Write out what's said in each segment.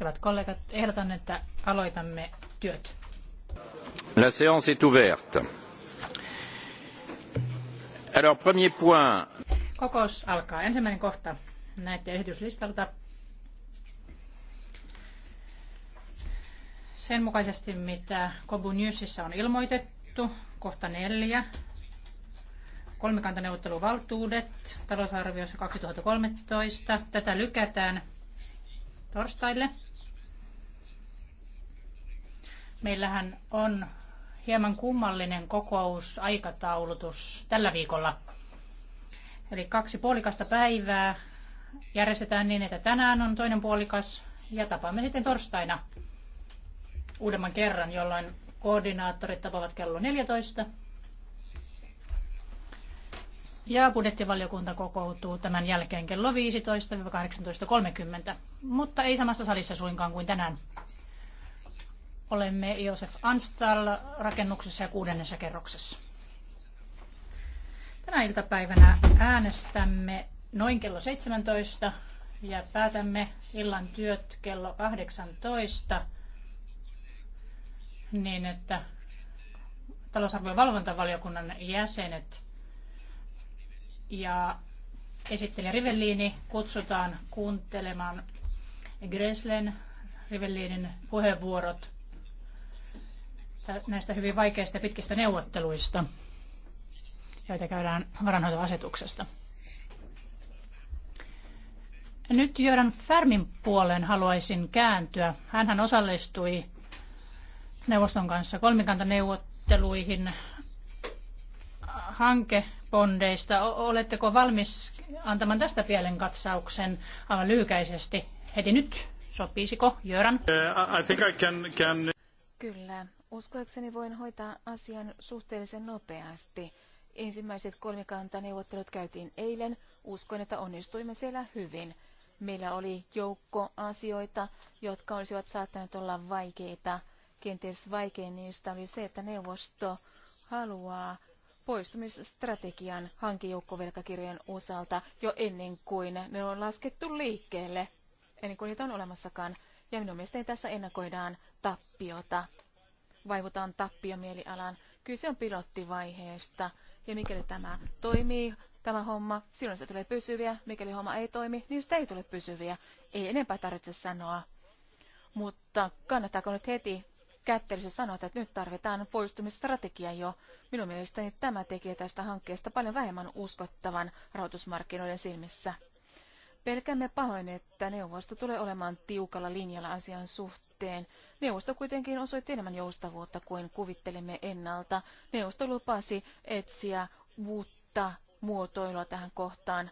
Hyvät kollegat, ehdotan, että aloitamme työt. La séance est ouverte. Alors, premier point. Kokous alkaa. Ensimmäinen kohta näette esityslistalta. Sen mukaisesti, mitä Kobu Newsissa on ilmoitettu, kohta neljä, kolmikantaneuvotteluvaltuudet talousarviossa 2013. Tätä lykätään torstaille. Meillähän on hieman kummallinen kokousaikataulutus tällä viikolla. Eli kaksi puolikasta päivää järjestetään niin, että tänään on toinen puolikas ja tapaamme sitten torstaina uudemman kerran, jolloin koordinaattorit tapaavat kello 14 ja budjettivaliokunta kokoutuu tämän jälkeen kello 15-18.30, mutta ei samassa salissa suinkaan kuin tänään. Olemme Josef Anstal rakennuksessa ja kuudennessa kerroksessa. Tänä iltapäivänä äänestämme noin kello 17 ja päätämme illan työt kello 18 niin, että talousarvojen valvontavaliokunnan jäsenet ja esittelijä Rivellini kutsutaan kuuntelemaan Greslen Rivellinin puheenvuorot näistä hyvin vaikeista ja pitkistä neuvotteluista, joita käydään varanhoitoasetuksesta. Nyt Jöran Färmin puoleen haluaisin kääntyä. hän osallistui neuvoston kanssa kolmikantaneuvotteluihin hanke bondeista. Oletteko valmis antamaan tästä pielen katsauksen aivan lyhykäisesti heti nyt? Sopisiko, Jöran? Uh, I think I can, can... Kyllä. Uskoakseni voin hoitaa asian suhteellisen nopeasti. Ensimmäiset kolmikantaneuvottelut käytiin eilen. Uskon, että onnistuimme siellä hyvin. Meillä oli joukko asioita, jotka olisivat saattaneet olla vaikeita. Kenties vaikein niistä oli se, että neuvosto haluaa poistumisstrategian hankijoukkovelkakirjojen osalta jo ennen kuin ne on laskettu liikkeelle, ennen kuin niitä on olemassakaan. Ja minun mielestäni tässä ennakoidaan tappiota. Vaivutaan tappiomielialaan. Kyse on pilottivaiheesta. Ja mikäli tämä toimii, tämä homma, silloin se tulee pysyviä. Mikäli homma ei toimi, niin sitä ei tule pysyviä. Ei enempää tarvitse sanoa. Mutta kannattaako nyt heti kättelyssä sanotaan, että nyt tarvitaan poistumisstrategia jo. Minun mielestäni tämä tekee tästä hankkeesta paljon vähemmän uskottavan rahoitusmarkkinoiden silmissä. Pelkäämme pahoin, että neuvosto tulee olemaan tiukalla linjalla asian suhteen. Neuvosto kuitenkin osoitti enemmän joustavuutta kuin kuvittelimme ennalta. Neuvosto lupasi etsiä uutta muotoilua tähän kohtaan.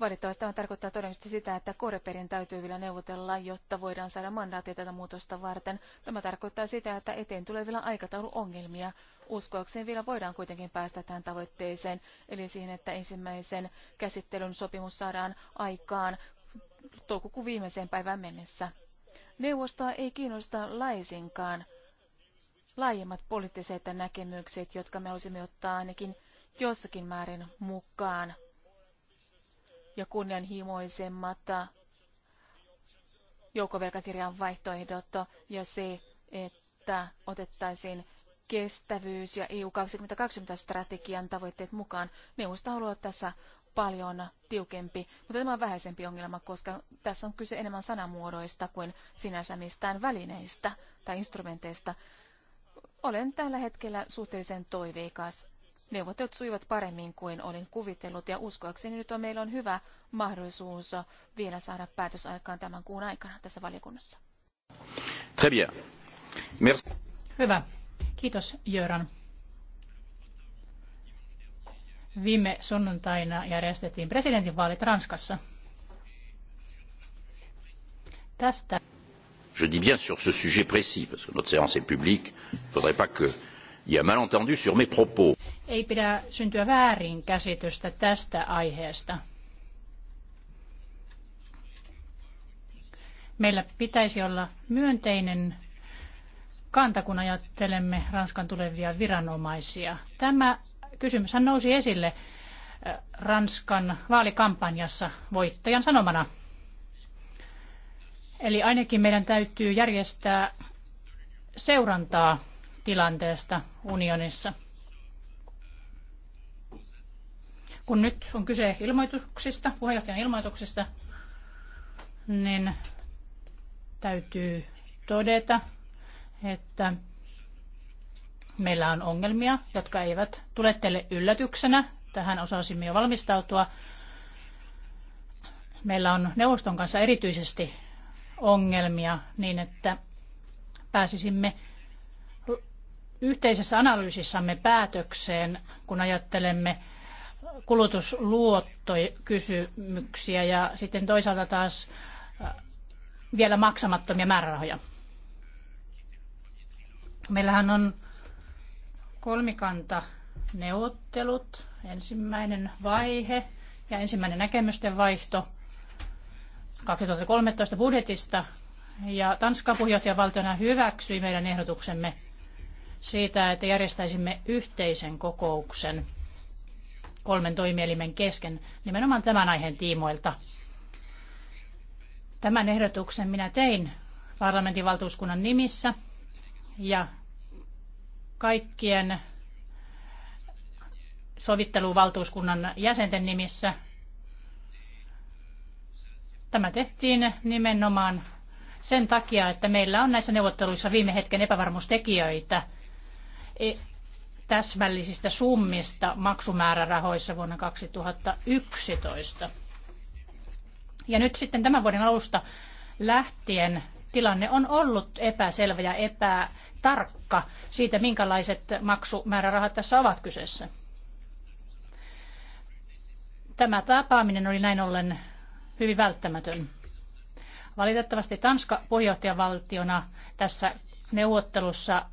Valitettavasti tämä tarkoittaa todennäköisesti sitä, että Koreperin täytyy vielä neuvotella, jotta voidaan saada mandaatti tätä muutosta varten. Tämä tarkoittaa sitä, että eteen tulee vielä aikatauluongelmia. uskoakseen vielä voidaan kuitenkin päästä tähän tavoitteeseen, eli siihen, että ensimmäisen käsittelyn sopimus saadaan aikaan toukokuun viimeiseen päivään mennessä. Neuvostoa ei kiinnosta laisinkaan laajemmat poliittiset näkemykset, jotka me olisimme ottaa ainakin jossakin määrin mukaan ja kunnianhimoisemmat joukkovelkakirjan vaihtoehdot ja se, että otettaisiin kestävyys ja EU 2020 strategian tavoitteet mukaan. Neuvosto haluaa tässä paljon tiukempi, mutta tämä on vähäisempi ongelma, koska tässä on kyse enemmän sanamuodoista kuin sinänsä mistään välineistä tai instrumenteista. Olen tällä hetkellä suhteellisen toiveikas Neuvottelut sujuvat paremmin kuin olin kuvitellut ja uskoakseni nyt on, meillä on hyvä mahdollisuus vielä saada päätös aikaan tämän kuun aikana tässä valiokunnassa. Très bien. Merci. Hyvä. Kiitos Jöran. Viime sunnuntaina järjestettiin presidentinvaalit Ranskassa. Tästä. Je dis bien sur ce sujet précis, parce que notre séance est publique. Il ne faudrait pas que ja malentendu sur mes propos. Ei pidä syntyä väärinkäsitystä tästä aiheesta. Meillä pitäisi olla myönteinen kanta, kun ajattelemme Ranskan tulevia viranomaisia. Tämä kysymys nousi esille äh, Ranskan vaalikampanjassa voittajan sanomana. Eli ainakin meidän täytyy järjestää seurantaa tilanteesta unionissa. Kun nyt on kyse ilmoituksista, puheenjohtajan ilmoituksista, niin täytyy todeta, että meillä on ongelmia, jotka eivät tule teille yllätyksenä. Tähän osasimme jo valmistautua. Meillä on neuvoston kanssa erityisesti ongelmia niin, että pääsisimme yhteisessä analyysissamme päätökseen, kun ajattelemme kulutusluottokysymyksiä ja sitten toisaalta taas äh, vielä maksamattomia määrärahoja. Meillähän on kolmikanta neuvottelut, ensimmäinen vaihe ja ensimmäinen näkemysten vaihto 2013 budjetista. Ja Tanska puheenjohtajavaltiona hyväksyi meidän ehdotuksemme siitä, että järjestäisimme yhteisen kokouksen kolmen toimielimen kesken nimenomaan tämän aiheen tiimoilta. Tämän ehdotuksen minä tein parlamentin valtuuskunnan nimissä ja kaikkien sovitteluvaltuuskunnan jäsenten nimissä. Tämä tehtiin nimenomaan sen takia, että meillä on näissä neuvotteluissa viime hetken epävarmuustekijöitä – E, täsmällisistä summista maksumäärärahoissa vuonna 2011. Ja nyt sitten tämän vuoden alusta lähtien tilanne on ollut epäselvä ja epätarkka siitä, minkälaiset maksumäärärahat tässä ovat kyseessä. Tämä tapaaminen oli näin ollen hyvin välttämätön. Valitettavasti Tanska puheenjohtajavaltiona tässä neuvottelussa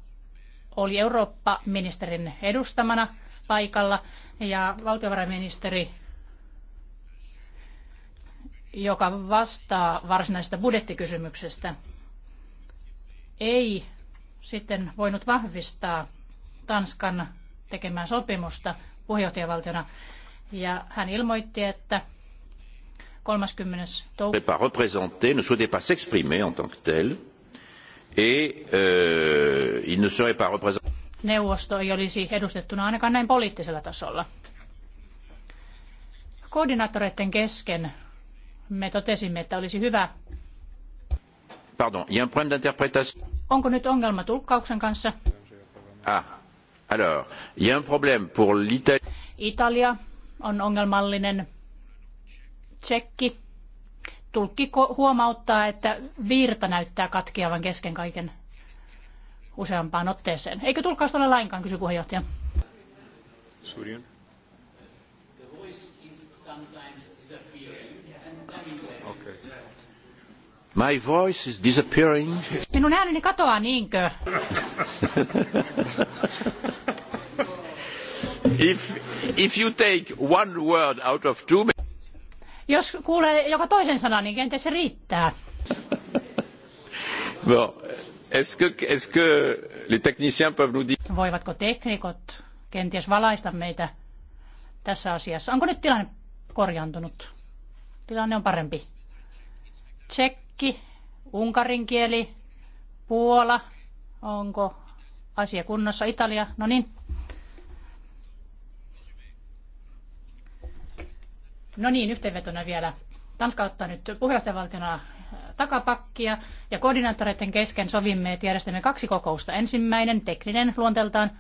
oli Eurooppa-ministerin edustamana paikalla ja valtiovarainministeri, joka vastaa varsinaisesta budjettikysymyksestä, ei sitten voinut vahvistaa Tanskan tekemään sopimusta puheenjohtajavaltiona. Ja hän ilmoitti, että 30. toukokuuta et euh, il ne serait pas représenté. Neuvosto ei olisi edustettuna ainakaan näin poliittisella tasolla. Koordinaattoreiden kesken me totesimme, että olisi hyvä. Pardon, il y a un problème d'interprétation. Onko nyt ongelma tulkkauksen kanssa? Ah, alors, il y a un problème pour l'Italie. Italia on ongelmallinen. Tsekki tulkki huomauttaa, että virta näyttää katkeavan kesken kaiken useampaan otteeseen. Eikö tulkkaus ole lainkaan, kysy puheenjohtaja. My voice is disappearing. Minun ääneni katoaa, niinkö? if, if you take one word out of two, jos kuulee joka toisen sanan, niin kenties se riittää. no, Est-ce que, est que les techniciens peuvent nous dire... Voivatko teknikot kenties valaista meitä tässä asiassa? Onko nyt tilanne korjaantunut? Tilanne on parempi. Tsekki, unkarin kieli, Puola, onko asia kunnossa? Italia, no niin. No niin, yhteenvetona vielä. Tanska ottaa nyt puheenjohtajavaltiona äh, takapakkia ja koordinaattoreiden kesken sovimme, että järjestämme kaksi kokousta. Ensimmäinen tekninen luonteeltaan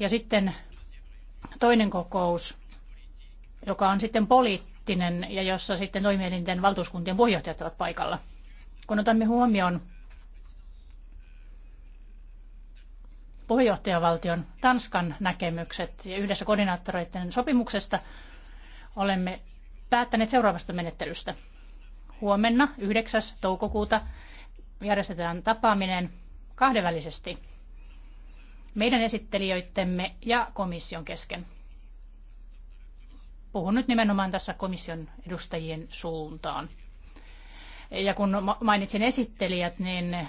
ja sitten toinen kokous, joka on sitten poliittinen ja jossa sitten toimielinten valtuuskuntien puheenjohtajat ovat paikalla. Kun otamme huomioon puheenjohtajavaltion Tanskan näkemykset ja yhdessä koordinaattoreiden sopimuksesta, olemme päättäneet seuraavasta menettelystä. Huomenna 9. toukokuuta järjestetään tapaaminen kahdenvälisesti meidän esittelijöittemme ja komission kesken. Puhun nyt nimenomaan tässä komission edustajien suuntaan. Ja kun mainitsin esittelijät, niin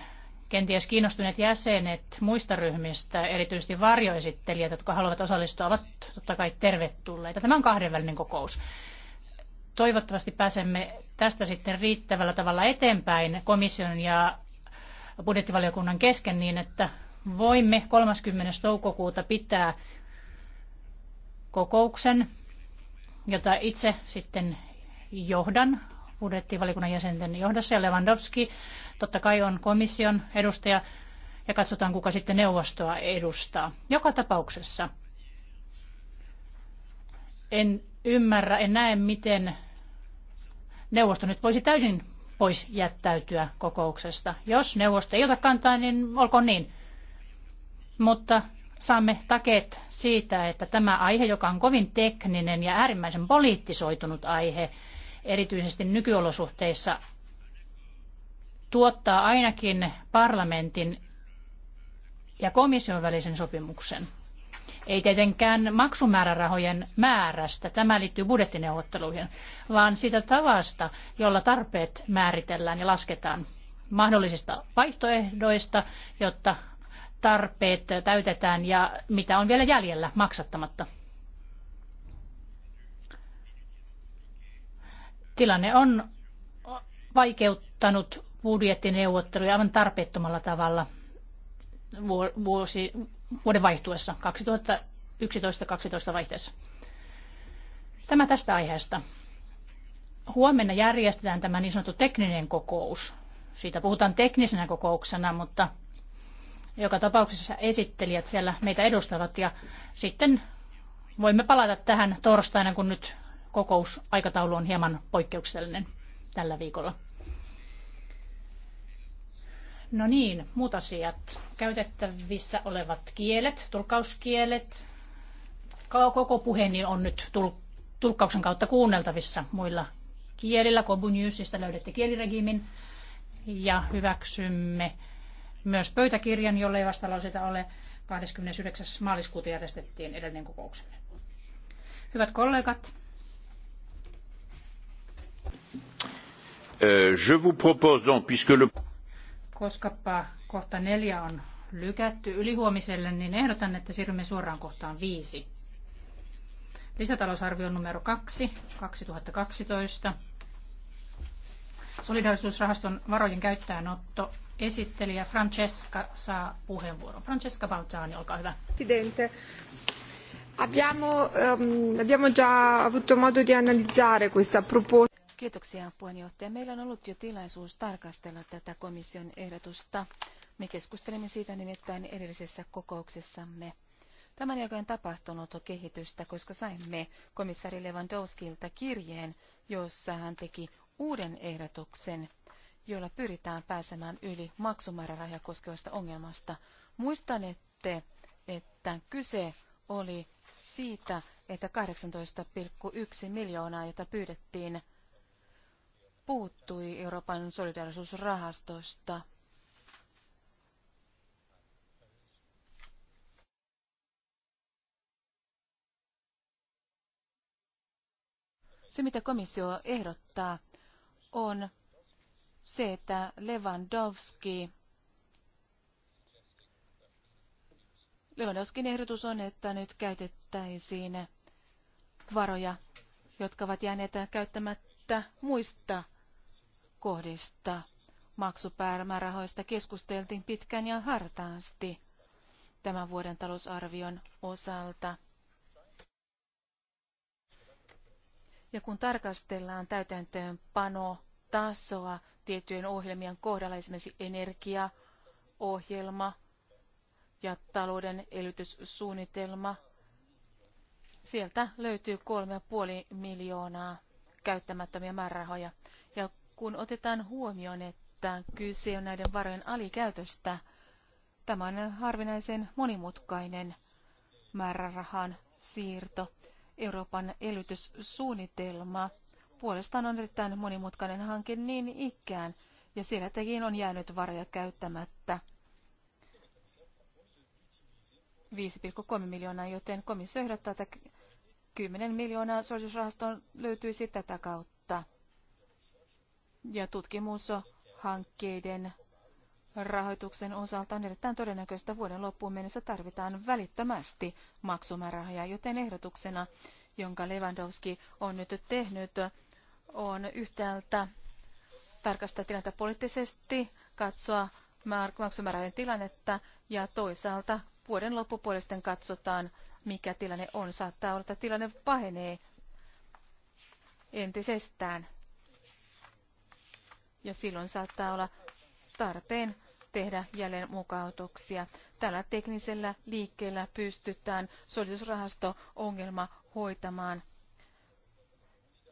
kenties kiinnostuneet jäsenet muista ryhmistä, erityisesti varjoesittelijät, jotka haluavat osallistua, ovat totta kai tervetulleita. Tämä on kahdenvälinen kokous. Toivottavasti pääsemme tästä sitten riittävällä tavalla eteenpäin komission ja budjettivaliokunnan kesken niin, että voimme 30. toukokuuta pitää kokouksen, jota itse sitten johdan budjettivaliokunnan jäsenten johdossa ja Lewandowski Totta kai on komission edustaja ja katsotaan, kuka sitten neuvostoa edustaa. Joka tapauksessa en ymmärrä, en näe, miten neuvosto nyt voisi täysin pois jättäytyä kokouksesta. Jos neuvosto ei ota kantaa, niin olkoon niin. Mutta saamme takeet siitä, että tämä aihe, joka on kovin tekninen ja äärimmäisen poliittisoitunut aihe, erityisesti nykyolosuhteissa tuottaa ainakin parlamentin ja komission välisen sopimuksen. Ei tietenkään maksumäärärahojen määrästä, tämä liittyy budjettineuvotteluihin, vaan siitä tavasta, jolla tarpeet määritellään ja lasketaan mahdollisista vaihtoehdoista, jotta tarpeet täytetään ja mitä on vielä jäljellä maksattamatta. Tilanne on vaikeuttanut budjettineuvotteluja aivan tarpeettomalla tavalla vuosi, vuoden vaihtuessa, 2011-2012 vaihteessa. Tämä tästä aiheesta. Huomenna järjestetään tämä niin sanottu tekninen kokous. Siitä puhutaan teknisenä kokouksena, mutta joka tapauksessa esittelijät siellä meitä edustavat ja sitten voimme palata tähän torstaina, kun nyt kokousaikataulu on hieman poikkeuksellinen tällä viikolla. No niin, muut asiat. Käytettävissä olevat kielet, tulkkauskielet. Koko puhe on nyt tulkkauksen kautta kuunneltavissa muilla kielillä. Kobu Newsista löydätte kieliregiimin ja hyväksymme myös pöytäkirjan, jolle ei vastalauseita ole. 29. maaliskuuta järjestettiin edellinen kokouksemme. Hyvät kollegat. Euh, je vous propose donc, puisque le... Koskapa kohta neljä on lykätty ylihuomiselle, niin ehdotan, että siirrymme suoraan kohtaan viisi. Lisätalousarvio numero kaksi 2012. Solidarisuusrahaston varojen käyttäjänotto. Esittelijä Francesca saa puheenvuoron. Francesca Balzani, olkaa hyvä. Presidente. Abbiamo, um, abbiamo già avuto modo di analizzare questa proposta. Kiitoksia puheenjohtaja. Meillä on ollut jo tilaisuus tarkastella tätä komission ehdotusta. Me keskustelimme siitä nimittäin edellisessä kokouksessamme. Tämän jälkeen tapahtunut kehitystä, koska saimme komissaari Lewandowskilta kirjeen, jossa hän teki uuden ehdotuksen, jolla pyritään pääsemään yli maksumääräraja koskevasta ongelmasta. Muistanette, että kyse oli siitä, että 18,1 miljoonaa, jota pyydettiin puuttui Euroopan solidaarisuusrahastosta. Se, mitä komissio ehdottaa, on se, että Lewandowski Lewandowskin ehdotus on, että nyt käytettäisiin varoja, jotka ovat jääneet käyttämättä muista kohdista maksupäämäärärahoista keskusteltiin pitkään ja hartaasti tämän vuoden talousarvion osalta. Ja kun tarkastellaan tasoa tiettyjen ohjelmien kohdalla, esimerkiksi energiaohjelma ja talouden elytyssuunnitelma, sieltä löytyy 3,5 miljoonaa käyttämättömiä määrärahoja kun otetaan huomioon, että kyse on näiden varojen alikäytöstä, tämä on harvinaisen monimutkainen määrärahan siirto. Euroopan elvytyssuunnitelma puolestaan on erittäin monimutkainen hanke niin ikään, ja siellä tekin on jäänyt varoja käyttämättä. 5,3 miljoonaa, joten komissio ehdottaa, että 10 miljoonaa suositusrahastoon löytyisi tätä kautta ja tutkimushankkeiden rahoituksen osalta on erittäin todennäköistä vuoden loppuun mennessä tarvitaan välittömästi maksumäärärahoja, joten ehdotuksena, jonka Lewandowski on nyt tehnyt, on yhtäältä tarkastaa tilannetta poliittisesti, katsoa maksumäärärahojen tilannetta ja toisaalta vuoden loppupuolisten katsotaan, mikä tilanne on. Saattaa olla, että tilanne pahenee entisestään ja silloin saattaa olla tarpeen tehdä jälleen mukautuksia. Tällä teknisellä liikkeellä pystytään solidusrahasto ongelma hoitamaan.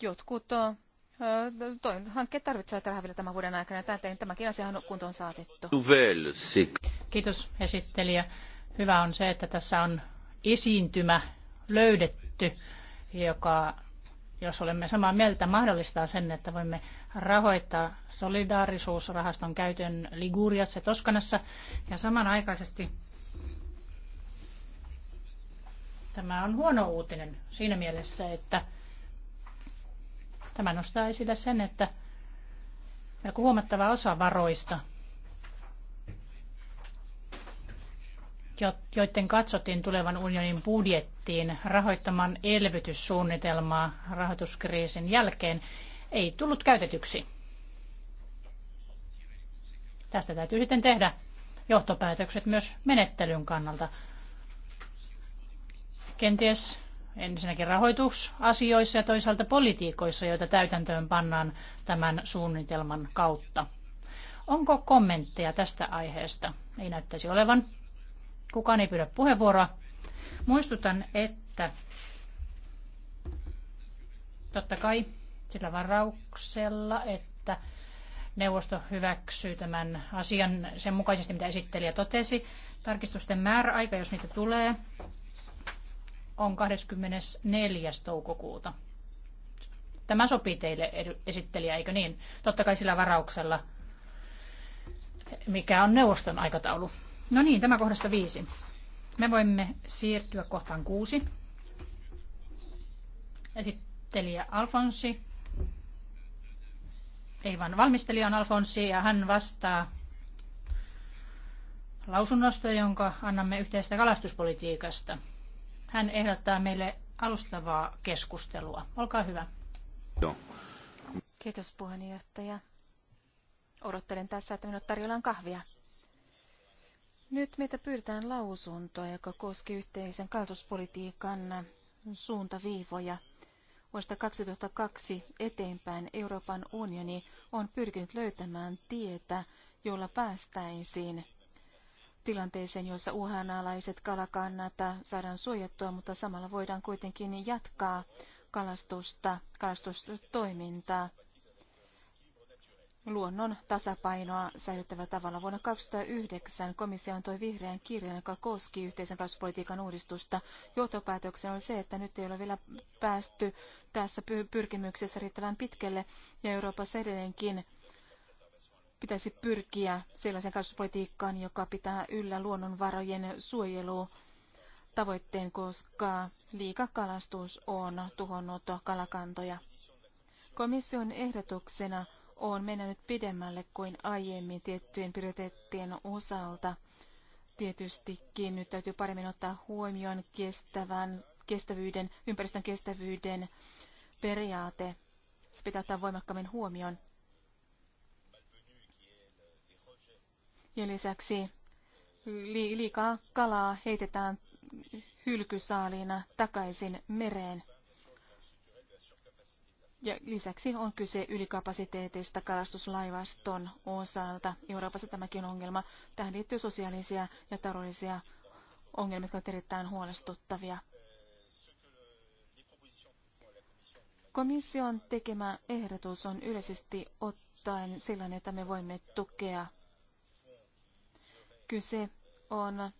Jotkut toin hankkeet tarvitsevat rahaa vielä tämän vuoden aikana. Täten tämäkin asia on kuntoon saatettu. Kiitos esittelijä. Hyvä on se, että tässä on esiintymä löydetty, joka jos olemme samaa mieltä, mahdollistaa sen, että voimme rahoittaa solidaarisuusrahaston käytön Liguriassa ja Toskanassa. Ja samanaikaisesti tämä on huono uutinen siinä mielessä, että tämä nostaa esille sen, että melko huomattava osa varoista – joiden katsottiin tulevan unionin budjettiin rahoittamaan elvytyssuunnitelmaa rahoituskriisin jälkeen, ei tullut käytetyksi. Tästä täytyy sitten tehdä johtopäätökset myös menettelyn kannalta. Kenties ensinnäkin rahoitusasioissa ja toisaalta politiikoissa, joita täytäntöön pannaan tämän suunnitelman kautta. Onko kommentteja tästä aiheesta? Ei näyttäisi olevan. Kukaan ei pyydä puheenvuoroa. Muistutan, että totta kai sillä varauksella, että neuvosto hyväksyy tämän asian sen mukaisesti, mitä esittelijä totesi. Tarkistusten määräaika, jos niitä tulee, on 24. toukokuuta. Tämä sopii teille esittelijä, eikö niin? Totta kai sillä varauksella, mikä on neuvoston aikataulu. No niin, tämä kohdasta viisi. Me voimme siirtyä kohtaan kuusi. Esittelijä Alfonsi. Ei vaan valmistelija on Alfonsi ja hän vastaa lausunnosta, jonka annamme yhteistä kalastuspolitiikasta. Hän ehdottaa meille alustavaa keskustelua. Olkaa hyvä. Joo. Kiitos puheenjohtaja. Odottelen tässä, että minut tarjoillaan kahvia. Nyt meitä pyydetään lausuntoa, joka koski yhteisen kaltuspolitiikan suuntaviivoja. Vuodesta 2002 eteenpäin Euroopan unioni on pyrkinyt löytämään tietä, jolla päästäisiin tilanteeseen, jossa uhanalaiset kalakannat saadaan suojattua, mutta samalla voidaan kuitenkin jatkaa kalastusta, kalastustoimintaa luonnon tasapainoa säilyttävällä tavalla. Vuonna 2009 komissio antoi vihreän kirjan, joka koski yhteisen kasvupolitiikan uudistusta. Johtopäätöksen on se, että nyt ei ole vielä päästy tässä pyrkimyksessä riittävän pitkälle ja Euroopassa edelleenkin pitäisi pyrkiä sellaisen kasvupolitiikkaan, joka pitää yllä luonnonvarojen suojelua tavoitteen, koska liikakalastus on tuhonnut kalakantoja. Komission ehdotuksena – on mennyt pidemmälle kuin aiemmin tiettyjen prioriteettien osalta. Tietystikin nyt täytyy paremmin ottaa huomioon kestävän, kestävyyden, ympäristön kestävyyden periaate. Se pitää ottaa voimakkaammin huomioon. Ja lisäksi liikaa kalaa heitetään hylkysaaliina takaisin mereen. Ja lisäksi on kyse ylikapasiteetista kalastuslaivaston osalta. Euroopassa tämäkin ongelma. Tähän liittyy sosiaalisia ja taloudellisia ongelmia, jotka ovat erittäin huolestuttavia. Komission tekemä ehdotus on yleisesti ottaen sellainen, jota me voimme tukea. Kyse on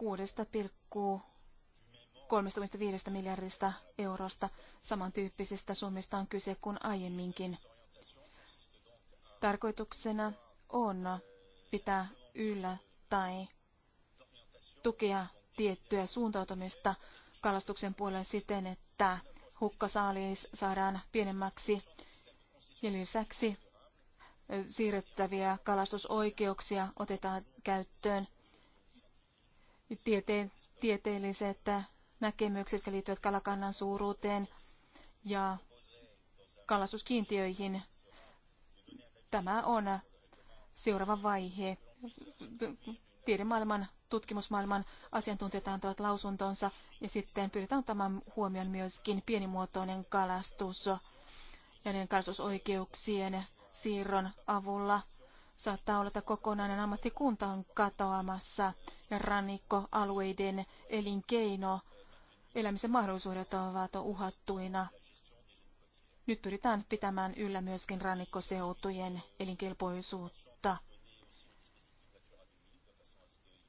6,35 miljardista eurosta. Samantyyppisistä summista on kyse kuin aiemminkin. Tarkoituksena on pitää yllä tai tukea tiettyä suuntautumista kalastuksen puolelle siten, että hukkasaalis saadaan pienemmäksi ja lisäksi siirrettäviä kalastusoikeuksia otetaan käyttöön tieteen, tieteelliset näkemykset liittyvät kalakannan suuruuteen ja kalastuskiintiöihin. Tämä on seuraava vaihe. Tiedemaailman, tutkimusmaailman asiantuntijat antavat lausuntonsa ja sitten pyritään ottamaan huomioon myöskin pienimuotoinen kalastus ja niiden kalastusoikeuksien siirron avulla. Saattaa olla, että kokonainen ammattikunta on katoamassa ja rannikkoalueiden elinkeino, elämisen mahdollisuudet ovat uhattuina. Nyt pyritään pitämään yllä myöskin rannikkoseutujen elinkelpoisuutta.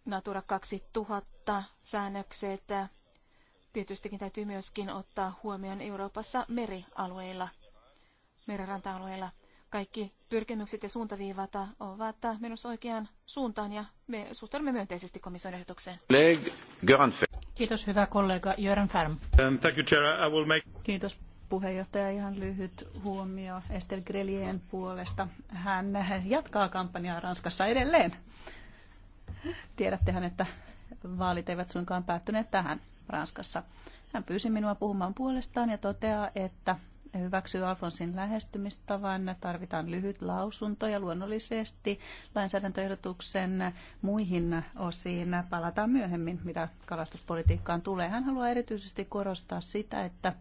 Natura 2000 säännökset tietystikin täytyy myöskin ottaa huomioon Euroopassa merialueilla, merenranta-alueilla. Kaikki pyrkimykset ja suuntaviivat ovat menossa oikeaan suuntaan ja me suhtaudumme myönteisesti komission ehdotukseen. Kiitos hyvä kollega Jörn Färm. Um, Kiitos puheenjohtaja ihan lyhyt huomio Estelle Grelien puolesta. Hän jatkaa kampanjaa Ranskassa edelleen. Tiedättehän, että vaalit eivät suinkaan päättyneet tähän Ranskassa. Hän pyysi minua puhumaan puolestaan ja toteaa, että hyväksyy Alfonsin lähestymistavan, tarvitaan lyhyt lausunto ja luonnollisesti lainsäädäntöehdotuksen muihin osiin palataan myöhemmin, mitä kalastuspolitiikkaan tulee. Hän haluaa erityisesti korostaa sitä, että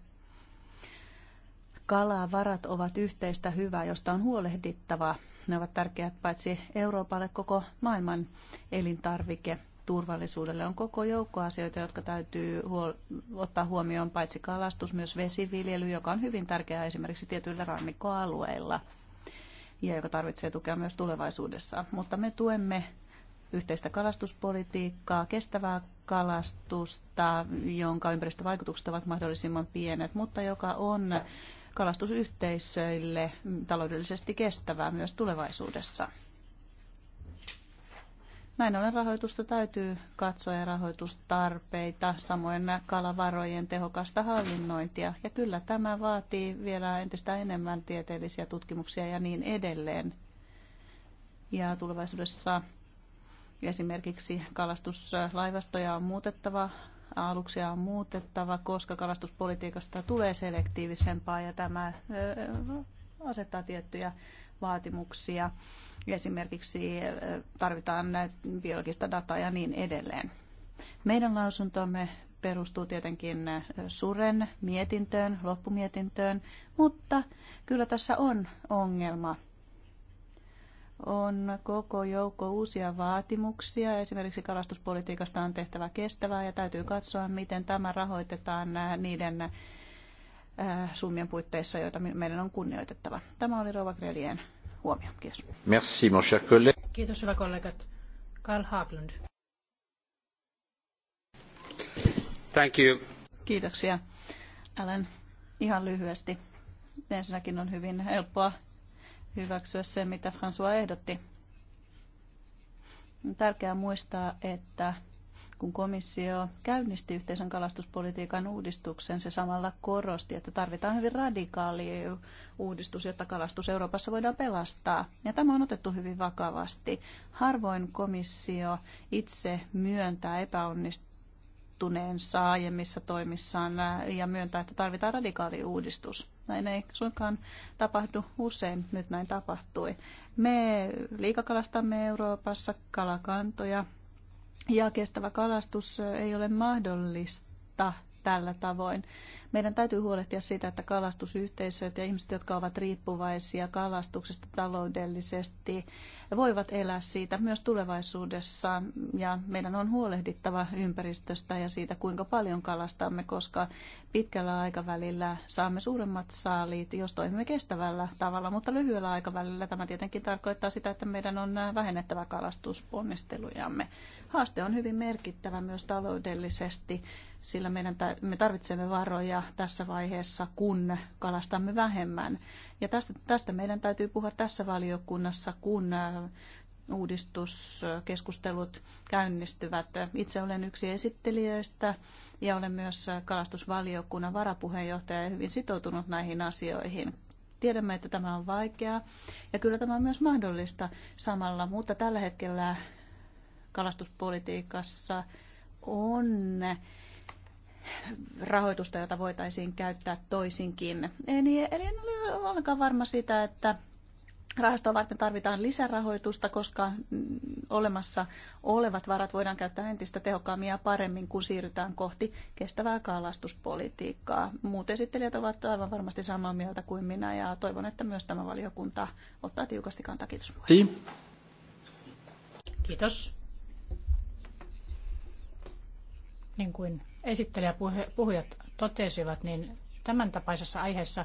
kalavarat ovat yhteistä hyvää, josta on huolehdittava. Ne ovat tärkeät paitsi Euroopalle koko maailman elintarvike turvallisuudelle. On koko joukko asioita, jotka täytyy huol- ottaa huomioon, paitsi kalastus, myös vesiviljely, joka on hyvin tärkeää esimerkiksi tietyillä rannikkoalueilla ja joka tarvitsee tukea myös tulevaisuudessa. Mutta me tuemme yhteistä kalastuspolitiikkaa, kestävää kalastusta, jonka ympäristövaikutukset ovat mahdollisimman pienet, mutta joka on kalastusyhteisöille taloudellisesti kestävää myös tulevaisuudessa. Näin ollen rahoitusta täytyy katsoa ja rahoitustarpeita, samoin kalavarojen tehokasta hallinnointia. Ja kyllä tämä vaatii vielä entistä enemmän tieteellisiä tutkimuksia ja niin edelleen. Ja tulevaisuudessa esimerkiksi kalastuslaivastoja on muutettava, aluksia on muutettava, koska kalastuspolitiikasta tulee selektiivisempaa ja tämä asettaa tiettyjä vaatimuksia. Esimerkiksi tarvitaan biologista dataa ja niin edelleen. Meidän lausuntomme perustuu tietenkin Suren mietintöön, loppumietintöön, mutta kyllä tässä on ongelma. On koko joukko uusia vaatimuksia. Esimerkiksi kalastuspolitiikasta on tehtävä kestävää ja täytyy katsoa, miten tämä rahoitetaan niiden Äh, summien puitteissa, joita meidän on kunnioitettava. Tämä oli Rova Grelien huomio. Kiitos. Merci, mon cher collègue. Kiitos, hyvä kollegat. Carl Haglund. Thank you. Kiitoksia. Alan, ihan lyhyesti. Ensinnäkin on hyvin helppoa hyväksyä se, mitä François ehdotti. On tärkeää muistaa, että kun komissio käynnisti yhteisen kalastuspolitiikan uudistuksen, se samalla korosti, että tarvitaan hyvin radikaali uudistus, jotta kalastus Euroopassa voidaan pelastaa. Ja tämä on otettu hyvin vakavasti. Harvoin komissio itse myöntää epäonnistuneensa aiemmissa toimissaan ja myöntää, että tarvitaan radikaali uudistus. Näin ei suinkaan tapahdu usein, nyt näin tapahtui. Me liikakalastamme Euroopassa, kalakantoja ja kestävä kalastus ei ole mahdollista tällä tavoin. Meidän täytyy huolehtia siitä, että kalastusyhteisöt ja ihmiset, jotka ovat riippuvaisia kalastuksesta taloudellisesti, voivat elää siitä myös tulevaisuudessa. Ja meidän on huolehdittava ympäristöstä ja siitä, kuinka paljon kalastamme, koska pitkällä aikavälillä saamme suuremmat saaliit, jos toimimme kestävällä tavalla, mutta lyhyellä aikavälillä tämä tietenkin tarkoittaa sitä, että meidän on vähennettävä kalastusponnistelujamme. Haaste on hyvin merkittävä myös taloudellisesti, sillä meidän me tarvitsemme varoja tässä vaiheessa, kun kalastamme vähemmän. Ja tästä, tästä meidän täytyy puhua tässä valiokunnassa, kun uudistuskeskustelut käynnistyvät. Itse olen yksi esittelijöistä ja olen myös kalastusvaliokunnan varapuheenjohtaja ja hyvin sitoutunut näihin asioihin. Tiedämme, että tämä on vaikeaa ja kyllä tämä on myös mahdollista samalla, mutta tällä hetkellä kalastuspolitiikassa on rahoitusta, jota voitaisiin käyttää toisinkin. Eli, eli en ole ollenkaan varma sitä, että rahastoa varten tarvitaan lisärahoitusta, koska mm, olemassa olevat varat voidaan käyttää entistä tehokkaammin ja paremmin, kun siirrytään kohti kestävää kalastuspolitiikkaa. Muut esittelijät ovat aivan varmasti samaa mieltä kuin minä ja toivon, että myös tämä valiokunta ottaa tiukasti kantaa. Kiitos. Kiitos. Niin kuin esittelijä puhujat totesivat, niin tämän tapaisessa aiheessa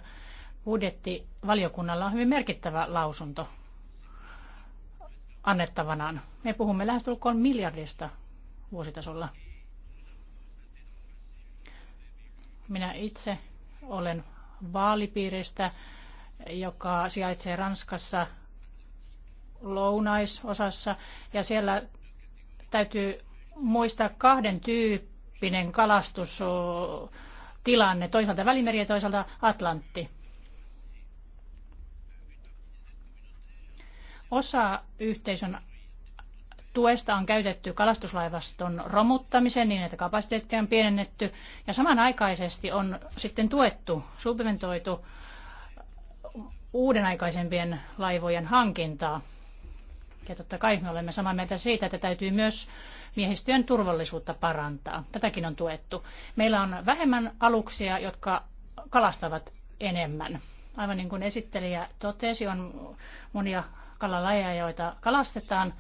budjettivaliokunnalla on hyvin merkittävä lausunto annettavanaan. Me puhumme lähestulkoon miljardista vuositasolla. Minä itse olen vaalipiiristä, joka sijaitsee Ranskassa lounaisosassa, ja siellä täytyy muistaa kahden tyypin tyyppinen kalastustilanne, toisaalta Välimeri ja toisaalta Atlantti. Osa yhteisön tuesta on käytetty kalastuslaivaston romuttamiseen niin, että kapasiteettia on pienennetty ja samanaikaisesti on sitten tuettu, subventoitu uuden aikaisempien laivojen hankintaa. Ja totta kai me olemme samaa mieltä siitä, että täytyy myös miehistöjen turvallisuutta parantaa. Tätäkin on tuettu. Meillä on vähemmän aluksia, jotka kalastavat enemmän. Aivan niin kuin esittelijä totesi, on monia kalalajeja, joita kalastetaan.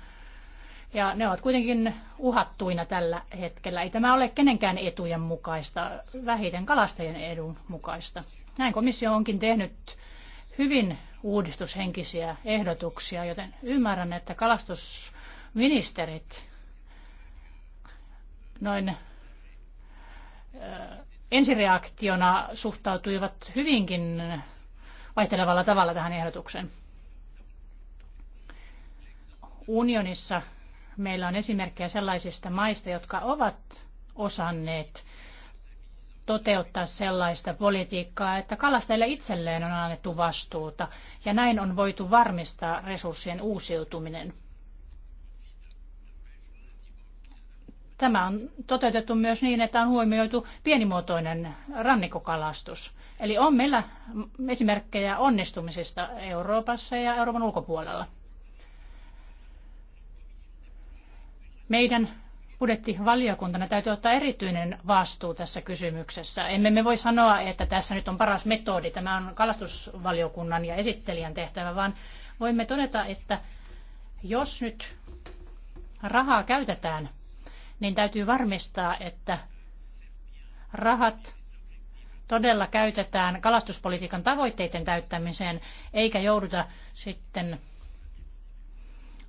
Ja ne ovat kuitenkin uhattuina tällä hetkellä. Ei tämä ole kenenkään etujen mukaista, vähiten kalastajien edun mukaista. Näin komissio onkin tehnyt hyvin uudistushenkisiä ehdotuksia, joten ymmärrän, että kalastusministerit noin ensireaktiona suhtautuivat hyvinkin vaihtelevalla tavalla tähän ehdotukseen. Unionissa meillä on esimerkkejä sellaisista maista, jotka ovat osanneet toteuttaa sellaista politiikkaa, että kalastajille itselleen on annettu vastuuta ja näin on voitu varmistaa resurssien uusiutuminen. Tämä on toteutettu myös niin, että on huomioitu pienimuotoinen rannikkokalastus. Eli on meillä esimerkkejä onnistumisista Euroopassa ja Euroopan ulkopuolella. Meidän budjettivaliokuntana täytyy ottaa erityinen vastuu tässä kysymyksessä. Emme me voi sanoa, että tässä nyt on paras metodi, tämä on kalastusvaliokunnan ja esittelijän tehtävä, vaan voimme todeta, että jos nyt rahaa käytetään niin täytyy varmistaa, että rahat todella käytetään kalastuspolitiikan tavoitteiden täyttämiseen, eikä jouduta sitten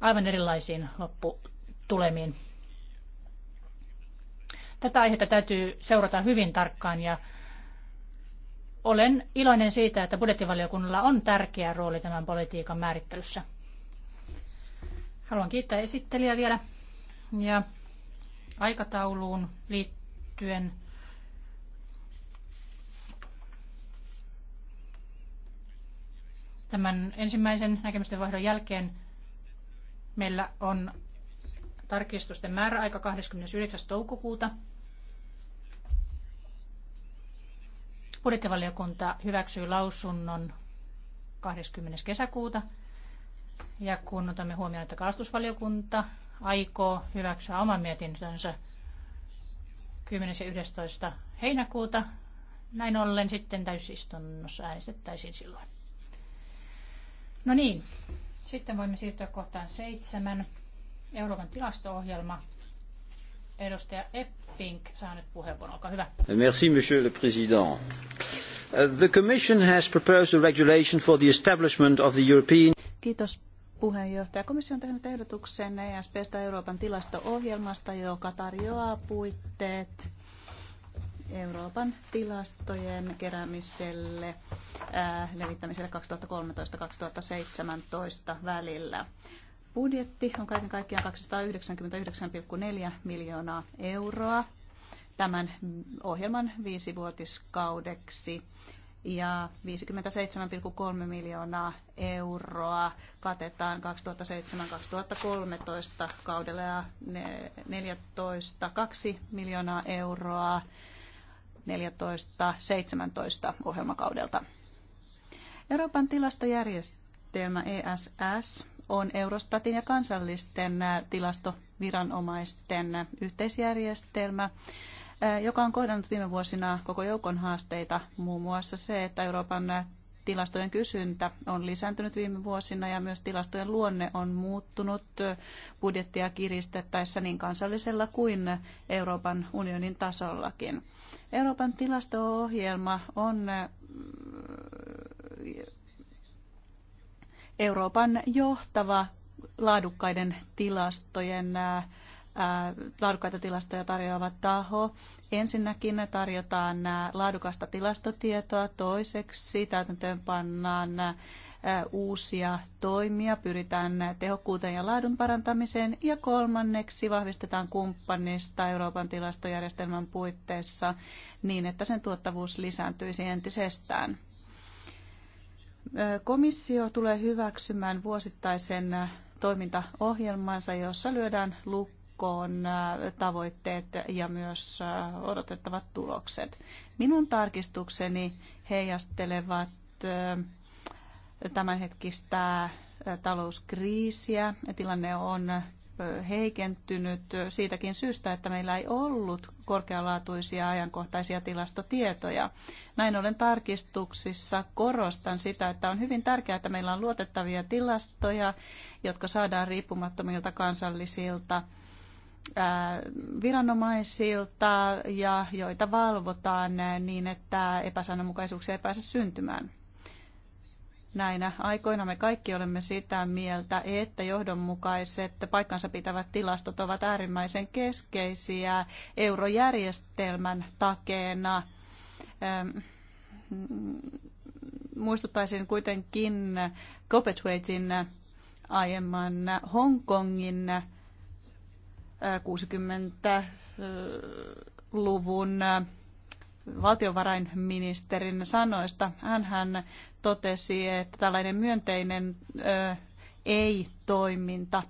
aivan erilaisiin lopputulemiin. Tätä aihetta täytyy seurata hyvin tarkkaan ja olen iloinen siitä, että budjettivaliokunnalla on tärkeä rooli tämän politiikan määrittelyssä. Haluan kiittää esittelijää vielä ja aikatauluun liittyen. Tämän ensimmäisen näkemysten vaihdon jälkeen meillä on tarkistusten määräaika 29. toukokuuta. Budjettivaliokunta hyväksyy lausunnon 20. kesäkuuta. Ja kun otamme huomioon, että kalastusvaliokunta aikoo hyväksyä oman mietintönsä 10. ja 11. heinäkuuta. Näin ollen sitten täysistunnossa äänestettäisiin silloin. No niin, sitten voimme siirtyä kohtaan seitsemän. Euroopan tilasto-ohjelma. Edustaja Epping saa nyt puheenvuoron. Olkaa hyvä. Merci, monsieur le président. Uh, the Commission has proposed a regulation for the establishment of the European... Kiitos puheenjohtaja. Komissio on tehnyt ehdotuksen ESPstä Euroopan tilasto-ohjelmasta, joka tarjoaa puitteet Euroopan tilastojen keräämiselle, ää, äh, levittämiselle 2013-2017 välillä. Budjetti on kaiken kaikkiaan 299,4 miljoonaa euroa tämän ohjelman viisivuotiskaudeksi ja 57,3 miljoonaa euroa katetaan 2007-2013 kaudella ja 14,2 miljoonaa euroa 14-17 ohjelmakaudelta. Euroopan tilastojärjestelmä ESS on Eurostatin ja kansallisten tilastoviranomaisten yhteisjärjestelmä, joka on kohdannut viime vuosina koko joukon haasteita, muun muassa se, että Euroopan tilastojen kysyntä on lisääntynyt viime vuosina ja myös tilastojen luonne on muuttunut budjettia kiristettäessä niin kansallisella kuin Euroopan unionin tasollakin. Euroopan tilasto-ohjelma on Euroopan johtava laadukkaiden tilastojen laadukkaita tilastoja tarjoava taho. Ensinnäkin tarjotaan laadukasta tilastotietoa, toiseksi täytäntöön pannaan uusia toimia, pyritään tehokkuuteen ja laadun parantamiseen ja kolmanneksi vahvistetaan kumppanista Euroopan tilastojärjestelmän puitteissa niin, että sen tuottavuus lisääntyisi entisestään. Komissio tulee hyväksymään vuosittaisen toimintaohjelmansa, jossa lyödään lukkoon viikkoon äh, tavoitteet ja myös äh, odotettavat tulokset. Minun tarkistukseni heijastelevat äh, tämänhetkistä talouskriisiä. Tilanne on heikentynyt siitäkin syystä, että meillä ei ollut korkealaatuisia ajankohtaisia tilastotietoja. Näin ollen tarkistuksissa korostan sitä, että on hyvin tärkeää, että meillä on luotettavia tilastoja, jotka saadaan riippumattomilta kansallisilta Äh, viranomaisilta ja joita valvotaan niin, että epäsanomukaisuuksia ei pääse syntymään. Näinä aikoina me kaikki olemme sitä mieltä, että johdonmukaiset paikkansa pitävät tilastot ovat äärimmäisen keskeisiä eurojärjestelmän takeena. Ähm, muistuttaisin kuitenkin Copetwaitin aiemman Hongkongin 60-luvun äh, valtiovarainministerin sanoista. Hän totesi, että tällainen myönteinen äh, ei-toiminta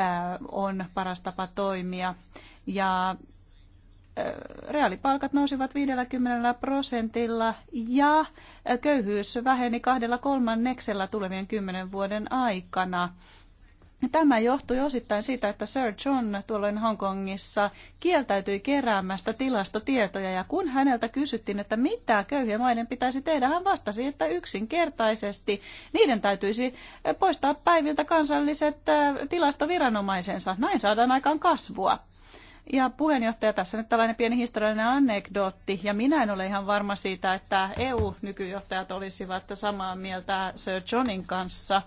äh, on paras tapa toimia. Ja reaalipalkat nousivat 50 prosentilla ja köyhyys väheni kahdella kolmanneksella tulevien kymmenen vuoden aikana. Tämä johtui osittain siitä, että Sir John tuolloin Hongkongissa kieltäytyi keräämästä tilastotietoja ja kun häneltä kysyttiin, että mitä köyhien maiden pitäisi tehdä, hän vastasi, että yksinkertaisesti niiden täytyisi eh, poistaa päiviltä kansalliset eh, tilastoviranomaisensa. Näin saadaan aikaan kasvua. Ja puheenjohtaja, tässä nyt tällainen pieni historiallinen anekdootti, ja minä en ole ihan varma siitä, että EU-nykyjohtajat olisivat samaa mieltä Sir Johnin kanssa –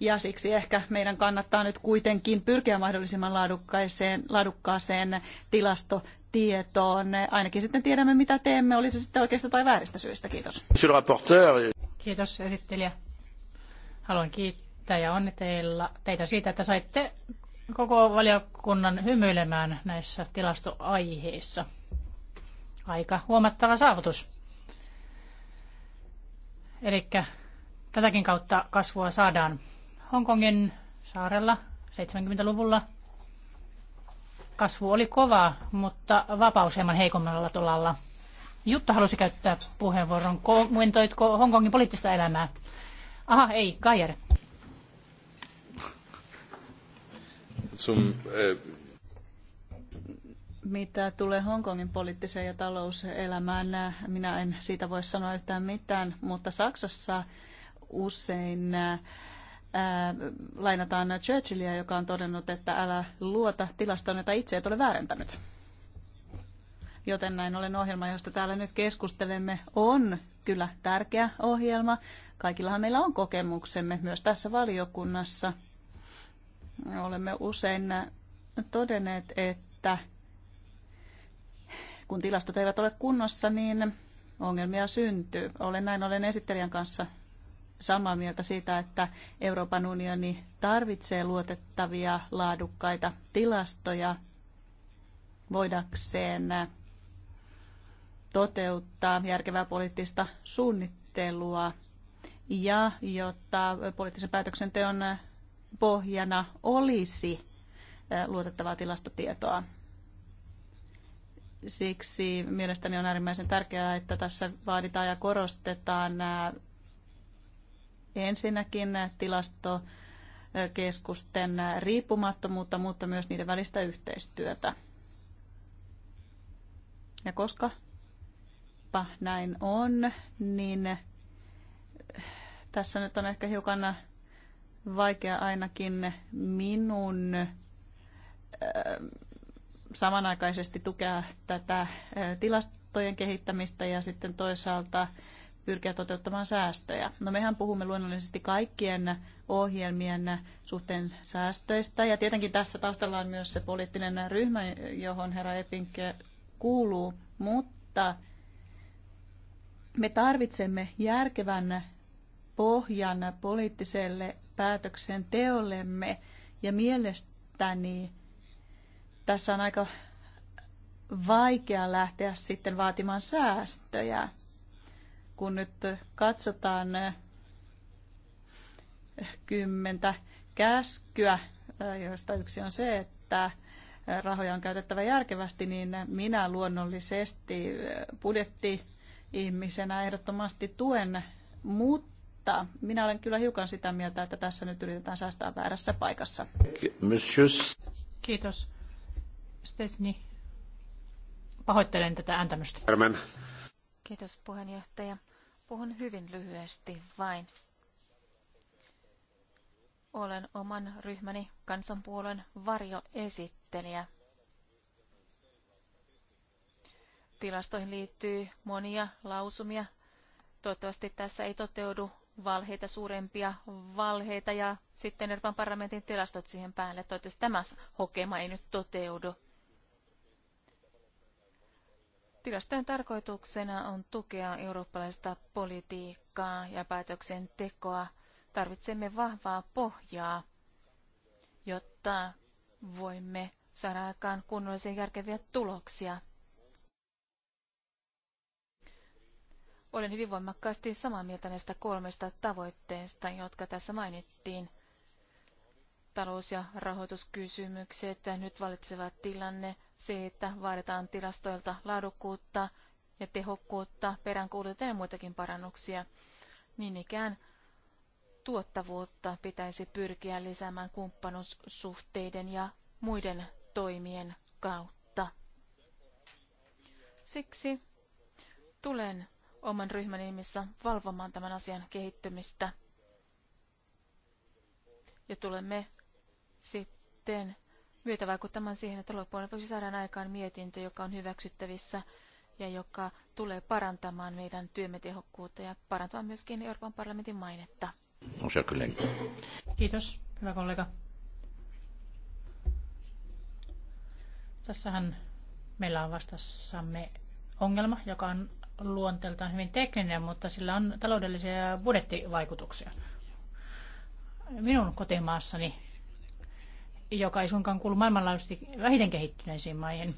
ja siksi ehkä meidän kannattaa nyt kuitenkin pyrkiä mahdollisimman laadukkaaseen, laadukkaaseen tilastotietoon. Ainakin sitten tiedämme, mitä teemme, oli se sitten oikeasta tai vääristä syistä. Kiitos. Kiitos esittelijä. Haluan kiittää ja onnitella teitä siitä, että saitte koko valiokunnan hymyilemään näissä tilastoaiheissa. Aika huomattava saavutus. Eli tätäkin kautta kasvua saadaan Hongkongin saarella 70-luvulla kasvu oli kova, mutta vapaus hieman heikommalla tolalla. Jutta halusi käyttää puheenvuoron. Kommentoitko Hongkongin poliittista elämää? Aha, ei, Kajer. Sun, äh... Mitä tulee Hongkongin poliittiseen ja talouselämään, minä en siitä voi sanoa yhtään mitään, mutta Saksassa usein äh, lainataan Churchillia, joka on todennut, että älä luota tilastoon, jota itse et ole väärentänyt. Joten näin ollen ohjelma, josta täällä nyt keskustelemme, on kyllä tärkeä ohjelma. Kaikillahan meillä on kokemuksemme myös tässä valiokunnassa. Olemme usein todenneet, että kun tilastot eivät ole kunnossa, niin ongelmia syntyy. Olen näin olen esittelijän kanssa samaa mieltä siitä, että Euroopan unioni tarvitsee luotettavia, laadukkaita tilastoja voidakseen toteuttaa järkevää poliittista suunnittelua ja jotta poliittisen päätöksenteon pohjana olisi luotettavaa tilastotietoa. Siksi mielestäni on äärimmäisen tärkeää, että tässä vaaditaan ja korostetaan Ensinnäkin tilastokeskusten riippumattomuutta, mutta myös niiden välistä yhteistyötä. Ja koska näin on, niin tässä nyt on ehkä hiukan vaikea ainakin minun äh, samanaikaisesti tukea tätä äh, tilastojen kehittämistä ja sitten toisaalta pyrkiä toteuttamaan säästöjä. No mehän puhumme luonnollisesti kaikkien ohjelmien suhteen säästöistä ja tietenkin tässä taustalla on myös se poliittinen ryhmä, johon herra Epink kuuluu, mutta me tarvitsemme järkevän pohjan poliittiselle päätöksenteollemme ja mielestäni tässä on aika vaikea lähteä sitten vaatimaan säästöjä kun nyt katsotaan eh, kymmentä käskyä, eh, joista yksi on se, että eh, rahoja on käytettävä järkevästi, niin minä luonnollisesti budjetti-ihmisenä ehdottomasti tuen, mutta minä olen kyllä hiukan sitä mieltä, että tässä nyt yritetään säästää väärässä paikassa. Monsieur. Kiitos. Stesni, pahoittelen tätä ääntämystä. Kiitos puheenjohtaja. Puhun hyvin lyhyesti vain. Olen oman ryhmäni kansanpuolen varjoesittelijä. Tilastoihin liittyy monia lausumia. Toivottavasti tässä ei toteudu valheita, suurempia valheita ja sitten Euroopan parlamentin tilastot siihen päälle. Toivottavasti tämä hokema ei nyt toteudu. Tilastojen tarkoituksena on tukea eurooppalaista politiikkaa ja päätöksentekoa. Tarvitsemme vahvaa pohjaa, jotta voimme saada aikaan kunnollisia järkeviä tuloksia. Olen hyvin voimakkaasti samaa mieltä näistä kolmesta tavoitteesta, jotka tässä mainittiin – talous- ja rahoituskysymykset. Nyt valitseva tilanne se, että vaaditaan tilastoilta laadukkuutta ja tehokkuutta, peräänkuulutetaan ja muitakin parannuksia. Niin ikään tuottavuutta pitäisi pyrkiä lisäämään kumppanuussuhteiden ja muiden toimien kautta. Siksi tulen oman ryhmän nimissä valvomaan tämän asian kehittymistä. Ja tulemme sitten myötävaikuttamaan siihen, että loppujen lopuksi saadaan aikaan mietintö, joka on hyväksyttävissä ja joka tulee parantamaan meidän työmme tehokkuutta ja parantamaan myöskin Euroopan parlamentin mainetta. Kiitos, hyvä kollega. Tässähän meillä on vastassamme ongelma, joka on luonteeltaan hyvin tekninen, mutta sillä on taloudellisia budjettivaikutuksia. Minun kotimaassani joka ei suinkaan kuulu maailmanlaajuisesti vähiten kehittyneisiin maihin.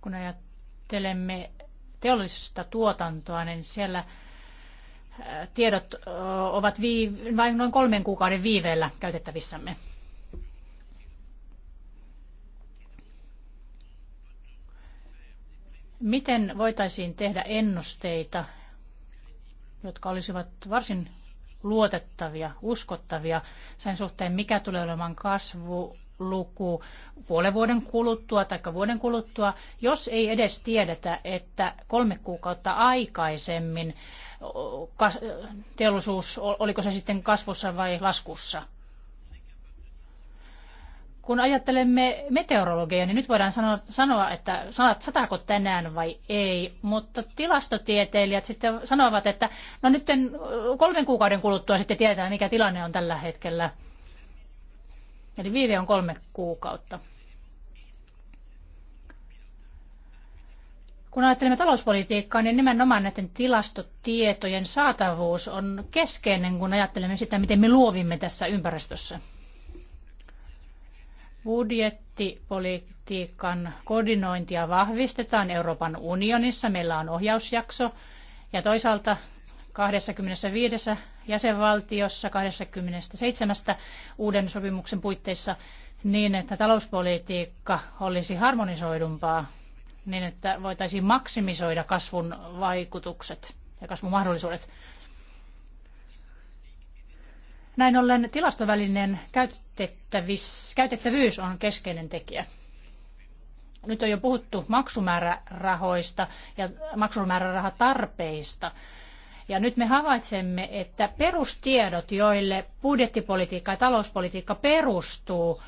Kun ajattelemme teollista tuotantoa, niin siellä tiedot ovat vain noin kolmen kuukauden viiveellä käytettävissämme. Miten voitaisiin tehdä ennusteita, jotka olisivat varsin luotettavia, uskottavia sen suhteen, mikä tulee olemaan kasvu luku puolen vuoden kuluttua tai vuoden kuluttua, jos ei edes tiedetä, että kolme kuukautta aikaisemmin teollisuus, oliko se sitten kasvussa vai laskussa. Kun ajattelemme meteorologiaa, niin nyt voidaan sanoa, sanoa että sanat sataako tänään vai ei, mutta tilastotieteilijät sitten sanovat, että no nyt kolmen kuukauden kuluttua sitten tietää, mikä tilanne on tällä hetkellä. Eli viive on kolme kuukautta. Kun ajattelemme talouspolitiikkaa, niin nimenomaan näiden tilastotietojen saatavuus on keskeinen, kun ajattelemme sitä, miten me luovimme tässä ympäristössä budjettipolitiikan koordinointia vahvistetaan Euroopan unionissa. Meillä on ohjausjakso ja toisaalta 25 jäsenvaltiossa 27 uuden sopimuksen puitteissa niin, että talouspolitiikka olisi harmonisoidumpaa, niin että voitaisiin maksimisoida kasvun vaikutukset ja kasvumahdollisuudet. Näin ollen tilastovälinen käytettävyys on keskeinen tekijä. Nyt on jo puhuttu maksumäärärahoista ja maksumäärärahatarpeista. Ja nyt me havaitsemme, että perustiedot, joille budjettipolitiikka ja talouspolitiikka perustuu,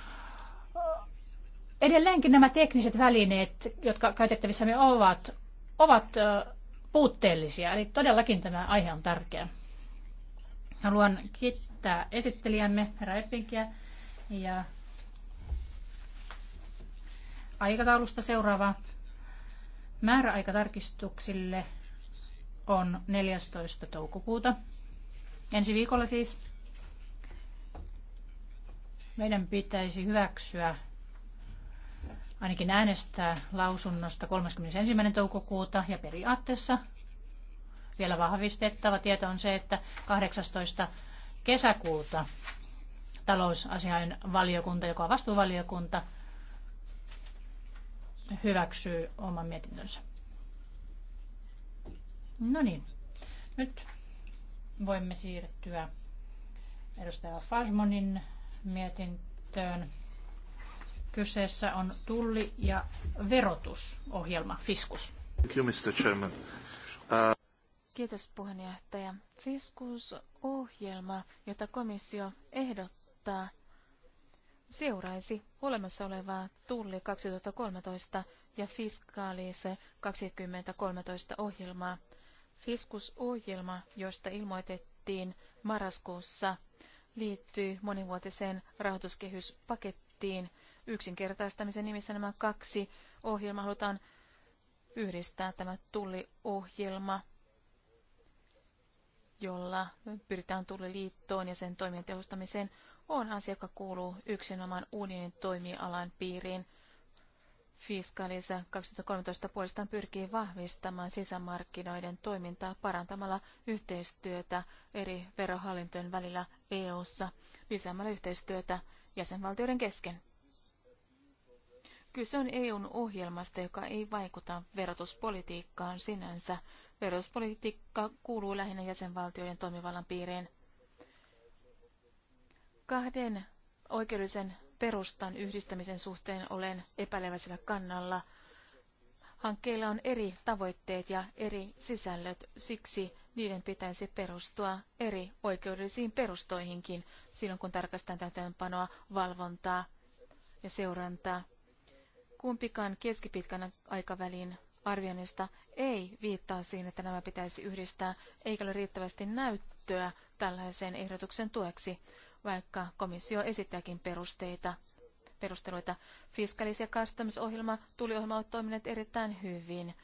edelleenkin nämä tekniset välineet, jotka käytettävissä me ovat, ovat puutteellisia. Eli todellakin tämä aihe on tärkeä. Haluan kiittää kiittää esittelijämme, herra ja aikataulusta seuraava määräaikatarkistuksille on 14. toukokuuta. Ensi viikolla siis meidän pitäisi hyväksyä ainakin äänestää lausunnosta 31. toukokuuta ja periaatteessa vielä vahvistettava tieto on se, että 18 kesäkuuta talousasiain valiokunta, joka on vastuuvaliokunta, hyväksyy oman mietintönsä. No niin, nyt voimme siirtyä edustaja Fasmonin mietintöön. Kyseessä on tulli- ja verotusohjelma Fiskus. Thank you, Mr. Chairman. Uh... Kiitos puheenjohtaja. Fiskusohjelma, jota komissio ehdottaa, seuraisi olemassa olevaa Tulli 2013 ja fiskaalise 2013 ohjelmaa. Fiskusohjelma, josta ilmoitettiin marraskuussa, liittyy monivuotiseen rahoituskehyspakettiin. Yksinkertaistamisen nimissä nämä kaksi ohjelmaa halutaan yhdistää tämä tulliohjelma jolla pyritään tulliliittoon ja sen toimien tehostamiseen, on asia, joka kuuluu yksinomaan unionin toimialan piiriin. Fiskalisa 2013 puolestaan pyrkii vahvistamaan sisämarkkinoiden toimintaa parantamalla yhteistyötä eri verohallintojen välillä EU:ssa lisäämällä yhteistyötä jäsenvaltioiden kesken. Kyse on EUn ohjelmasta, joka ei vaikuta verotuspolitiikkaan sinänsä, Verotuspolitiikka kuuluu lähinnä jäsenvaltioiden toimivallan piiriin. Kahden oikeudellisen perustan yhdistämisen suhteen olen epäileväisellä kannalla. Hankkeilla on eri tavoitteet ja eri sisällöt, siksi niiden pitäisi perustua eri oikeudellisiin perustoihinkin silloin, kun tarkastetaan täytäntöönpanoa, valvontaa ja seurantaa. Kumpikaan keskipitkän aikavälin arvioinnista ei viittaa siihen, että nämä pitäisi yhdistää, eikä ole riittävästi näyttöä tällaiseen ehdotuksen tueksi, vaikka komissio esittääkin perusteita. Perusteluita. Fiskalis- ja kastamisohjelma tuli ohjelmaa toimineet erittäin hyvin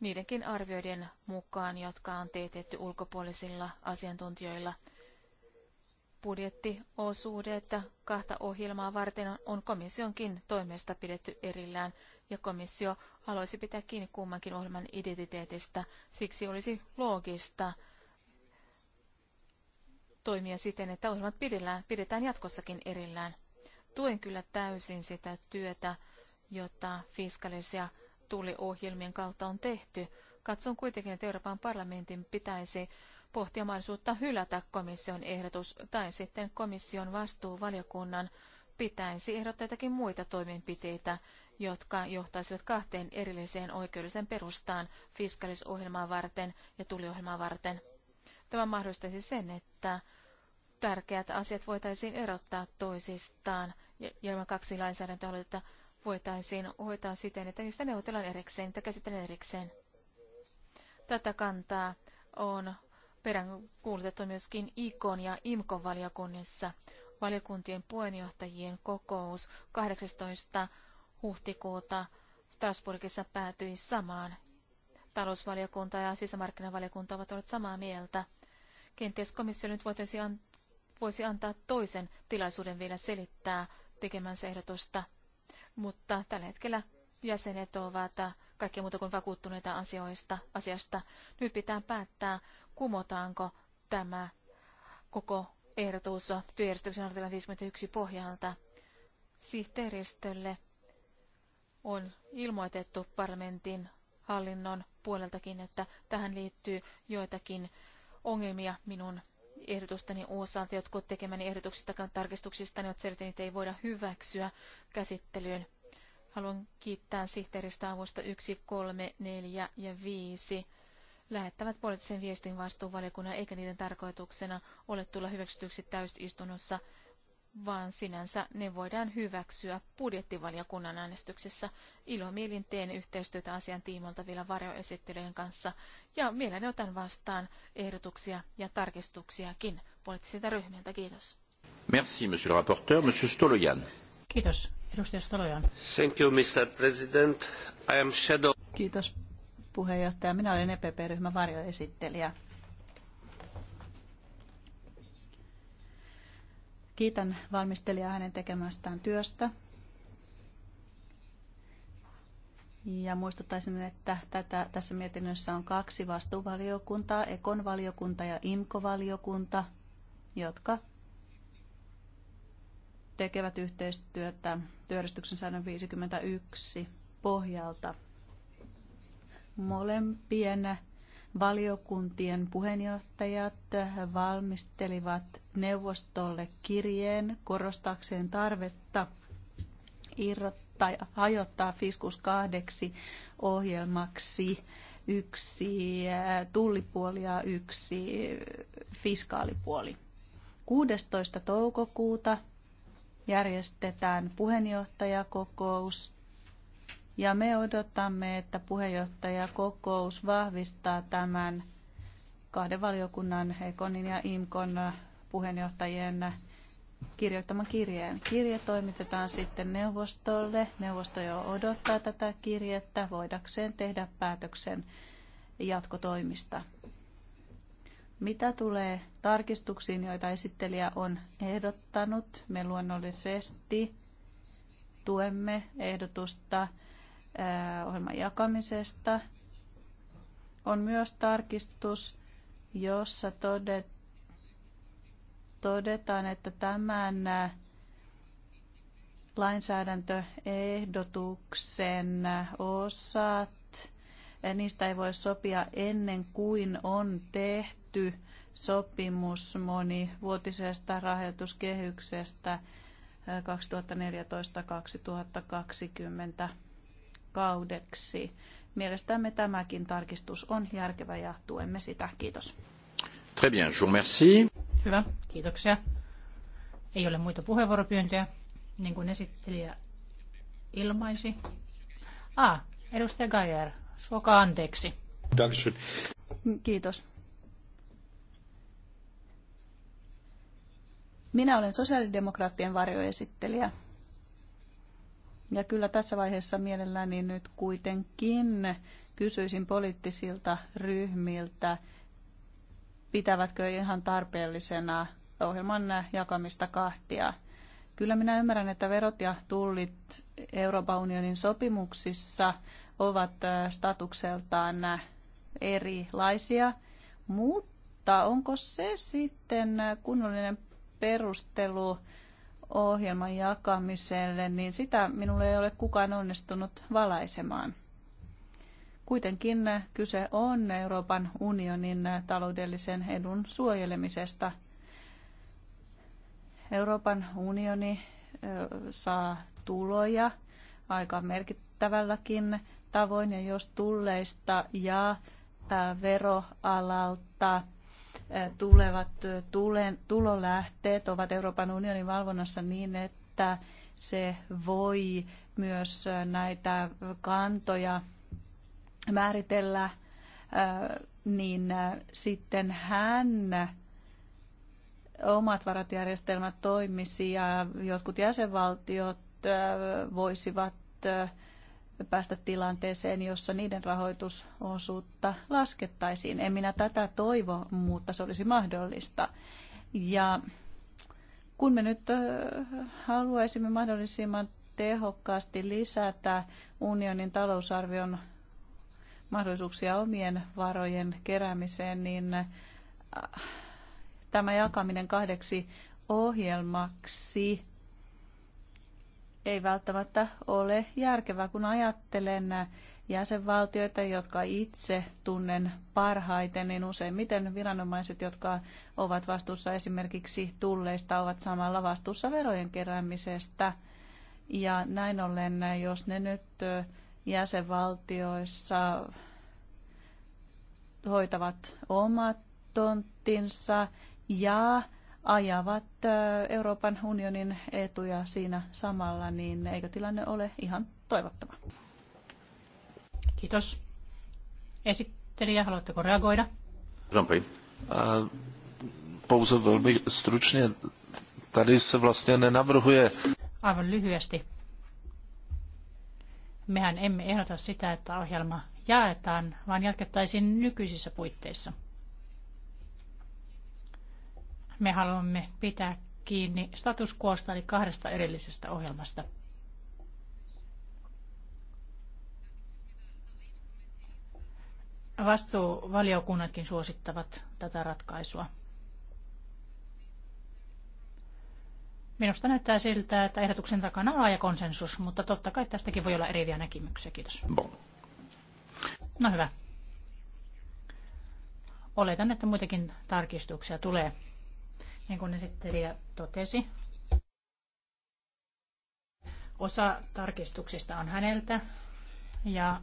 niidenkin arvioiden mukaan, jotka on teetetty ulkopuolisilla asiantuntijoilla. Budjettiosuudet kahta ohjelmaa varten on komissionkin toimesta pidetty erillään ja komissio haluaisi pitää kiinni kummankin ohjelman identiteetistä. Siksi olisi loogista toimia siten, että ohjelmat pidetään, pidetään jatkossakin erillään. Tuen kyllä täysin sitä työtä, jota fiskaalisia tuliohjelmien kautta on tehty. Katson kuitenkin, että Euroopan parlamentin pitäisi pohtia mahdollisuutta hylätä komission ehdotus, tai sitten komission vastuuvaliokunnan pitäisi ehdottaa jotakin muita toimenpiteitä, jotka johtaisivat kahteen erilliseen oikeudelliseen perustaan fiskalisohjelmaa varten ja tuliohjelmaa varten. Tämä mahdollistaisi sen, että tärkeät asiat voitaisiin erottaa toisistaan ja ilman kaksi lainsäädäntöaloitetta voitaisiin hoitaa siten, että niistä neuvotellaan erikseen tai käsitellään erikseen. Tätä kantaa on peräänkuulutettu myöskin IKON ja IMKON valiokunnissa. Valiokuntien puheenjohtajien kokous 18 huhtikuuta Strasbourgissa päätyi samaan. Talousvaliokunta ja sisämarkkinavaliokunta ovat olleet samaa mieltä. Kenties komissio nyt voisi antaa toisen tilaisuuden vielä selittää tekemänsä ehdotusta, mutta tällä hetkellä jäsenet ovat kaikki muuta kuin vakuuttuneita asioista, asiasta. Nyt pitää päättää, kumotaanko tämä koko ehdotus työjärjestyksen artiklan 51 pohjalta sihteeristölle on ilmoitettu parlamentin hallinnon puoleltakin, että tähän liittyy joitakin ongelmia minun ehdotustani osalta. Jotkut tekemäni ehdotuksista tarkistuksista niin että niitä ei voida hyväksyä käsittelyyn. Haluan kiittää sihteeristä avusta 1, 3, 4 ja 5 lähettävät poliittisen viestin vastuuvaliokunnan eikä niiden tarkoituksena ole tulla hyväksytyksi täysistunnossa vaan sinänsä ne voidaan hyväksyä budjettivaliokunnan äänestyksessä. Ilomielin teen yhteistyötä asian tiimolta vielä varjoesittelyjen kanssa ja mielelläni otan vastaan ehdotuksia ja tarkistuksiakin poliittisilta ryhmiltä. Kiitos. Merci, monsieur le rapporteur. Monsieur Stolojan. Kiitos. Edustaja Stolojan. Thank you, Mr. President. I am shadow. Kiitos, puheenjohtaja. Minä olen EPP-ryhmän varjoesittelijä Kiitän valmistelijaa hänen tekemästään työstä. Ja muistuttaisin, että tätä, tässä mietinnössä on kaksi vastuuvaliokuntaa, Ekon valiokunta ja IMKO-valiokunta, jotka tekevät yhteistyötä työjärjestyksen säännön 51 pohjalta. Molempien valiokuntien puheenjohtajat valmistelivat neuvostolle kirjeen korostaakseen tarvetta irrottaa, hajottaa Fiskus 8 ohjelmaksi yksi äh, tullipuoli ja yksi äh, fiskaalipuoli. 16. toukokuuta järjestetään puheenjohtajakokous ja me odotamme, että puheenjohtajakokous vahvistaa tämän kahden valiokunnan, Ekonin ja IMKon puheenjohtajien kirjoittaman kirjeen. Kirje toimitetaan sitten neuvostolle. Neuvosto jo odottaa tätä kirjettä voidakseen tehdä päätöksen jatkotoimista. Mitä tulee tarkistuksiin, joita esittelijä on ehdottanut, me luonnollisesti tuemme ehdotusta ohjelman jakamisesta. On myös tarkistus, jossa todetaan, että tämän lainsäädäntöehdotuksen osat, niistä ei voi sopia ennen kuin on tehty sopimus monivuotisesta rahoituskehyksestä 2014-2020 kaudeksi. Mielestämme tämäkin tarkistus on järkevä ja tuemme sitä. Kiitos. Très bien, je vous remercie. Hyvä, kiitoksia. Ei ole muita puheenvuoropyyntöjä, niin kuin esittelijä ilmaisi. Ah, edustaja Gajer, suoka anteeksi. Dankeschön. Kiitos. Minä olen sosiaalidemokraattien varjoesittelijä ja kyllä tässä vaiheessa mielelläni nyt kuitenkin kysyisin poliittisilta ryhmiltä, pitävätkö ihan tarpeellisena ohjelman jakamista kahtia. Kyllä minä ymmärrän, että verot ja tullit Euroopan unionin sopimuksissa ovat äh, statukseltaan erilaisia, mutta onko se sitten kunnollinen perustelu ohjelman jakamiselle, niin sitä minulle ei ole kukaan onnistunut valaisemaan. Kuitenkin kyse on Euroopan unionin taloudellisen edun suojelemisesta. Euroopan unioni saa tuloja aika merkittävälläkin tavoin, ja jos tulleista ja veroalalta tulevat tulen, tulolähteet ovat Euroopan unionin valvonnassa niin, että se voi myös näitä kantoja määritellä, niin sitten hän omat varatjärjestelmät toimisi ja jotkut jäsenvaltiot voisivat päästä tilanteeseen, jossa niiden rahoitusosuutta laskettaisiin. En minä tätä toivo, mutta se olisi mahdollista. Ja kun me nyt haluaisimme mahdollisimman tehokkaasti lisätä unionin talousarvion mahdollisuuksia omien varojen keräämiseen, niin tämä jakaminen kahdeksi ohjelmaksi ei välttämättä ole järkevää, kun ajattelen jäsenvaltioita, jotka itse tunnen parhaiten, niin useimmiten viranomaiset, jotka ovat vastuussa esimerkiksi tulleista, ovat samalla vastuussa verojen keräämisestä. Ja näin ollen, jos ne nyt jäsenvaltioissa hoitavat omat tonttinsa ja ajavat Euroopan unionin etuja siinä samalla, niin eikö tilanne ole ihan toivottava? Kiitos. Esittelijä, haluatteko reagoida? Rampin. Pouze velmi stručně. Tady se vlastně nenavrhuje. Aivan lyhyesti. Mehän emme ehdota sitä, että ohjelma jaetaan, vaan jatkettaisiin nykyisissä puitteissa me haluamme pitää kiinni status quosta eli kahdesta erillisestä ohjelmasta. Vastuuvaliokunnatkin suosittavat tätä ratkaisua. Minusta näyttää siltä, että ehdotuksen takana on laaja konsensus, mutta totta kai tästäkin voi olla eriviä näkemyksiä. Kiitos. No hyvä. Oletan, että muitakin tarkistuksia tulee niin kuin esittelijä totesi. Osa tarkistuksista on häneltä ja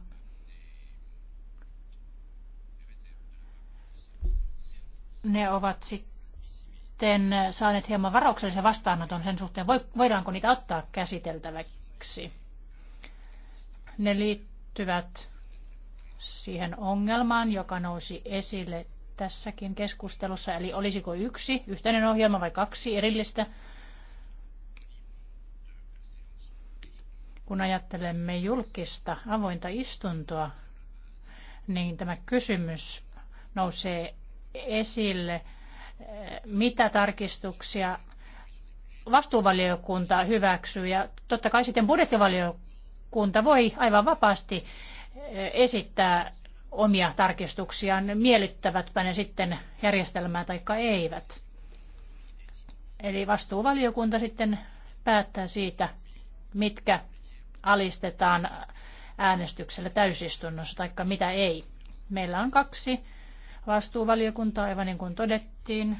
ne ovat sitten saaneet hieman varauksellisen vastaanoton sen suhteen, voidaanko niitä ottaa käsiteltäväksi. Ne liittyvät siihen ongelmaan, joka nousi esille tässäkin keskustelussa, eli olisiko yksi yhteinen ohjelma vai kaksi erillistä. Kun ajattelemme julkista avointa istuntoa, niin tämä kysymys nousee esille, mitä tarkistuksia vastuuvaliokunta hyväksyy ja totta kai sitten budjettivaliokunta voi aivan vapaasti eh, esittää omia tarkistuksiaan, miellyttävätpä ne sitten järjestelmää tai eivät. Eli vastuuvaliokunta sitten päättää siitä, mitkä alistetaan äänestyksellä täysistunnossa tai mitä ei. Meillä on kaksi vastuuvaliokuntaa, aivan niin kuin todettiin,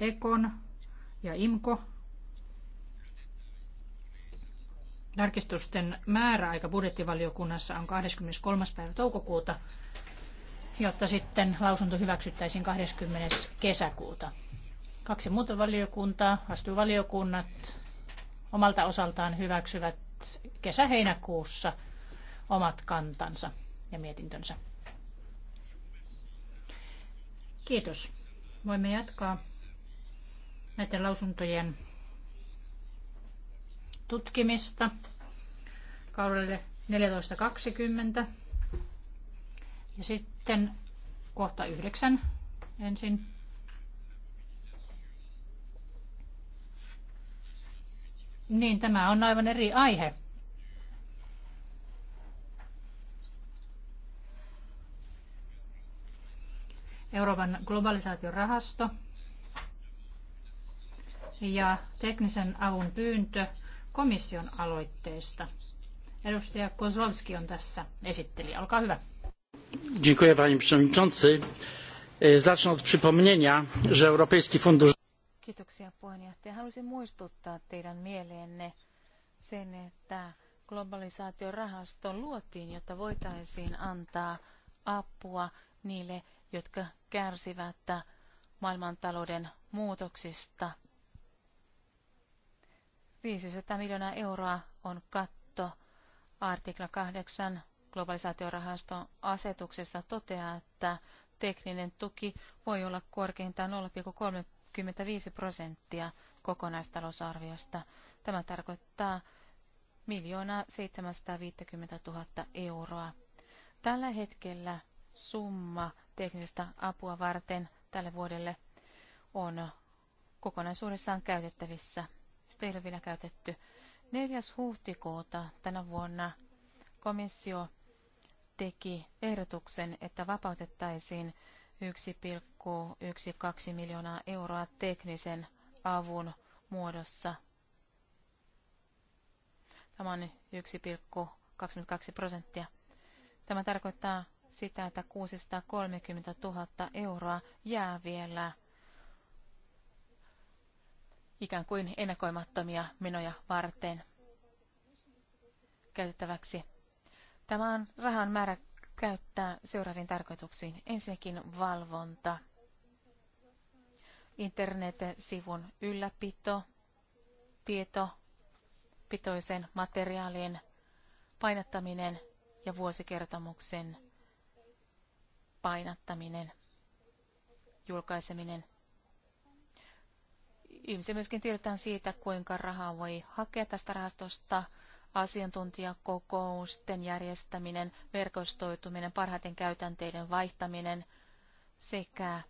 Ekon ja Imko. Tarkistusten määräaika budjettivaliokunnassa on 23. päivä toukokuuta, jotta sitten lausunto hyväksyttäisiin 20. kesäkuuta. Kaksi muuta valiokuntaa, vastuuvaliokunnat, omalta osaltaan hyväksyvät kesä-heinäkuussa omat kantansa ja mietintönsä. Kiitos. Voimme jatkaa näiden lausuntojen tutkimista kaudelle 14.20. Ja sitten kohta yhdeksän ensin. Niin, tämä on aivan eri aihe. Euroopan globalisaation rahasto ja teknisen avun pyyntö komission aloitteesta. Edustaja Kozlowski on tässä esitteli. Olkaa hyvä. Dziękuję panie przewodniczący. E, zacznę od przypomnienia, że Europejski Fundusz... Kiitoksia puheenjohtaja. Haluaisin muistuttaa teidän mieleenne sen, että globalisaatiorahasto luotiin, jotta voitaisiin antaa apua niille, jotka kärsivät maailmantalouden muutoksista – 500 miljoonaa euroa on katto. Artikla 8 globalisaatiorahaston asetuksessa toteaa, että tekninen tuki voi olla korkeintaan 0,35 prosenttia kokonaistalousarviosta. Tämä tarkoittaa 1 750 000 euroa. Tällä hetkellä summa teknistä apua varten tälle vuodelle on kokonaisuudessaan käytettävissä sitä ei ole vielä käytetty. 4. huhtikuuta tänä vuonna komissio teki ehdotuksen, että vapautettaisiin 1,12 miljoonaa euroa teknisen avun muodossa. Tämä on 1,22 prosenttia. Tämä tarkoittaa sitä, että 630 000 euroa jää vielä ikään kuin ennakoimattomia menoja varten käytettäväksi. Tämä on rahan määrä käyttää seuraaviin tarkoituksiin. Ensinnäkin valvonta, internet-sivun ylläpito, tieto, pitoisen materiaalin painattaminen ja vuosikertomuksen painattaminen, julkaiseminen ihmisiä myöskin tiedetään siitä, kuinka rahaa voi hakea tästä rahastosta, asiantuntijakokousten järjestäminen, verkostoituminen, parhaiten käytänteiden vaihtaminen sekä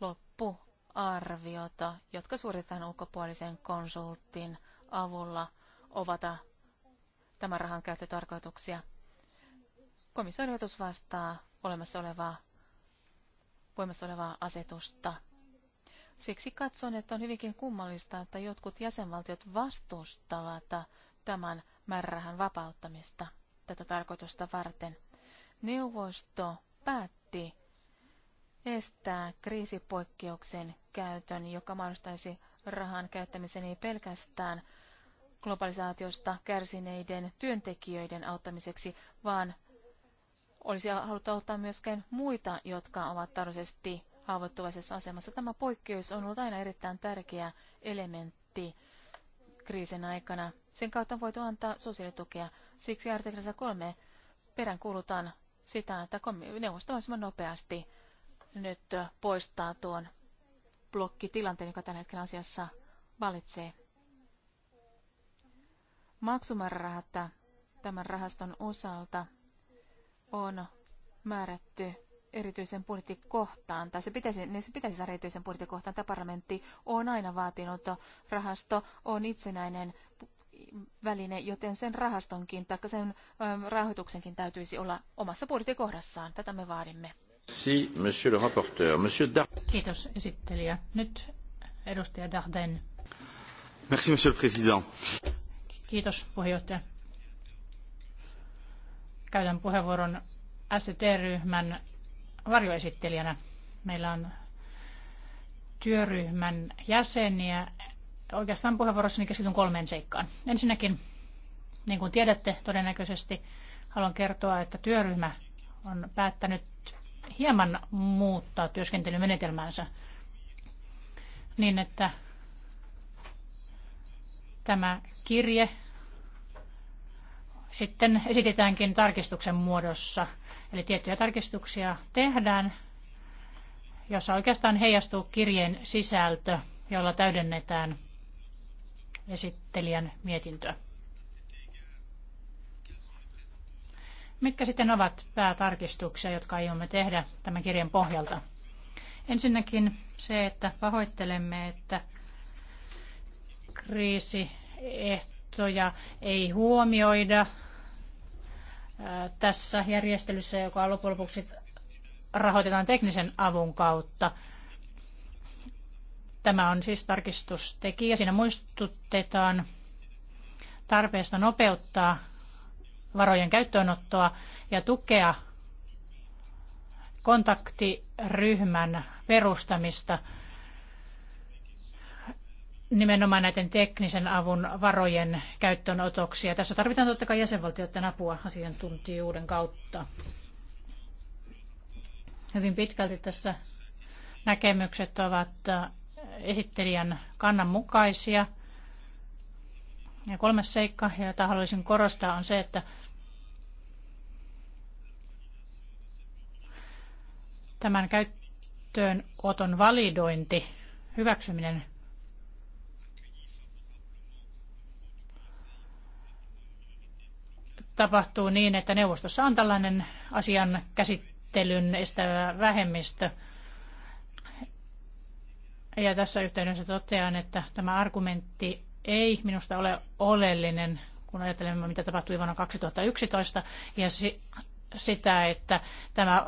loppuarviota, jotka suoritetaan ulkopuolisen konsultin avulla, ovat äh, tämän rahan käyttötarkoituksia. Komission vastaa olemassa olevaa, voimassa olevaa asetusta Siksi katson, että on hyvinkin kummallista, että jotkut jäsenvaltiot vastustavat tämän määrärahan vapauttamista tätä tarkoitusta varten. Neuvosto päätti estää kriisipoikkeuksen käytön, joka mahdollistaisi rahan käyttämisen ei pelkästään globalisaatiosta kärsineiden työntekijöiden auttamiseksi, vaan olisi haluttu auttaa myöskin muita, jotka ovat taloudellisesti haavoittuvaisessa asemassa. Tämä poikkeus on ollut aina erittäin tärkeä elementti kriisin aikana. Sen kautta on voitu antaa sosiaalitukea. Siksi artiklassa perän peräänkuulutaan sitä, että neuvosto mahdollisimman nopeasti nyt poistaa tuon blokkitilanteen, joka tällä hetkellä asiassa valitsee. Maksumäärärahat tämän rahaston osalta on määrätty erityisen budjettikohtaan, tai se pitäisi, ne niin se pitäisi saada erityisen budjettikohtaan. Tämä parlamentti on aina vaatinut, rahasto on itsenäinen väline, joten sen rahastonkin tai sen rahoituksenkin täytyisi olla omassa budjettikohdassaan. Tätä me vaadimme. Si, monsieur le rapporteur. Monsieur Dar- Kiitos esittelijä. Nyt edustaja Darden. Merci, monsieur le président. Kiitos puheenjohtaja. Käytän puheenvuoron ST-ryhmän varjoesittelijänä. Meillä on työryhmän jäseniä. Oikeastaan puheenvuorossani keskityn kolmeen seikkaan. Ensinnäkin, niin kuin tiedätte todennäköisesti, haluan kertoa, että työryhmä on päättänyt hieman muuttaa työskentelymenetelmäänsä niin, että tämä kirje sitten esitetäänkin tarkistuksen muodossa – Eli tiettyjä tarkistuksia tehdään, jossa oikeastaan heijastuu kirjeen sisältö, jolla täydennetään esittelijän mietintöä. Mitkä sitten ovat päätarkistuksia, jotka aiomme tehdä tämän kirjan pohjalta? Ensinnäkin se, että pahoittelemme, että kriisiehtoja ei huomioida tässä järjestelyssä, joka loppujen lopuksi rahoitetaan teknisen avun kautta. Tämä on siis tarkistustekijä. Siinä muistutetaan tarpeesta nopeuttaa varojen käyttöönottoa ja tukea kontaktiryhmän perustamista – nimenomaan näiden teknisen avun varojen ja Tässä tarvitaan totta kai jäsenvaltioiden apua asiantuntijuuden kautta. Hyvin pitkälti tässä näkemykset ovat äh, esittelijän kannan mukaisia. Ja kolmas seikka, jota haluaisin korostaa, on se, että tämän käyttöönoton validointi, hyväksyminen tapahtuu niin, että neuvostossa on tällainen asian käsittelyn estävä vähemmistö. Ja tässä yhteydessä totean, että tämä argumentti ei minusta ole oleellinen, kun ajattelemme, mitä tapahtui vuonna 2011, ja si- sitä, että tämä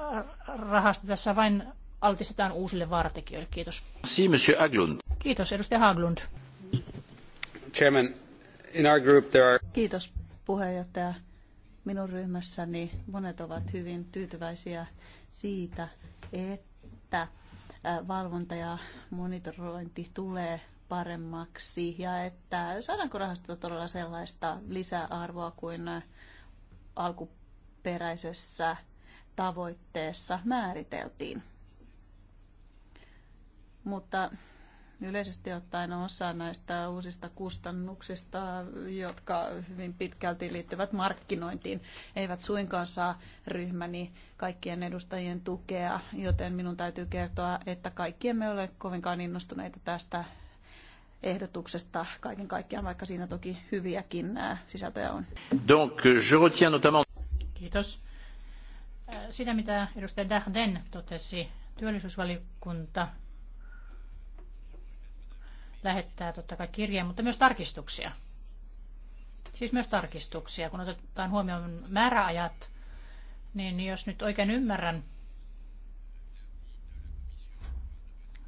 rahasto tässä vain altistetaan uusille vaaratekijöille. Kiitos. Si, monsieur Haglund. Kiitos, edustaja Haglund. Chairman, in our group there are... Kiitos, puheenjohtaja minun ryhmässäni monet ovat hyvin tyytyväisiä siitä, että valvonta ja monitorointi tulee paremmaksi ja että saadaanko rahastosta todella sellaista lisäarvoa kuin alkuperäisessä tavoitteessa määriteltiin. Mutta yleisesti ottaen osa näistä uusista kustannuksista, jotka hyvin pitkälti liittyvät markkinointiin, eivät suinkaan saa ryhmäni kaikkien edustajien tukea, joten minun täytyy kertoa, että kaikki emme ole kovinkaan innostuneita tästä ehdotuksesta kaiken kaikkiaan, vaikka siinä toki hyviäkin sisältöjä on. Donc, je retiens notamment... Kiitos. Sitä, mitä edustaja Dahden totesi, työllisyysvaliokunta lähettää totta kai kirjeen, mutta myös tarkistuksia. Siis myös tarkistuksia, kun otetaan huomioon määräajat, niin jos nyt oikein ymmärrän,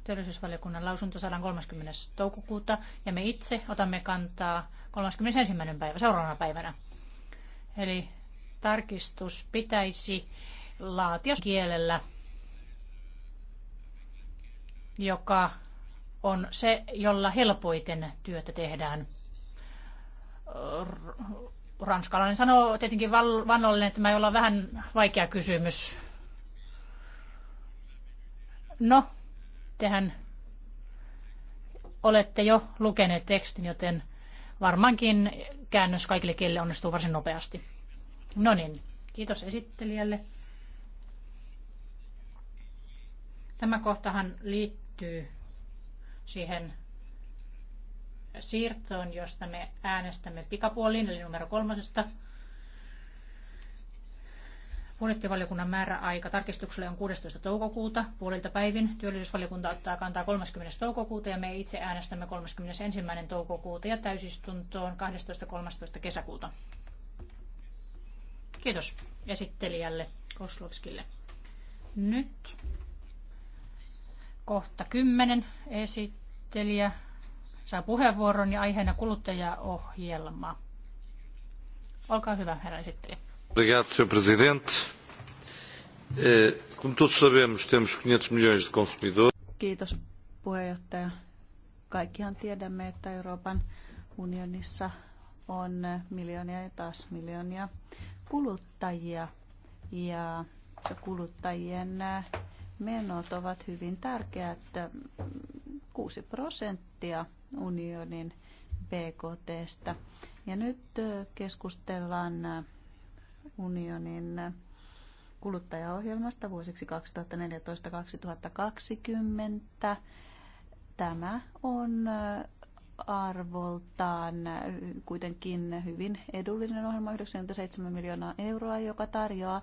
työllisyysvaliokunnan lausunto saadaan 30. toukokuuta ja me itse otamme kantaa 31. päivä seuraavana päivänä. Eli tarkistus pitäisi laatia kielellä, joka on se, jolla helpoiten työtä tehdään. Ranskalainen sanoo tietenkin vannollinen, että tämä on vähän vaikea kysymys. No, tehän olette jo lukeneet tekstin, joten varmaankin käännös kaikille kielille onnistuu varsin nopeasti. No niin, kiitos esittelijälle. Tämä kohtahan liittyy siihen siirtoon, josta me äänestämme pikapuoliin, eli numero kolmosesta. Budjettivaliokunnan määräaika tarkistukselle on 16. toukokuuta puolilta päivin. Työllisyysvaliokunta ottaa kantaa 30. toukokuuta ja me itse äänestämme 31. toukokuuta ja täysistuntoon 12.13. kesäkuuta. Kiitos esittelijälle Koslovskille. Nyt Kohta kymmenen esittelijä saa puheenvuoron ja aiheena kuluttajaohjelma. Olkaa hyvä, herra esittelijä. Obrigado, senhor presidente. Eh, como todos sabemos, temos 500 milhões de consumidores. Kiitos, puheenjohtaja. Kaikkihan tiedämme, että Euroopan unionissa on miljoonia ja taas miljoonia kuluttajia ja kuluttajien menot ovat hyvin tärkeät. että 6 prosenttia unionin BKTstä. Ja nyt keskustellaan unionin kuluttajaohjelmasta vuosiksi 2014-2020. Tämä on arvoltaan kuitenkin hyvin edullinen ohjelma, 97 miljoonaa euroa, joka tarjoaa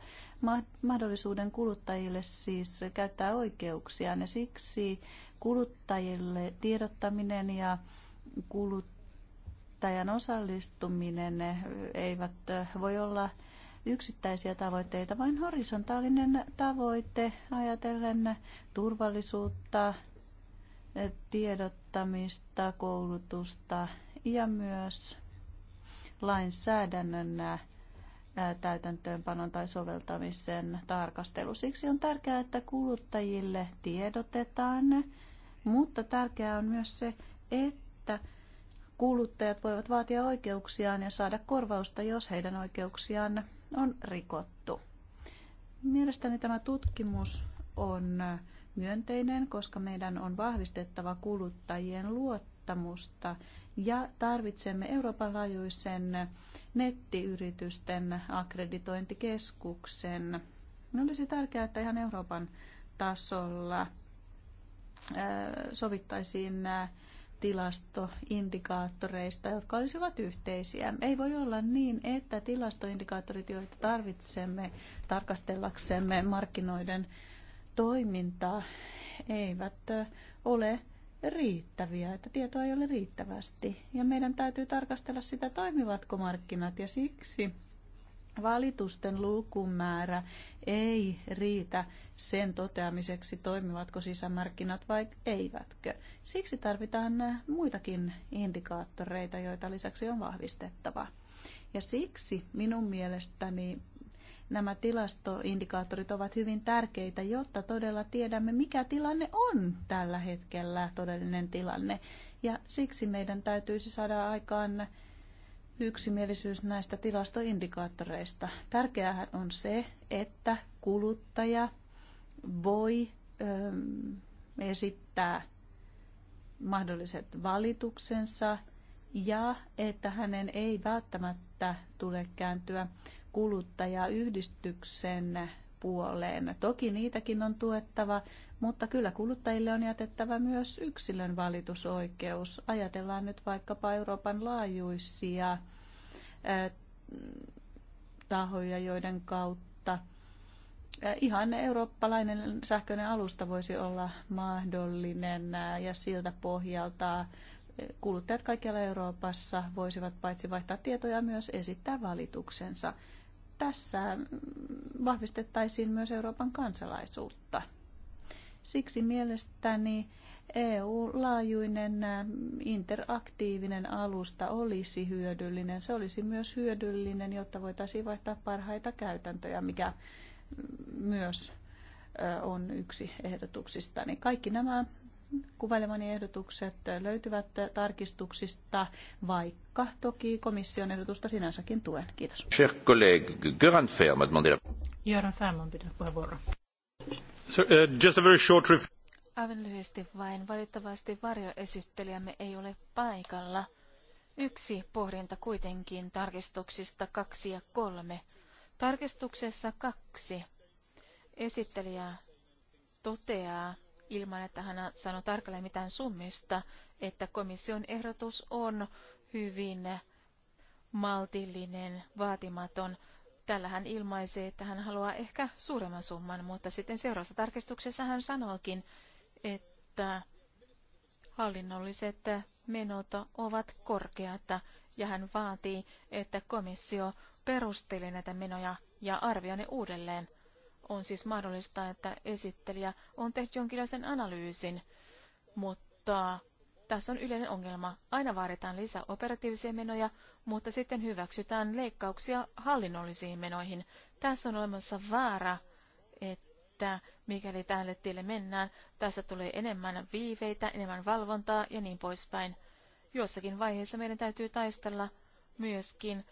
mahdollisuuden kuluttajille siis käyttää oikeuksiaan. Ja siksi kuluttajille tiedottaminen ja kuluttajan osallistuminen eivät voi olla yksittäisiä tavoitteita, vaan horisontaalinen tavoite ajatellen turvallisuutta, tiedottamista, koulutusta ja myös lainsäädännön täytäntöönpanon tai soveltamisen tarkastelu. Siksi on tärkeää, että kuluttajille tiedotetaan, mutta tärkeää on myös se, että kuluttajat voivat vaatia oikeuksiaan ja saada korvausta, jos heidän oikeuksiaan on rikottu. Mielestäni tämä tutkimus on myönteinen, koska meidän on vahvistettava kuluttajien luottamusta ja tarvitsemme Euroopan laajuisen nettiyritysten akkreditointikeskuksen. Olisi tärkeää, että ihan Euroopan tasolla sovittaisiin tilastoindikaattoreista, jotka olisivat yhteisiä. Ei voi olla niin, että tilastoindikaattorit, joita tarvitsemme tarkastellaksemme markkinoiden toimintaa eivät ole riittäviä, että tietoa ei ole riittävästi. Ja meidän täytyy tarkastella sitä, toimivatko markkinat ja siksi Valitusten lukumäärä ei riitä sen toteamiseksi, toimivatko sisämarkkinat vai eivätkö. Siksi tarvitaan muitakin indikaattoreita, joita lisäksi on vahvistettava. Ja siksi minun mielestäni nämä tilastoindikaattorit ovat hyvin tärkeitä, jotta todella tiedämme, mikä tilanne on tällä hetkellä todellinen tilanne. Ja siksi meidän täytyisi saada aikaan yksimielisyys näistä tilastoindikaattoreista. Tärkeää on se, että kuluttaja voi ö, esittää mahdolliset valituksensa ja että hänen ei välttämättä tule kääntyä kuluttajayhdistyksen puoleen. Toki niitäkin on tuettava, mutta kyllä kuluttajille on jätettävä myös yksilön valitusoikeus. Ajatellaan nyt vaikkapa Euroopan laajuisia tahoja, joiden kautta ihan eurooppalainen sähköinen alusta voisi olla mahdollinen ja siltä pohjalta kuluttajat kaikkialla Euroopassa voisivat paitsi vaihtaa tietoja myös esittää valituksensa tässä vahvistettaisiin myös Euroopan kansalaisuutta. Siksi mielestäni EU-laajuinen interaktiivinen alusta olisi hyödyllinen. Se olisi myös hyödyllinen, jotta voitaisiin vaihtaa parhaita käytäntöjä, mikä myös on yksi ehdotuksista. kaikki nämä kuvailemani ehdotukset löytyvät tarkistuksista, vaikka toki komission ehdotusta sinänsäkin tuen. Kiitos. Cher collègue, Göran Ferm a demandé Göran Ferm on pitänyt puheenvuoron. Uh, just a very short ref- Aivan lyhyesti vain. Valitettavasti varjoesittelijämme ei ole paikalla. Yksi pohdinta kuitenkin tarkistuksista kaksi ja kolme. Tarkistuksessa kaksi esittelijä toteaa, ilman, että hän sanoi tarkalleen mitään summista, että komission ehdotus on hyvin maltillinen, vaatimaton. Tällä hän ilmaisee, että hän haluaa ehkä suuremman summan, mutta sitten seuraavassa tarkistuksessa hän sanookin, että hallinnolliset menot ovat korkeat ja hän vaatii, että komissio perustelee näitä menoja ja arvioi ne uudelleen on siis mahdollista, että esittelijä on tehnyt jonkinlaisen analyysin, mutta tässä on yleinen ongelma. Aina vaaditaan lisää operatiivisia menoja, mutta sitten hyväksytään leikkauksia hallinnollisiin menoihin. Tässä on olemassa vaara, että mikäli tälle tielle mennään, tässä tulee enemmän viiveitä, enemmän valvontaa ja niin poispäin. Jossakin vaiheessa meidän täytyy taistella myöskin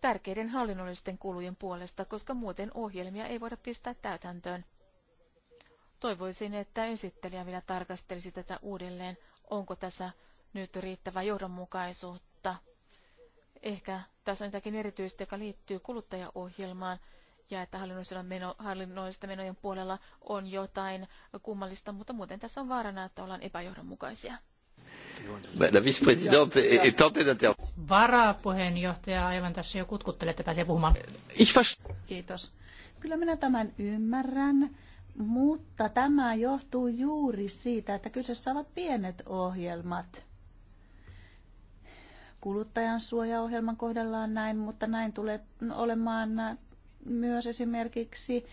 tärkeiden hallinnollisten kulujen puolesta, koska muuten ohjelmia ei voida pistää täytäntöön. Toivoisin, että esittelijä vielä tarkastelisi tätä uudelleen, onko tässä nyt riittävää johdonmukaisuutta. Ehkä tässä on jotakin erityistä, joka liittyy kuluttajaohjelmaan, ja että meno, hallinnollisten menojen puolella on jotain kummallista, mutta muuten tässä on vaarana, että ollaan epäjohdonmukaisia. La vice-présidente est tentée d'intervenir. Varapuheenjohtaja aivan tässä jo kutkuttelee, että pääsee puhumaan. Kiitos. Kyllä minä tämän ymmärrän, mutta tämä johtuu juuri siitä, että kyseessä ovat pienet ohjelmat. Kuluttajan suojaohjelman kohdellaan näin, mutta näin tulee olemaan myös esimerkiksi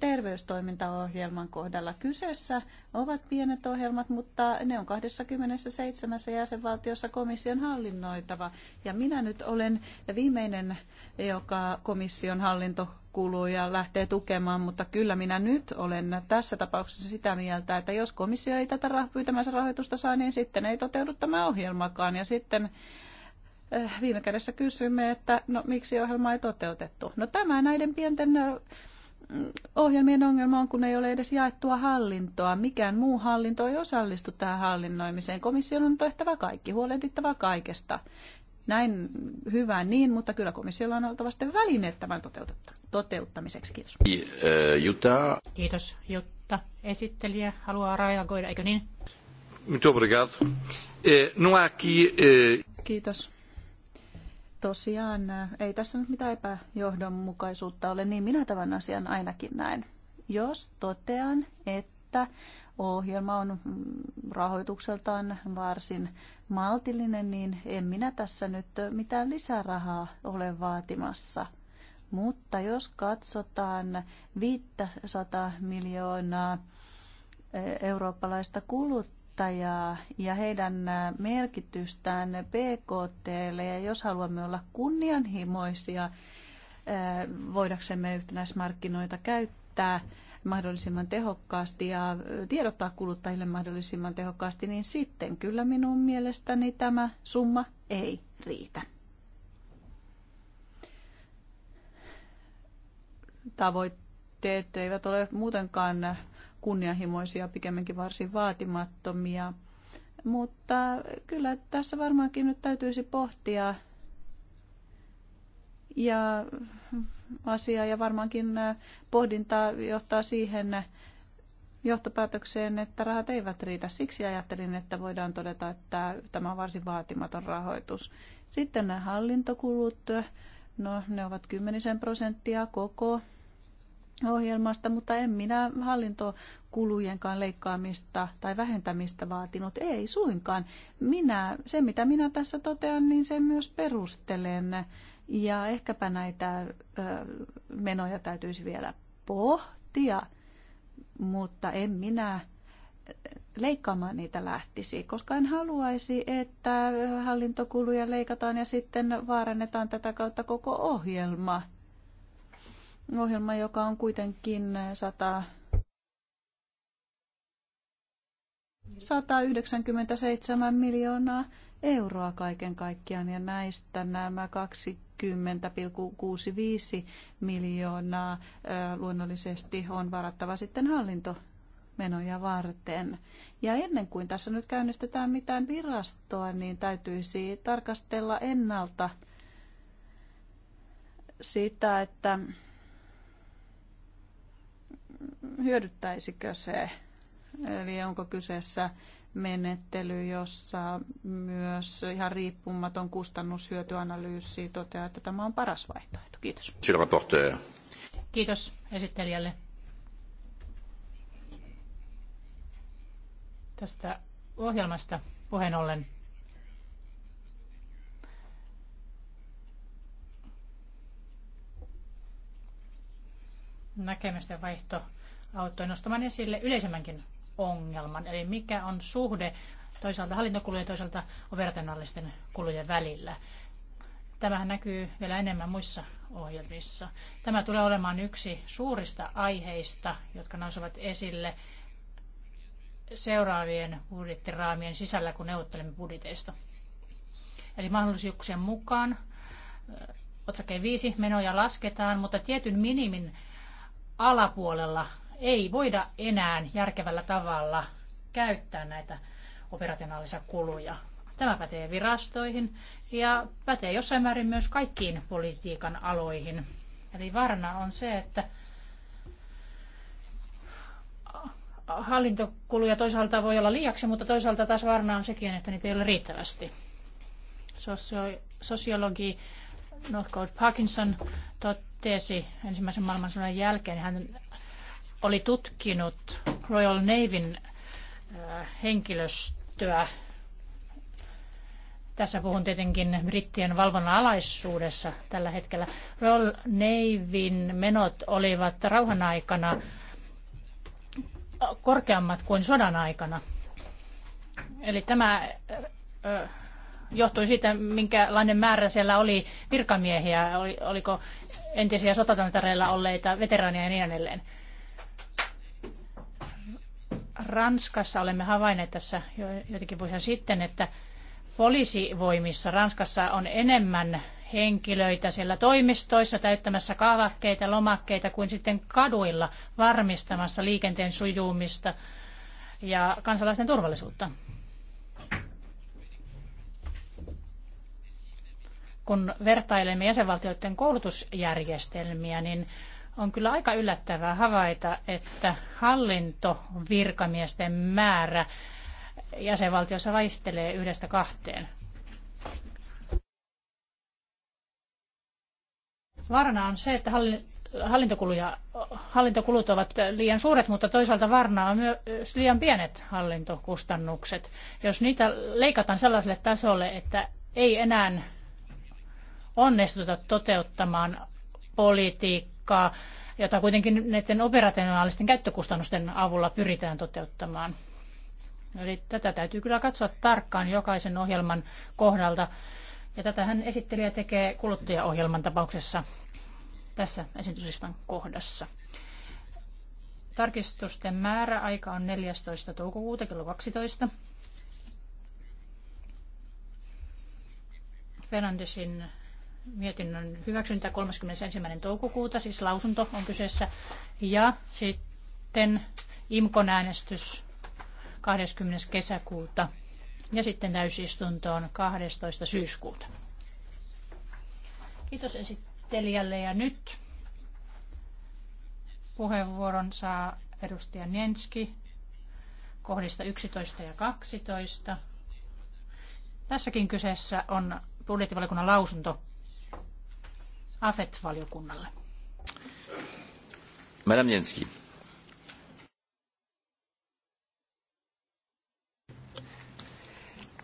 terveystoimintaohjelman kohdalla. Kyseessä ovat pienet ohjelmat, mutta ne on 27 jäsenvaltiossa komission hallinnoitava. Ja minä nyt olen viimeinen, joka komission hallinto kuuluu ja lähtee tukemaan, mutta kyllä minä nyt olen tässä tapauksessa sitä mieltä, että jos komissio ei tätä pyytämänsä rahoitusta saa, niin sitten ei toteudu tämä ohjelmakaan. Ja sitten eh, viime kädessä kysymme, että no miksi ohjelma ei toteutettu. No tämä näiden pienten eh, ohjelmien ongelma on, kun ei ole edes jaettua hallintoa. Mikään muu hallinto ei osallistu tähän hallinnoimiseen. Komission on tehtävä kaikki, huolehdittava kaikesta. Näin hyvä niin, mutta kyllä komissiolla on oltava sitten välineet tämän toteuttamiseksi. Kiitos. Eh, Jutta. Kiitos Jutta. Esittelijä haluaa reagoida, eikö niin? Muito obrigado. Eh, no aqui, eh... Kiitos tosiaan äh, ei tässä nyt mitään epäjohdonmukaisuutta ole, niin minä tämän asian ainakin näen. Jos totean, että ohjelma on mm, rahoitukseltaan varsin maltillinen, niin en minä tässä nyt äh, mitään lisärahaa ole vaatimassa. Mutta jos katsotaan 500 miljoonaa äh, eurooppalaista kuluttajaa, kuluttajaa ja heidän äh, merkitystään PKTlle. Ja jos haluamme olla kunnianhimoisia, äh, voidaksemme yhtenäismarkkinoita käyttää mahdollisimman tehokkaasti ja äh, tiedottaa kuluttajille mahdollisimman tehokkaasti, niin sitten kyllä minun mielestäni tämä summa ei riitä. Tavoitteet eivät ole muutenkaan kunnianhimoisia, pikemminkin varsin vaatimattomia. Mutta kyllä tässä varmaankin nyt täytyisi pohtia ja asia ja varmaankin äh, pohdinta johtaa siihen johtopäätökseen, että rahat eivät riitä. Siksi ajattelin, että voidaan todeta, että tämä on varsin vaatimaton rahoitus. Sitten nämä hallintokulut, no ne ovat kymmenisen prosenttia koko ohjelmasta, mutta en minä hallintokulujenkaan leikkaamista tai vähentämistä vaatinut. Ei suinkaan. Minä, se mitä minä tässä totean, niin se myös perustelen. Ja ehkäpä näitä ö, menoja täytyisi vielä pohtia, mutta en minä leikkaamaan niitä lähtisi, koska en haluaisi, että hallintokuluja leikataan ja sitten vaarannetaan tätä kautta koko ohjelma ohjelma, joka on kuitenkin 100 197 miljoonaa euroa kaiken kaikkiaan ja näistä nämä 20,65 miljoonaa luonnollisesti on varattava sitten hallinto menoja varten. Ja ennen kuin tässä nyt käynnistetään mitään virastoa, niin täytyisi tarkastella ennalta sitä, että hyödyttäisikö se? Eli onko kyseessä menettely, jossa myös ihan riippumaton kustannushyötyanalyysi toteaa, että tämä on paras vaihtoehto. Kiitos. Kiitos esittelijälle. Tästä ohjelmasta puheen ollen näkemysten vaihto auttoi nostamaan esille yleisemmänkin ongelman, eli mikä on suhde toisaalta hallintokulujen ja toisaalta operationaalisten kulujen välillä. Tämähän näkyy vielä enemmän muissa ohjelmissa. Tämä tulee olemaan yksi suurista aiheista, jotka nousevat esille seuraavien budjettiraamien sisällä, kun neuvottelemme budjeteista. Eli mahdollisuuksien mukaan otsakkeen viisi menoja lasketaan, mutta tietyn minimin alapuolella ei voida enää järkevällä tavalla käyttää näitä operationaalisia kuluja. Tämä pätee virastoihin ja pätee jossain määrin myös kaikkiin politiikan aloihin. Eli varna on se, että hallintokuluja toisaalta voi olla liiaksi, mutta toisaalta taas varna on sekin, että niitä ei ole riittävästi. Sosio- sosiologi Northcote Parkinson tot- teesi ensimmäisen maailmansodan jälkeen. Hän oli tutkinut Royal Navyn äh, henkilöstöä. Tässä puhun tietenkin brittien valvonnan alaisuudessa tällä hetkellä. Royal Navyn menot olivat rauhan aikana korkeammat kuin sodan aikana. Eli tämä äh, johtuen siitä, minkälainen määrä siellä oli virkamiehiä, oli, oliko entisiä sotatantareilla olleita veteraaneja ja niin edelleen. Ranskassa olemme havainneet tässä jo, joitakin vuosia sitten, että poliisivoimissa Ranskassa on enemmän henkilöitä siellä toimistoissa täyttämässä kaavakkeita, lomakkeita kuin sitten kaduilla varmistamassa liikenteen sujuumista ja kansalaisten turvallisuutta. kun vertailemme jäsenvaltioiden koulutusjärjestelmiä, niin on kyllä aika yllättävää havaita, että hallintovirkamiesten määrä jäsenvaltiossa vaihtelee yhdestä kahteen. Varna on se, että hallintokuluja, hallintokulut ovat liian suuret, mutta toisaalta varna on myös liian pienet hallintokustannukset. Jos niitä leikataan sellaiselle tasolle, että ei enää onnistuta toteuttamaan politiikkaa, jota kuitenkin näiden operationaalisten käyttökustannusten avulla pyritään toteuttamaan. Eli tätä täytyy kyllä katsoa tarkkaan jokaisen ohjelman kohdalta. Ja tätähän esittelijä tekee kuluttajaohjelman tapauksessa tässä esityslistan kohdassa. Tarkistusten määräaika on 14. toukokuuta kello 12. Fernandesin mietinnön hyväksyntä 31. toukokuuta, siis lausunto on kyseessä. Ja sitten IMKON äänestys 20. kesäkuuta ja sitten täysistuntoon 12. syyskuuta. Kiitos esittelijälle ja nyt puheenvuoron saa edustaja Nenski kohdista 11 ja 12. Tässäkin kyseessä on budjettivaliokunnan lausunto AFET-valiokunnalle. Madame Jenski.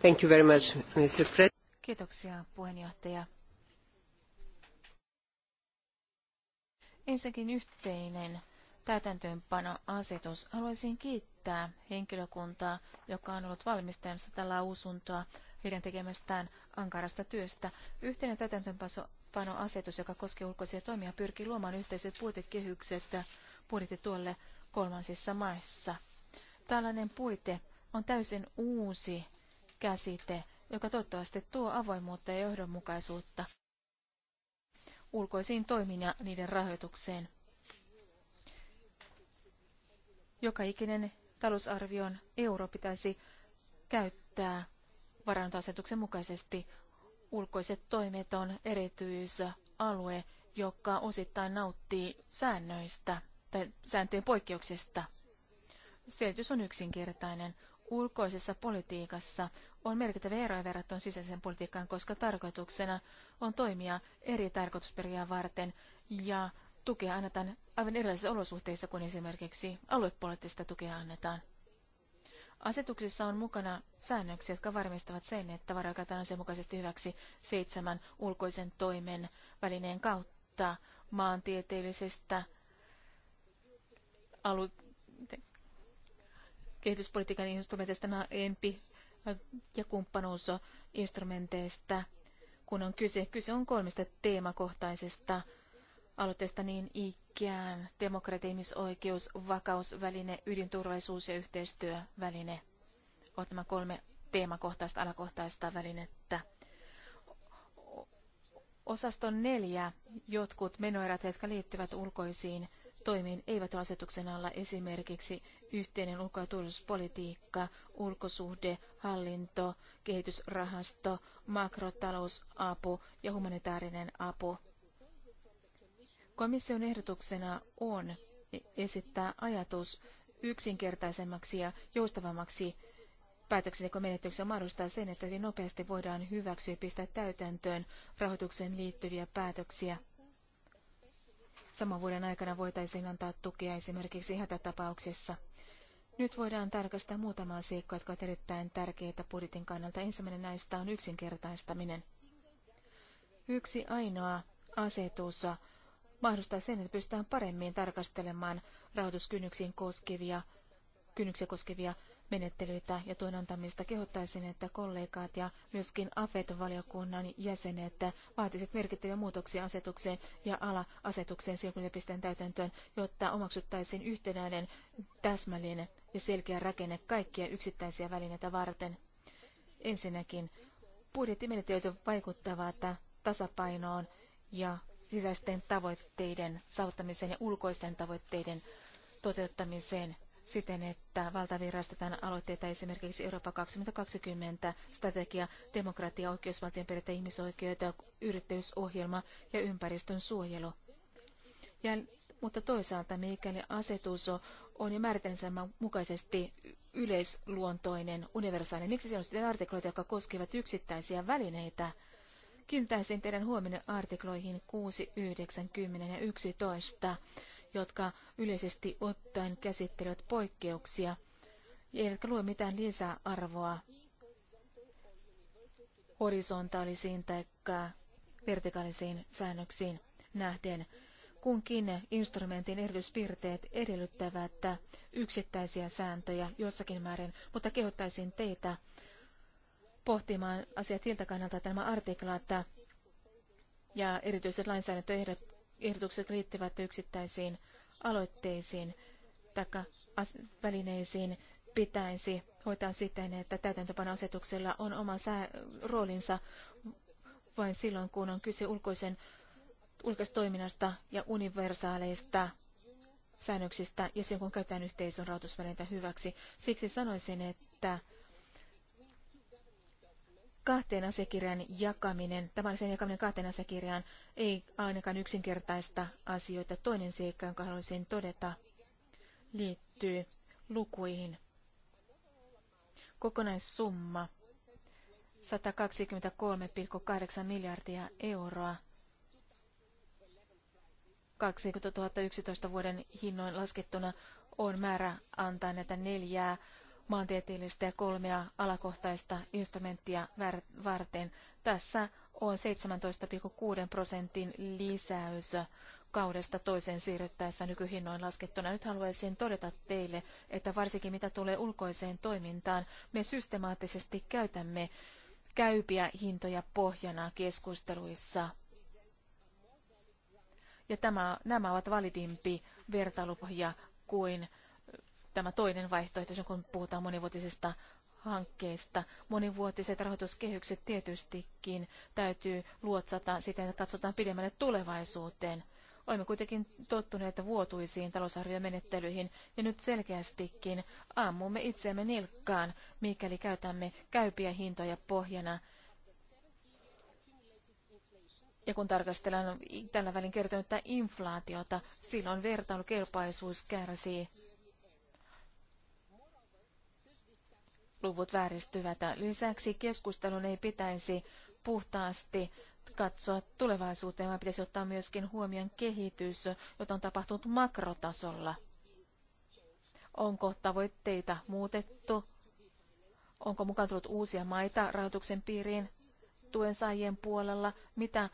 Thank you very much, Mr. Fred. Kiitoksia puheenjohtaja. Ensinnäkin yhteinen täytäntöönpanoasetus. Haluaisin kiittää henkilökuntaa, joka on ollut valmistelemassa tällä lausuntoa heidän tekemästään ankarasta työstä. Yhteinen täytäntöönpano täytäntöönpanoasetus, joka koskee ulkoisia toimia, pyrkii luomaan yhteiset puitekehykset budjettituolle kolmansissa maissa. Tällainen puite on täysin uusi käsite, joka toivottavasti tuo avoimuutta ja johdonmukaisuutta ulkoisiin toimiin ja niiden rahoitukseen. Joka ikinen talousarvion euro pitäisi käyttää varantoasetuksen mukaisesti ulkoiset toimet on erityisalue, joka osittain nauttii säännöistä tai sääntöjen poikkeuksista. Selitys on yksinkertainen. Ulkoisessa politiikassa on merkittävä eroja verrattuna sisäiseen politiikkaan, koska tarkoituksena on toimia eri tarkoitusperiaan varten ja tukea annetaan aivan erilaisissa olosuhteissa kuin esimerkiksi aluepoliittista tukea annetaan. Asetuksissa on mukana säännöksiä, jotka varmistavat sen, että varakataan asianmukaisesti hyväksi seitsemän ulkoisen toimen välineen kautta maantieteellisestä alu- kehityspolitiikan instrumenteista no, EMPI ja kumppanuusinstrumenteista, kun on kyse. Kyse on kolmesta teemakohtaisesta aloitteesta niin ikään demokratia, ihmisoikeus, vakausväline, ydinturvallisuus ja yhteistyöväline ovat nämä kolme teemakohtaista, alakohtaista välinettä. Osaston neljä jotkut menoerät, jotka liittyvät ulkoisiin toimiin, eivät ole asetuksen alla esimerkiksi yhteinen ulko- ja turvallisuuspolitiikka, ulkosuhde, hallinto, kehitysrahasto, makrotalousapu ja humanitaarinen apu. Komission ehdotuksena on esittää ajatus yksinkertaisemmaksi ja joustavammaksi päätöksentekomenettelyksi on mahdollistaa sen, että hyvin nopeasti voidaan hyväksyä ja pistää täytäntöön rahoitukseen liittyviä päätöksiä. Saman vuoden aikana voitaisiin antaa tukea esimerkiksi hätätapauksessa. Nyt voidaan tarkastaa muutamaa seikkaa, jotka ovat erittäin tärkeitä budjetin kannalta. Ensimmäinen näistä on yksinkertaistaminen. Yksi ainoa asetus mahdollistaa sen, että pystytään paremmin tarkastelemaan rahoituskynnyksiin koskevia, kynnyksiä koskevia menettelyitä ja tuen antamista kehottaisin, että kollegaat ja myöskin AFET-valiokunnan jäsenet vaatisivat merkittäviä muutoksia asetukseen ja ala-asetukseen silloin, täytäntöön, jotta omaksuttaisiin yhtenäinen, täsmällinen ja selkeä rakenne kaikkia yksittäisiä välineitä varten. Ensinnäkin budjettimenettelyt vaikuttavat tasapainoon ja sisäisten tavoitteiden saavuttamiseen ja ulkoisten tavoitteiden toteuttamiseen siten, että valtavirastetaan aloitteita esimerkiksi Eurooppa 2020, strategia, demokratia, oikeusvaltion periaate, ihmisoikeudet, yrittäjyysohjelma ja ympäristön suojelu. Ja, mutta toisaalta, mikäli asetus on jo määritelmänsä mukaisesti yleisluontoinen, universaali, miksi siellä on sitten artikloita, jotka koskevat yksittäisiä välineitä – Kiinnittäisin teidän huomioon artikloihin 6, 9, 10 ja 11, jotka yleisesti ottaen käsittelevät poikkeuksia, eivätkä luo mitään lisäarvoa horisontaalisiin tai vertikaalisiin säännöksiin nähden. Kunkin instrumentin erityispiirteet edellyttävät yksittäisiä sääntöjä jossakin määrin, mutta kehottaisin teitä pohtimaan asiat siltä kannalta, että nämä että ja erityiset lainsäädäntöehdotukset liittyvät yksittäisiin aloitteisiin tai välineisiin pitäisi hoitaa siten, että täytäntöpanoasetuksella on oma sää, roolinsa vain silloin, kun on kyse ulkoisen ulkoistoiminnasta ja universaaleista säännöksistä ja sen kun käytetään yhteisön rahoitusvälineitä hyväksi. Siksi sanoisin, että kahteen asiakirjan jakaminen, tavallisen jakaminen kahteen asiakirjaan ei ainakaan yksinkertaista asioita. Toinen seikka, jonka haluaisin todeta, liittyy lukuihin. Kokonaissumma 123,8 miljardia euroa 2011 vuoden hinnoin laskettuna on määrä antaa näitä neljää maantieteellistä ja kolmea alakohtaista instrumenttia varten. Tässä on 17,6 prosentin lisäys kaudesta toiseen siirryttäessä nykyhinnoin laskettuna. Nyt haluaisin todeta teille, että varsinkin mitä tulee ulkoiseen toimintaan, me systemaattisesti käytämme käypiä hintoja pohjana keskusteluissa. Ja tämä, nämä ovat validimpi vertailupohja kuin tämä toinen vaihtoehto, kun puhutaan monivuotisista hankkeista. Monivuotiset rahoituskehykset tietystikin täytyy luotsata siten, että katsotaan pidemmälle tulevaisuuteen. Olemme kuitenkin tottuneet vuotuisiin talousarviomenettelyihin ja nyt selkeästikin ammumme itseämme nilkkaan, mikäli käytämme käypiä hintoja pohjana. Ja kun tarkastellaan tällä välin kertynyttä inflaatiota, silloin vertailukelpaisuus kärsii luvut vääristyvät. Lisäksi keskustelun ei pitäisi puhtaasti katsoa tulevaisuuteen, vaan pitäisi ottaa myöskin huomioon kehitys, jota on tapahtunut makrotasolla. Onko tavoitteita muutettu? Onko mukaan tullut uusia maita rahoituksen piiriin tuen saajien puolella? Mitä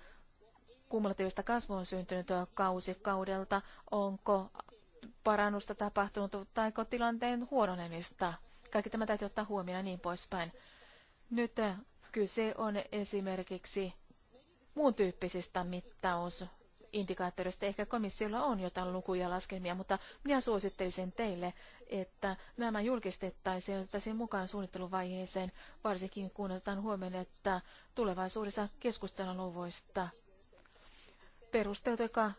kumulatiivista kasvua on syntynyt kausikaudelta? Onko parannusta tapahtunut tai tilanteen huononemista? Kaikki tämä täytyy ottaa huomioon ja niin poispäin. Nyt äh, kyse on esimerkiksi muun tyyppisistä mittaus indikaattorista. Ehkä komissiolla on jotain lukuja laskelmia, mutta minä suosittelisin teille, että nämä julkistettaisiin ja otettaisiin mukaan suunnitteluvaiheeseen, varsinkin kun otetaan huomioon, että tulevaisuudessa keskustellaan luvuista. perusteet, jotka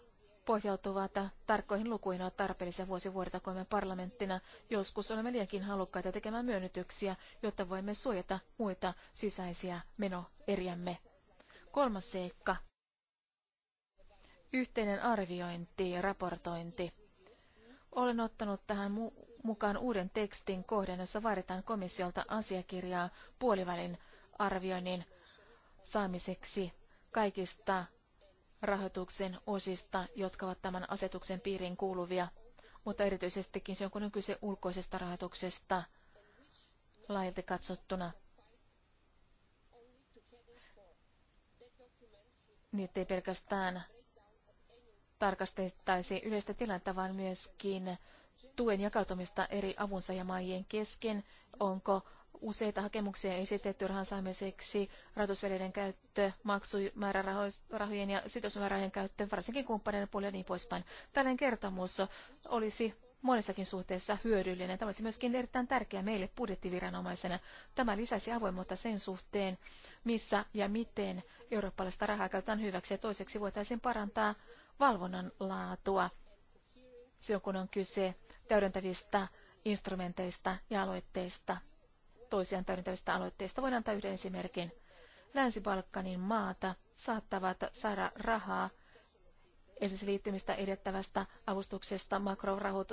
pohjautuvat tarkkoihin lukuihin ovat tarpeellisia vuosi vuodelta, kun me parlamenttina joskus olemme liiankin halukkaita tekemään myönnytyksiä, jotta voimme suojata muita sisäisiä menoeriämme. Kolmas seikka. Yhteinen arviointi ja raportointi. Olen ottanut tähän mu- mukaan uuden tekstin kohden, jossa vaaditaan komissiolta asiakirjaa puolivälin arvioinnin saamiseksi kaikista rahoituksen osista, jotka ovat tämän asetuksen piiriin kuuluvia, mutta erityisestikin se on kun on kyse ulkoisesta rahoituksesta laajalti katsottuna. Niitä ei pelkästään tarkastettaisi yleistä tilannetta, vaan myöskin tuen jakautumista eri maajien kesken, onko useita hakemuksia esitetty rahan saamiseksi, rahoitusvälineiden käyttö, maksumäärärahojen ja sitousmäärärahojen käyttö, varsinkin kumppaneiden puolella ja niin poispäin. Tällainen kertomus olisi monessakin suhteessa hyödyllinen. Tämä olisi myöskin erittäin tärkeä meille budjettiviranomaisena. Tämä lisäisi avoimuutta sen suhteen, missä ja miten eurooppalaista rahaa käytetään hyväksi. Ja toiseksi voitaisiin parantaa valvonnan laatua silloin, kun on kyse täydentävistä instrumenteista ja aloitteista toisiaan täydentävistä aloitteista. voin antaa yhden esimerkin. Länsi-Balkanin maata saattavat saada rahaa esimerkiksi liittymistä edettävästä avustuksesta,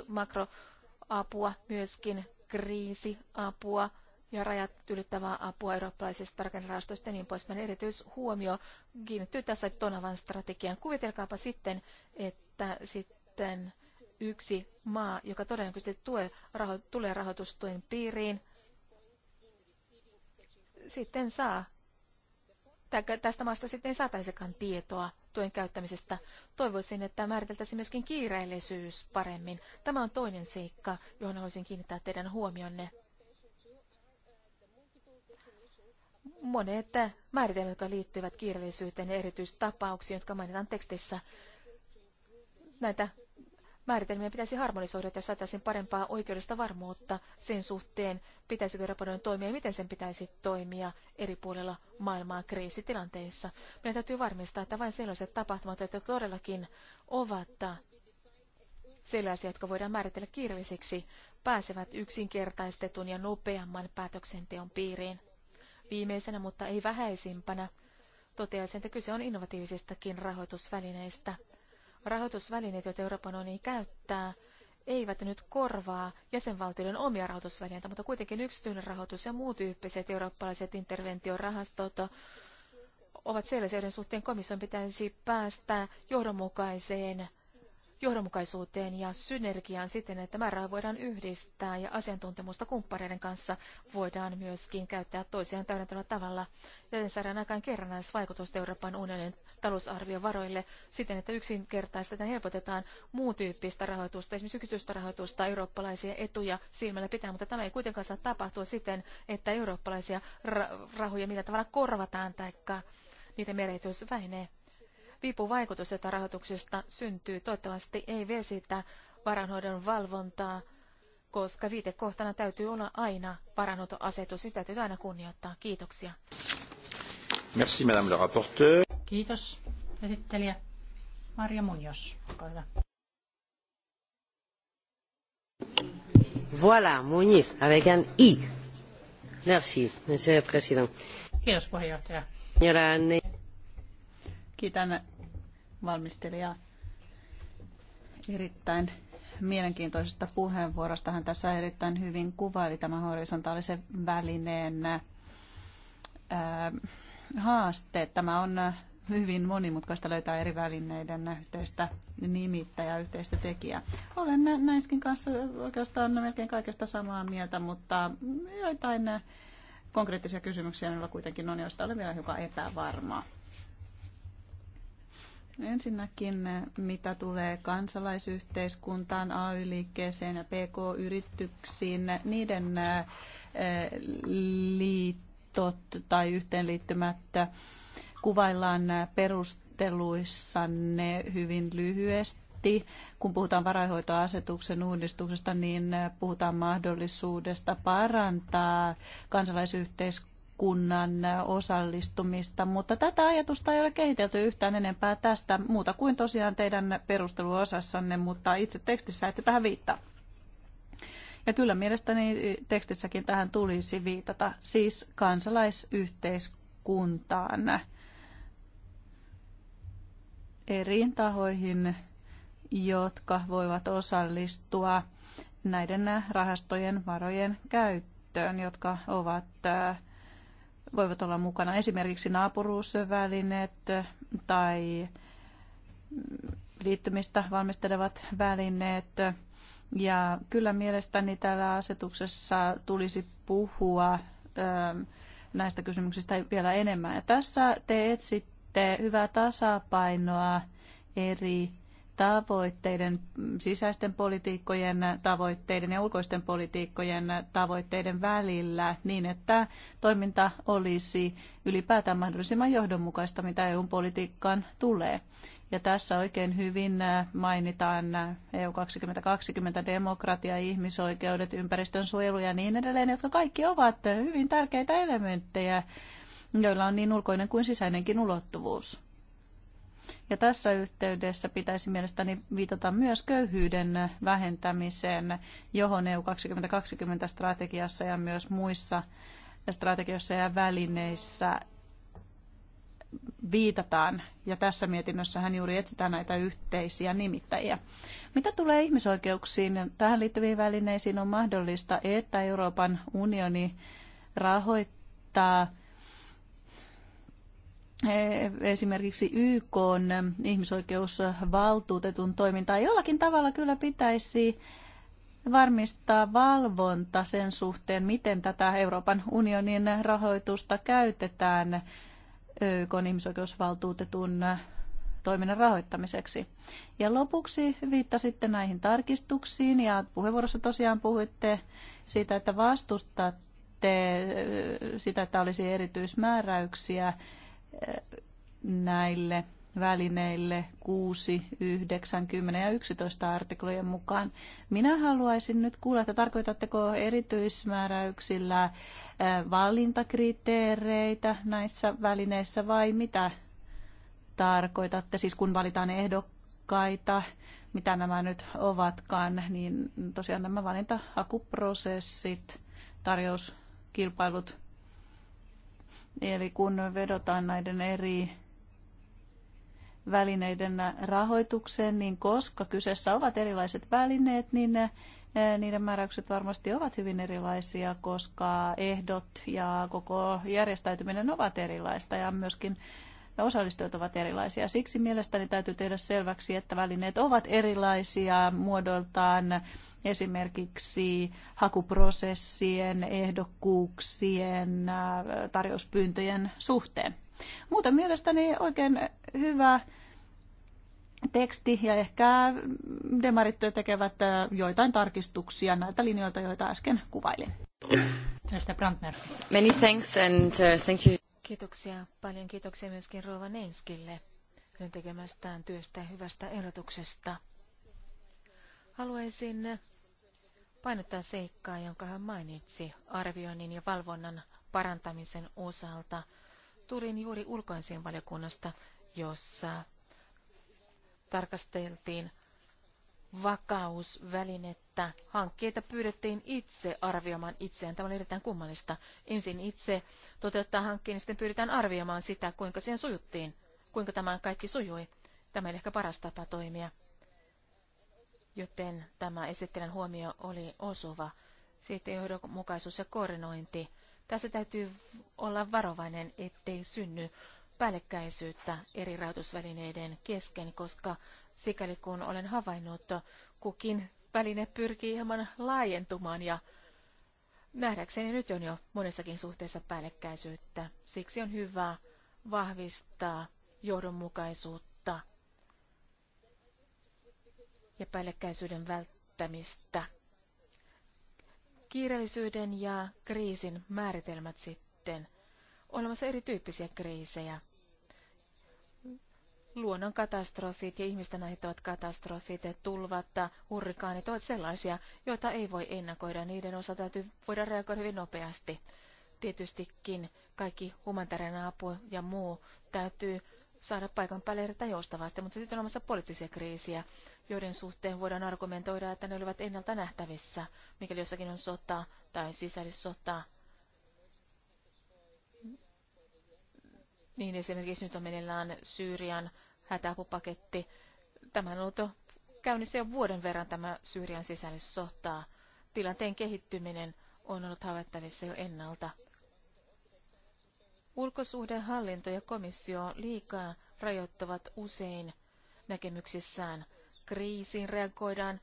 makroapua, myöskin kriisiapua ja rajat ylittävää apua eurooppalaisista rakennerahastoista ja niin poispäin. Erityishuomio kiinnittyy tässä Tonavan strategian. Kuvitelkaapa sitten, että sitten yksi maa, joka todennäköisesti tue, raho, tulee rahoitustuen piiriin, sitten saa, tästä maasta sitten saataisikaan tietoa tuen käyttämisestä. Toivoisin, että määriteltäisiin myöskin kiireellisyys paremmin. Tämä on toinen seikka, johon haluaisin kiinnittää teidän huomionne. Monet määritelmät, jotka liittyvät kiireellisyyteen ja erityistapauksiin, jotka mainitaan tekstissä, näitä Määritelmien pitäisi harmonisoida, että saataisiin parempaa oikeudesta varmuutta sen suhteen, pitäisikö raportoinnin toimia ja miten sen pitäisi toimia eri puolilla maailmaa kriisitilanteissa. Meidän täytyy varmistaa, että vain sellaiset tapahtumat, jotka todellakin ovat sellaisia, jotka voidaan määritellä kirjallisiksi, pääsevät yksinkertaistetun ja nopeamman päätöksenteon piiriin. Viimeisenä, mutta ei vähäisimpänä, toteaisin, että kyse on innovatiivisistakin rahoitusvälineistä – rahoitusvälineet, joita Euroopan unioni käyttää, eivät nyt korvaa jäsenvaltioiden omia rahoitusvälineitä, mutta kuitenkin yksityinen rahoitus ja muut tyyppiset eurooppalaiset interventiorahastot ovat sellaisia, joiden suhteen komission pitäisi päästä johdonmukaiseen johdonmukaisuuteen ja synergiaan siten, että määrää voidaan yhdistää ja asiantuntemusta kumppaneiden kanssa voidaan myöskin käyttää toiseen täydentävällä tavalla. Joten saadaan aikaan kerrannaisvaikutusta Euroopan unionin talousarviovaroille varoille siten, että yksinkertaistetaan ja helpotetaan muun tyyppistä rahoitusta, esimerkiksi yksityistä rahoitusta, eurooppalaisia etuja silmällä pitää, mutta tämä ei kuitenkaan saa tapahtua siten, että eurooppalaisia rahoja millä tavalla korvataan tai niiden merkitys vähenee vipuvaikutus, jota rahoituksesta syntyy, toivottavasti ei vesitä varanhoidon valvontaa, koska viitekohtana täytyy olla aina varanhoitoasetus. Sitä täytyy aina kunnioittaa. Kiitoksia. Merci, madame la rapporteur. Kiitos, esittelijä. Marja Munjos, olkaa hyvä. Voilà, Muñiz, avec un I. Merci, monsieur le président. Kiitos, puheenjohtaja. Kiitän valmistelijaa erittäin mielenkiintoisesta puheenvuorosta. Hän tässä erittäin hyvin kuvaili tämän horisontaalisen välineen äh, haaste, Tämä on hyvin monimutkaista löytää eri välineiden yhteistä ja yhteistä tekijää. Olen näiskin kanssa oikeastaan melkein kaikesta samaa mieltä, mutta joitain konkreettisia kysymyksiä minulla kuitenkin on, joista olen vielä hiukan epävarmaa. Ensinnäkin mitä tulee kansalaisyhteiskuntaan, AY-liikkeeseen ja PK-yrityksiin, niiden liitot tai yhteenliittymät kuvaillaan perusteluissanne hyvin lyhyesti. Kun puhutaan varainhoitoasetuksen uudistuksesta, niin puhutaan mahdollisuudesta parantaa kansalaisyhteiskuntaa kunnan osallistumista, mutta tätä ajatusta ei ole kehitelty yhtään enempää tästä muuta kuin tosiaan teidän perusteluosassanne, mutta itse tekstissä ette tähän viittaa. Ja kyllä mielestäni tekstissäkin tähän tulisi viitata, siis kansalaisyhteiskuntaan, eri tahoihin, jotka voivat osallistua näiden rahastojen varojen käyttöön, jotka ovat äh, voivat olla mukana esimerkiksi naapuruusvälineet tai liittymistä valmistelevat välineet. Ja kyllä mielestäni tällä asetuksessa tulisi puhua näistä kysymyksistä vielä enemmän. Ja tässä te etsitte hyvää tasapainoa eri tavoitteiden, sisäisten politiikkojen tavoitteiden ja ulkoisten politiikkojen tavoitteiden välillä niin, että toiminta olisi ylipäätään mahdollisimman johdonmukaista, mitä EU-politiikkaan tulee. Ja tässä oikein hyvin äh, mainitaan äh, EU 2020, demokratia, ihmisoikeudet, suojelu ja niin edelleen, jotka kaikki ovat hyvin tärkeitä elementtejä, joilla on niin ulkoinen kuin sisäinenkin ulottuvuus. Ja tässä yhteydessä pitäisi mielestäni viitata myös köyhyyden vähentämiseen, johon EU 2020 strategiassa ja myös muissa strategioissa ja välineissä viitataan, ja tässä mietinnössähän juuri etsitään näitä yhteisiä nimittäjiä. Mitä tulee ihmisoikeuksiin, tähän liittyviin välineisiin on mahdollista, että Euroopan unioni rahoittaa Eh, esimerkiksi YK on eh, ihmisoikeusvaltuutetun toimintaa. Jollakin tavalla kyllä pitäisi varmistaa valvonta sen suhteen, miten tätä Euroopan unionin rahoitusta käytetään YK ihmisoikeusvaltuutetun eh, toiminnan rahoittamiseksi. Ja lopuksi viittasitte näihin tarkistuksiin ja puheenvuorossa tosiaan puhuitte siitä, että vastustatte sitä, että olisi erityismääräyksiä näille välineille 6, 9, 10 ja 11 artiklojen mukaan. Minä haluaisin nyt kuulla, että tarkoitatteko erityismääräyksillä äh, valintakriteereitä näissä välineissä vai mitä tarkoitatte, siis kun valitaan ehdokkaita, mitä nämä nyt ovatkaan, niin tosiaan nämä valintahakuprosessit, tarjouskilpailut Eli kun vedotaan näiden eri välineiden rahoitukseen, niin koska kyseessä ovat erilaiset välineet, niin ne, eh, niiden määräykset varmasti ovat hyvin erilaisia, koska ehdot ja koko järjestäytyminen ovat erilaista ja myöskin ja osallistujat ovat erilaisia. Siksi mielestäni täytyy tehdä selväksi, että välineet ovat erilaisia muodoltaan esimerkiksi hakuprosessien, ehdokkuuksien, äh, tarjouspyyntöjen suhteen. Muuten mielestäni oikein hyvä teksti ja ehkä demarit tekevät äh, joitain tarkistuksia näiltä linjoilta, joita äsken kuvailin. Many thanks and uh, thank you. Kiitoksia. Paljon kiitoksia myöskin Rova Nenskille hänen tekemästään työstä ja hyvästä erotuksesta. Haluaisin painottaa seikkaa, jonka hän mainitsi arvioinnin ja valvonnan parantamisen osalta. Tulin juuri ulkoasian valiokunnasta, jossa tarkasteltiin vakausvälinettä. Hankkeita pyydettiin itse arvioimaan itseään. Tämä oli erittäin kummallista. Ensin itse toteuttaa hankkeen, ja sitten pyydetään arvioimaan sitä, kuinka sen sujuttiin, kuinka tämä kaikki sujui. Tämä ei ehkä paras tapa toimia. Joten tämä esittelen huomio oli osuva. Siitä johdonmukaisuus ja koordinointi. Tässä täytyy olla varovainen, ettei synny päällekkäisyyttä eri rahoitusvälineiden kesken, koska sikäli kun olen havainnut, kukin väline pyrkii hieman laajentumaan ja nähdäkseni nyt on jo monessakin suhteessa päällekkäisyyttä. Siksi on hyvä vahvistaa johdonmukaisuutta ja päällekkäisyyden välttämistä. Kiireellisyyden ja kriisin määritelmät sitten. Olemassa erityyppisiä kriisejä luonnon katastrofit ja ihmisten aiheuttavat katastrofit, tulvat, hurrikaanit ovat sellaisia, joita ei voi ennakoida. Niiden osa täytyy voida reagoida hyvin nopeasti. Tietystikin kaikki humanitaarinen apu ja muu täytyy saada paikan päälle erittäin joustavasti, mutta sitten on olemassa poliittisia kriisiä, joiden suhteen voidaan argumentoida, että ne olivat ennalta nähtävissä, mikäli jossakin on sotaa tai sisällissotaa niin esimerkiksi nyt on meneillään Syyrian hätäapupaketti. Tämä on ollut käynnissä jo vuoden verran tämä Syyrian sisällissota. Tilanteen kehittyminen on ollut havaittavissa jo ennalta. Ulkosuhdehallinto ja komissio liikaa rajoittavat usein näkemyksissään. Kriisiin reagoidaan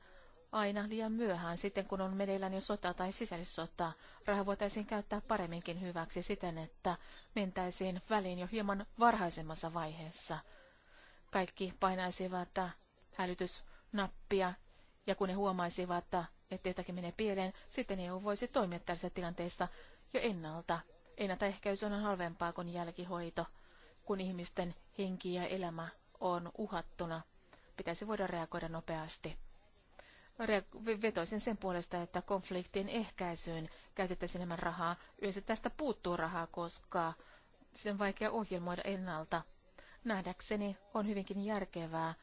aina liian myöhään sitten, kun on meneillään jo niin sota tai sisällissota. Raha voitaisiin käyttää paremminkin hyväksi siten, että mentäisiin väliin jo hieman varhaisemmassa vaiheessa. Kaikki painaisivat hälytysnappia, ja kun ne huomaisivat, että jotakin menee pieleen, sitten EU voisi toimia tällaisessa tilanteessa jo ennalta. Ennaltaehkäisy on halvempaa kuin jälkihoito, kun ihmisten henki ja elämä on uhattuna. Pitäisi voida reagoida nopeasti vetoisin sen puolesta, että konfliktin ehkäisyyn käytettäisiin enemmän rahaa. Yleensä tästä puuttuu rahaa, koska se on vaikea ohjelmoida ennalta. Nähdäkseni on hyvinkin järkevää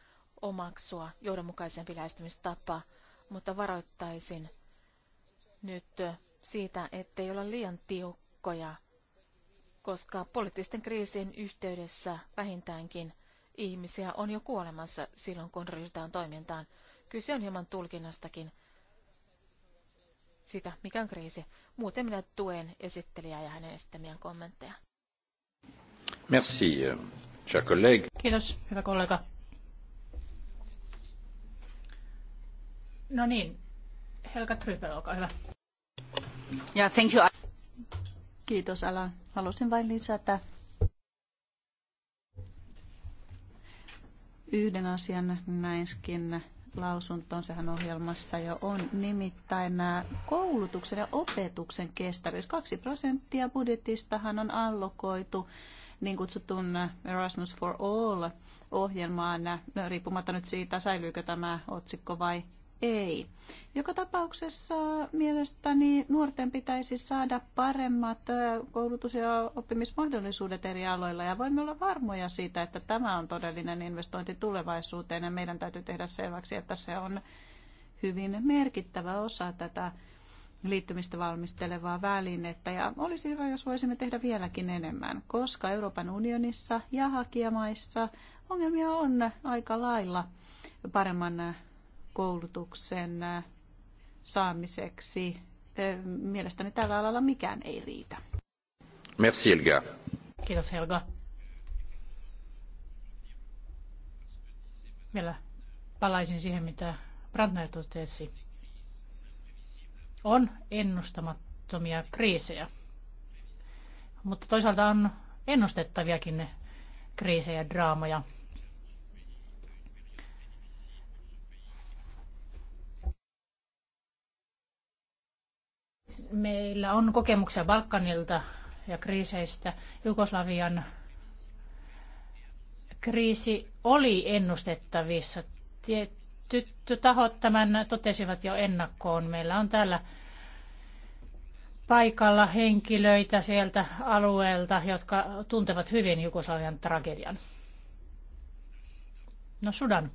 omaksua johdonmukaisempi lähestymistapa, mutta varoittaisin nyt siitä, ettei olla liian tiukkoja, koska poliittisten kriisin yhteydessä vähintäänkin ihmisiä on jo kuolemassa silloin, kun ryhdytään toimintaan. Kyse on hieman tulkinnastakin sitä, mikä on kriisi. Muuten minä tuen esittelijää ja hänen esittämiään kommentteja. Merci, euh, cher collègue. Kiitos, hyvä kollega. No niin, Helga Trypel, olkaa hyvä. Yeah, thank you. Kiitos Alan. Halusin vain lisätä yhden asian näinkin lausuntonsahan ohjelmassa jo on, nimittäin äh, koulutuksen ja opetuksen kestävyys. Kaksi prosenttia budjetistahan on allokoitu niin kutsutun äh, Erasmus for All ohjelmaan, äh, riippumatta nyt siitä, säilyykö tämä otsikko vai ei. Joka tapauksessa mielestäni nuorten pitäisi saada paremmat koulutus- ja oppimismahdollisuudet eri aloilla ja voimme olla varmoja siitä, että tämä on todellinen investointi tulevaisuuteen ja meidän täytyy tehdä selväksi, että se on hyvin merkittävä osa tätä liittymistä valmistelevaa välinettä ja olisi hyvä, jos voisimme tehdä vieläkin enemmän, koska Euroopan unionissa ja hakijamaissa ongelmia on aika lailla paremman koulutuksen äh, saamiseksi. Mielestäni tällä alalla mikään ei riitä. Merci Helga. Kiitos Helga. Vielä palaisin siihen, mitä Brandner totesi. On ennustamattomia kriisejä, mutta toisaalta on ennustettaviakin kriisejä, draamoja – Meillä on kokemuksia Balkanilta ja kriiseistä. Jugoslavian kriisi oli ennustettavissa. Tietyt tahot tämän totesivat jo ennakkoon. Meillä on täällä paikalla henkilöitä sieltä alueelta, jotka tuntevat hyvin Jugoslavian tragedian. No Sudan.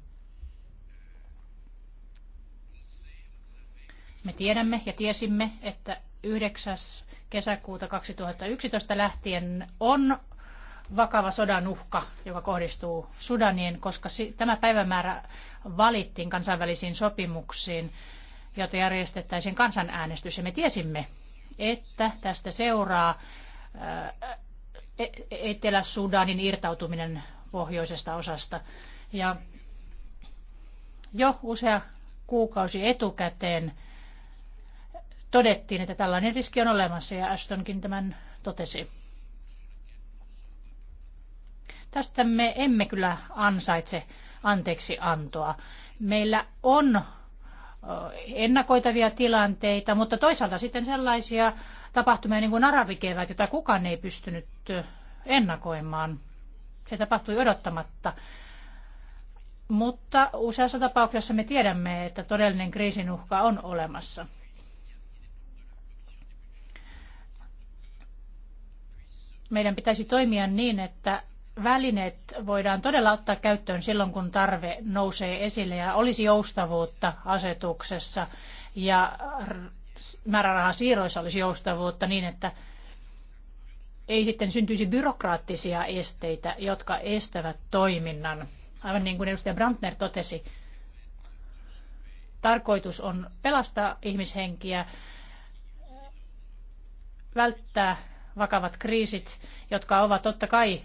Me tiedämme ja tiesimme, että 9. kesäkuuta 2011 lähtien on vakava sodan uhka, joka kohdistuu Sudaniin, koska tämä päivämäärä valittiin kansainvälisiin sopimuksiin, jota järjestettäisiin kansanäänestys. Ja me tiesimme, että tästä seuraa e- Etelä-Sudanin irtautuminen pohjoisesta osasta. Ja jo usea kuukausi etukäteen todettiin, että tällainen riski on olemassa ja Ashtonkin tämän totesi. Tästä me emme kyllä ansaitse anteeksi antoa. Meillä on ennakoitavia tilanteita, mutta toisaalta sitten sellaisia tapahtumia niin kuin arabikevät, joita kukaan ei pystynyt ennakoimaan. Se tapahtui odottamatta. Mutta useassa tapauksessa me tiedämme, että todellinen kriisin uhka on olemassa. meidän pitäisi toimia niin, että välineet voidaan todella ottaa käyttöön silloin, kun tarve nousee esille ja olisi joustavuutta asetuksessa ja määrärahasiirroissa olisi joustavuutta niin, että ei sitten syntyisi byrokraattisia esteitä, jotka estävät toiminnan. Aivan niin kuin edustaja Brandner totesi, tarkoitus on pelastaa ihmishenkiä, välttää vakavat kriisit, jotka ovat totta kai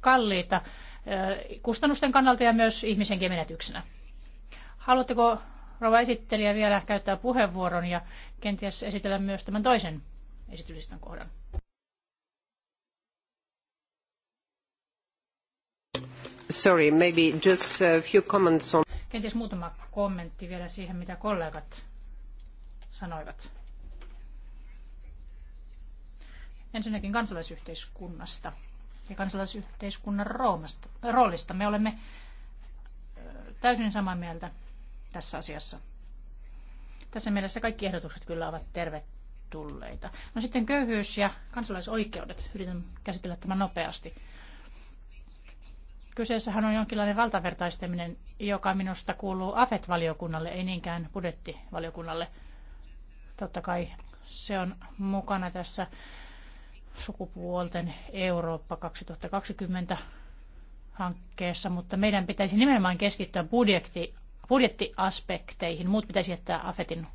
kalliita kustannusten kannalta ja myös ihmisenkin menetyksenä. Haluatteko rouva esittelijä vielä käyttää puheenvuoron ja kenties esitellä myös tämän toisen esityslistan kohdan? Sorry, maybe just a few comments on... Kenties muutama kommentti vielä siihen, mitä kollegat sanoivat. Ensinnäkin kansalaisyhteiskunnasta ja kansalaisyhteiskunnan roomasta, roolista. Me olemme täysin samaa mieltä tässä asiassa. Tässä mielessä kaikki ehdotukset kyllä ovat tervetulleita. No sitten köyhyys ja kansalaisoikeudet. Yritän käsitellä tämän nopeasti. Kyseessähän on jonkinlainen valtavertaistaminen, joka minusta kuuluu AFET-valiokunnalle, ei niinkään budjettivaliokunnalle. Totta kai se on mukana tässä sukupuolten Eurooppa 2020 hankkeessa, mutta meidän pitäisi nimenomaan keskittyä budjetti, budjettiaspekteihin. Muut pitäisi jättää AFETin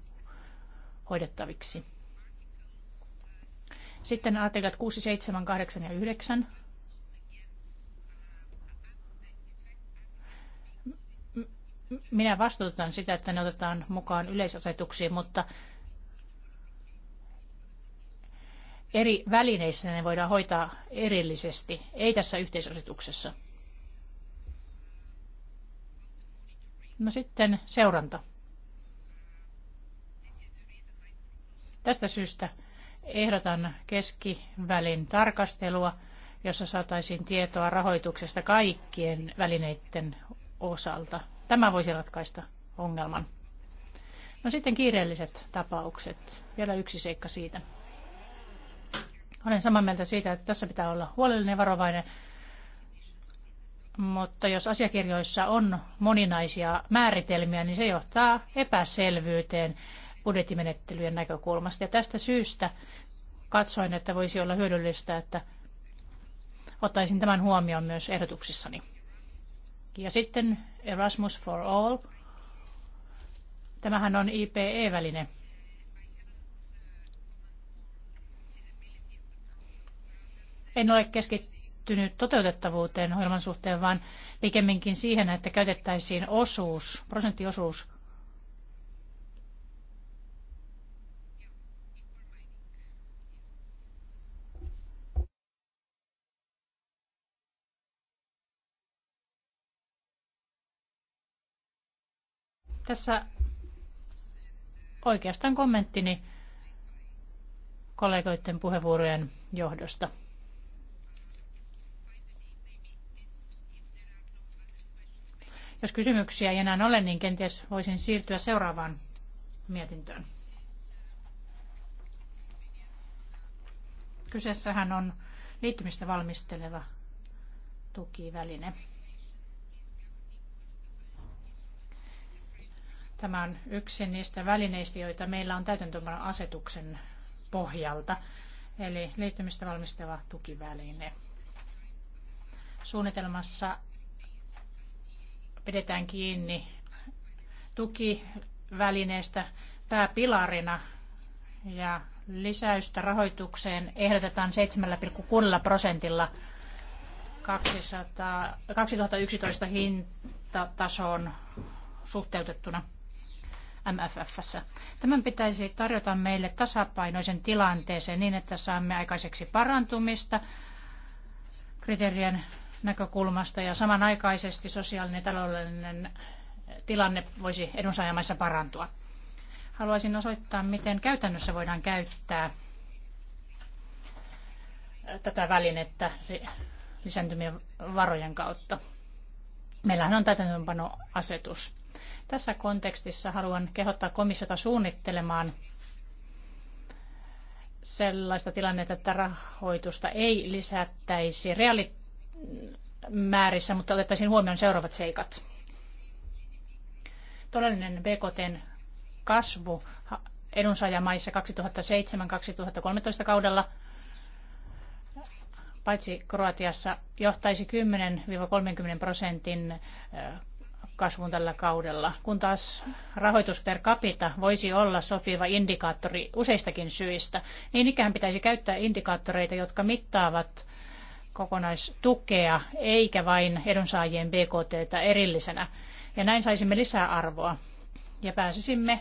hoidettaviksi. Sitten artiklat 6, 7, 8 ja 9. Minä vastuutan sitä, että ne otetaan mukaan yleisasetuksiin, mutta eri välineissä ne voidaan hoitaa erillisesti, ei tässä yhteisasetuksessa. No sitten seuranta. Tästä syystä ehdotan keskivälin tarkastelua, jossa saataisiin tietoa rahoituksesta kaikkien välineiden osalta. Tämä voisi ratkaista ongelman. No sitten kiireelliset tapaukset. Vielä yksi seikka siitä. Olen samaa mieltä siitä, että tässä pitää olla huolellinen ja varovainen. Mutta jos asiakirjoissa on moninaisia määritelmiä, niin se johtaa epäselvyyteen budjettimenettelyjen näkökulmasta. Ja tästä syystä katsoin, että voisi olla hyödyllistä, että ottaisin tämän huomioon myös ehdotuksissani. Ja sitten Erasmus for All. Tämähän on IPE-väline. en ole keskittynyt toteutettavuuteen ohjelman suhteen, vaan pikemminkin siihen, että käytettäisiin osuus, prosenttiosuus Tässä oikeastaan kommenttini kollegoiden puheenvuorojen johdosta. Jos kysymyksiä ei enää ole, niin kenties voisin siirtyä seuraavaan mietintöön. Kyseessähän on liittymistä valmisteleva tukiväline. Tämä on yksi niistä välineistä, joita meillä on täytäntöönpanon asetuksen pohjalta, eli liittymistä valmisteleva tukiväline. Suunnitelmassa pidetään kiinni tukivälineestä pääpilarina ja lisäystä rahoitukseen ehdotetaan 7,6 prosentilla 200, 2011 hintatasoon suhteutettuna MFFssä. Tämän pitäisi tarjota meille tasapainoisen tilanteeseen niin, että saamme aikaiseksi parantumista kriteerien näkökulmasta ja samanaikaisesti sosiaalinen ja taloudellinen tilanne voisi edunsaajamaissa parantua. Haluaisin osoittaa, miten käytännössä voidaan käyttää tätä välinettä lisääntymien varojen kautta. Meillähän on täytäntöönpanoasetus. Tässä kontekstissa haluan kehottaa komissiota suunnittelemaan sellaista tilannetta, että rahoitusta ei lisättäisi reaali määrissä, mutta otettaisiin huomioon seuraavat seikat. Todellinen BKTn kasvu edunsaajamaissa 2007-2013 kaudella paitsi Kroatiassa johtaisi 10-30 prosentin kasvun tällä kaudella, kun taas rahoitus per capita voisi olla sopiva indikaattori useistakin syistä. Niin ikään pitäisi käyttää indikaattoreita, jotka mittaavat kokonaistukea, eikä vain edunsaajien BKT erillisenä. Ja näin saisimme lisää arvoa ja pääsisimme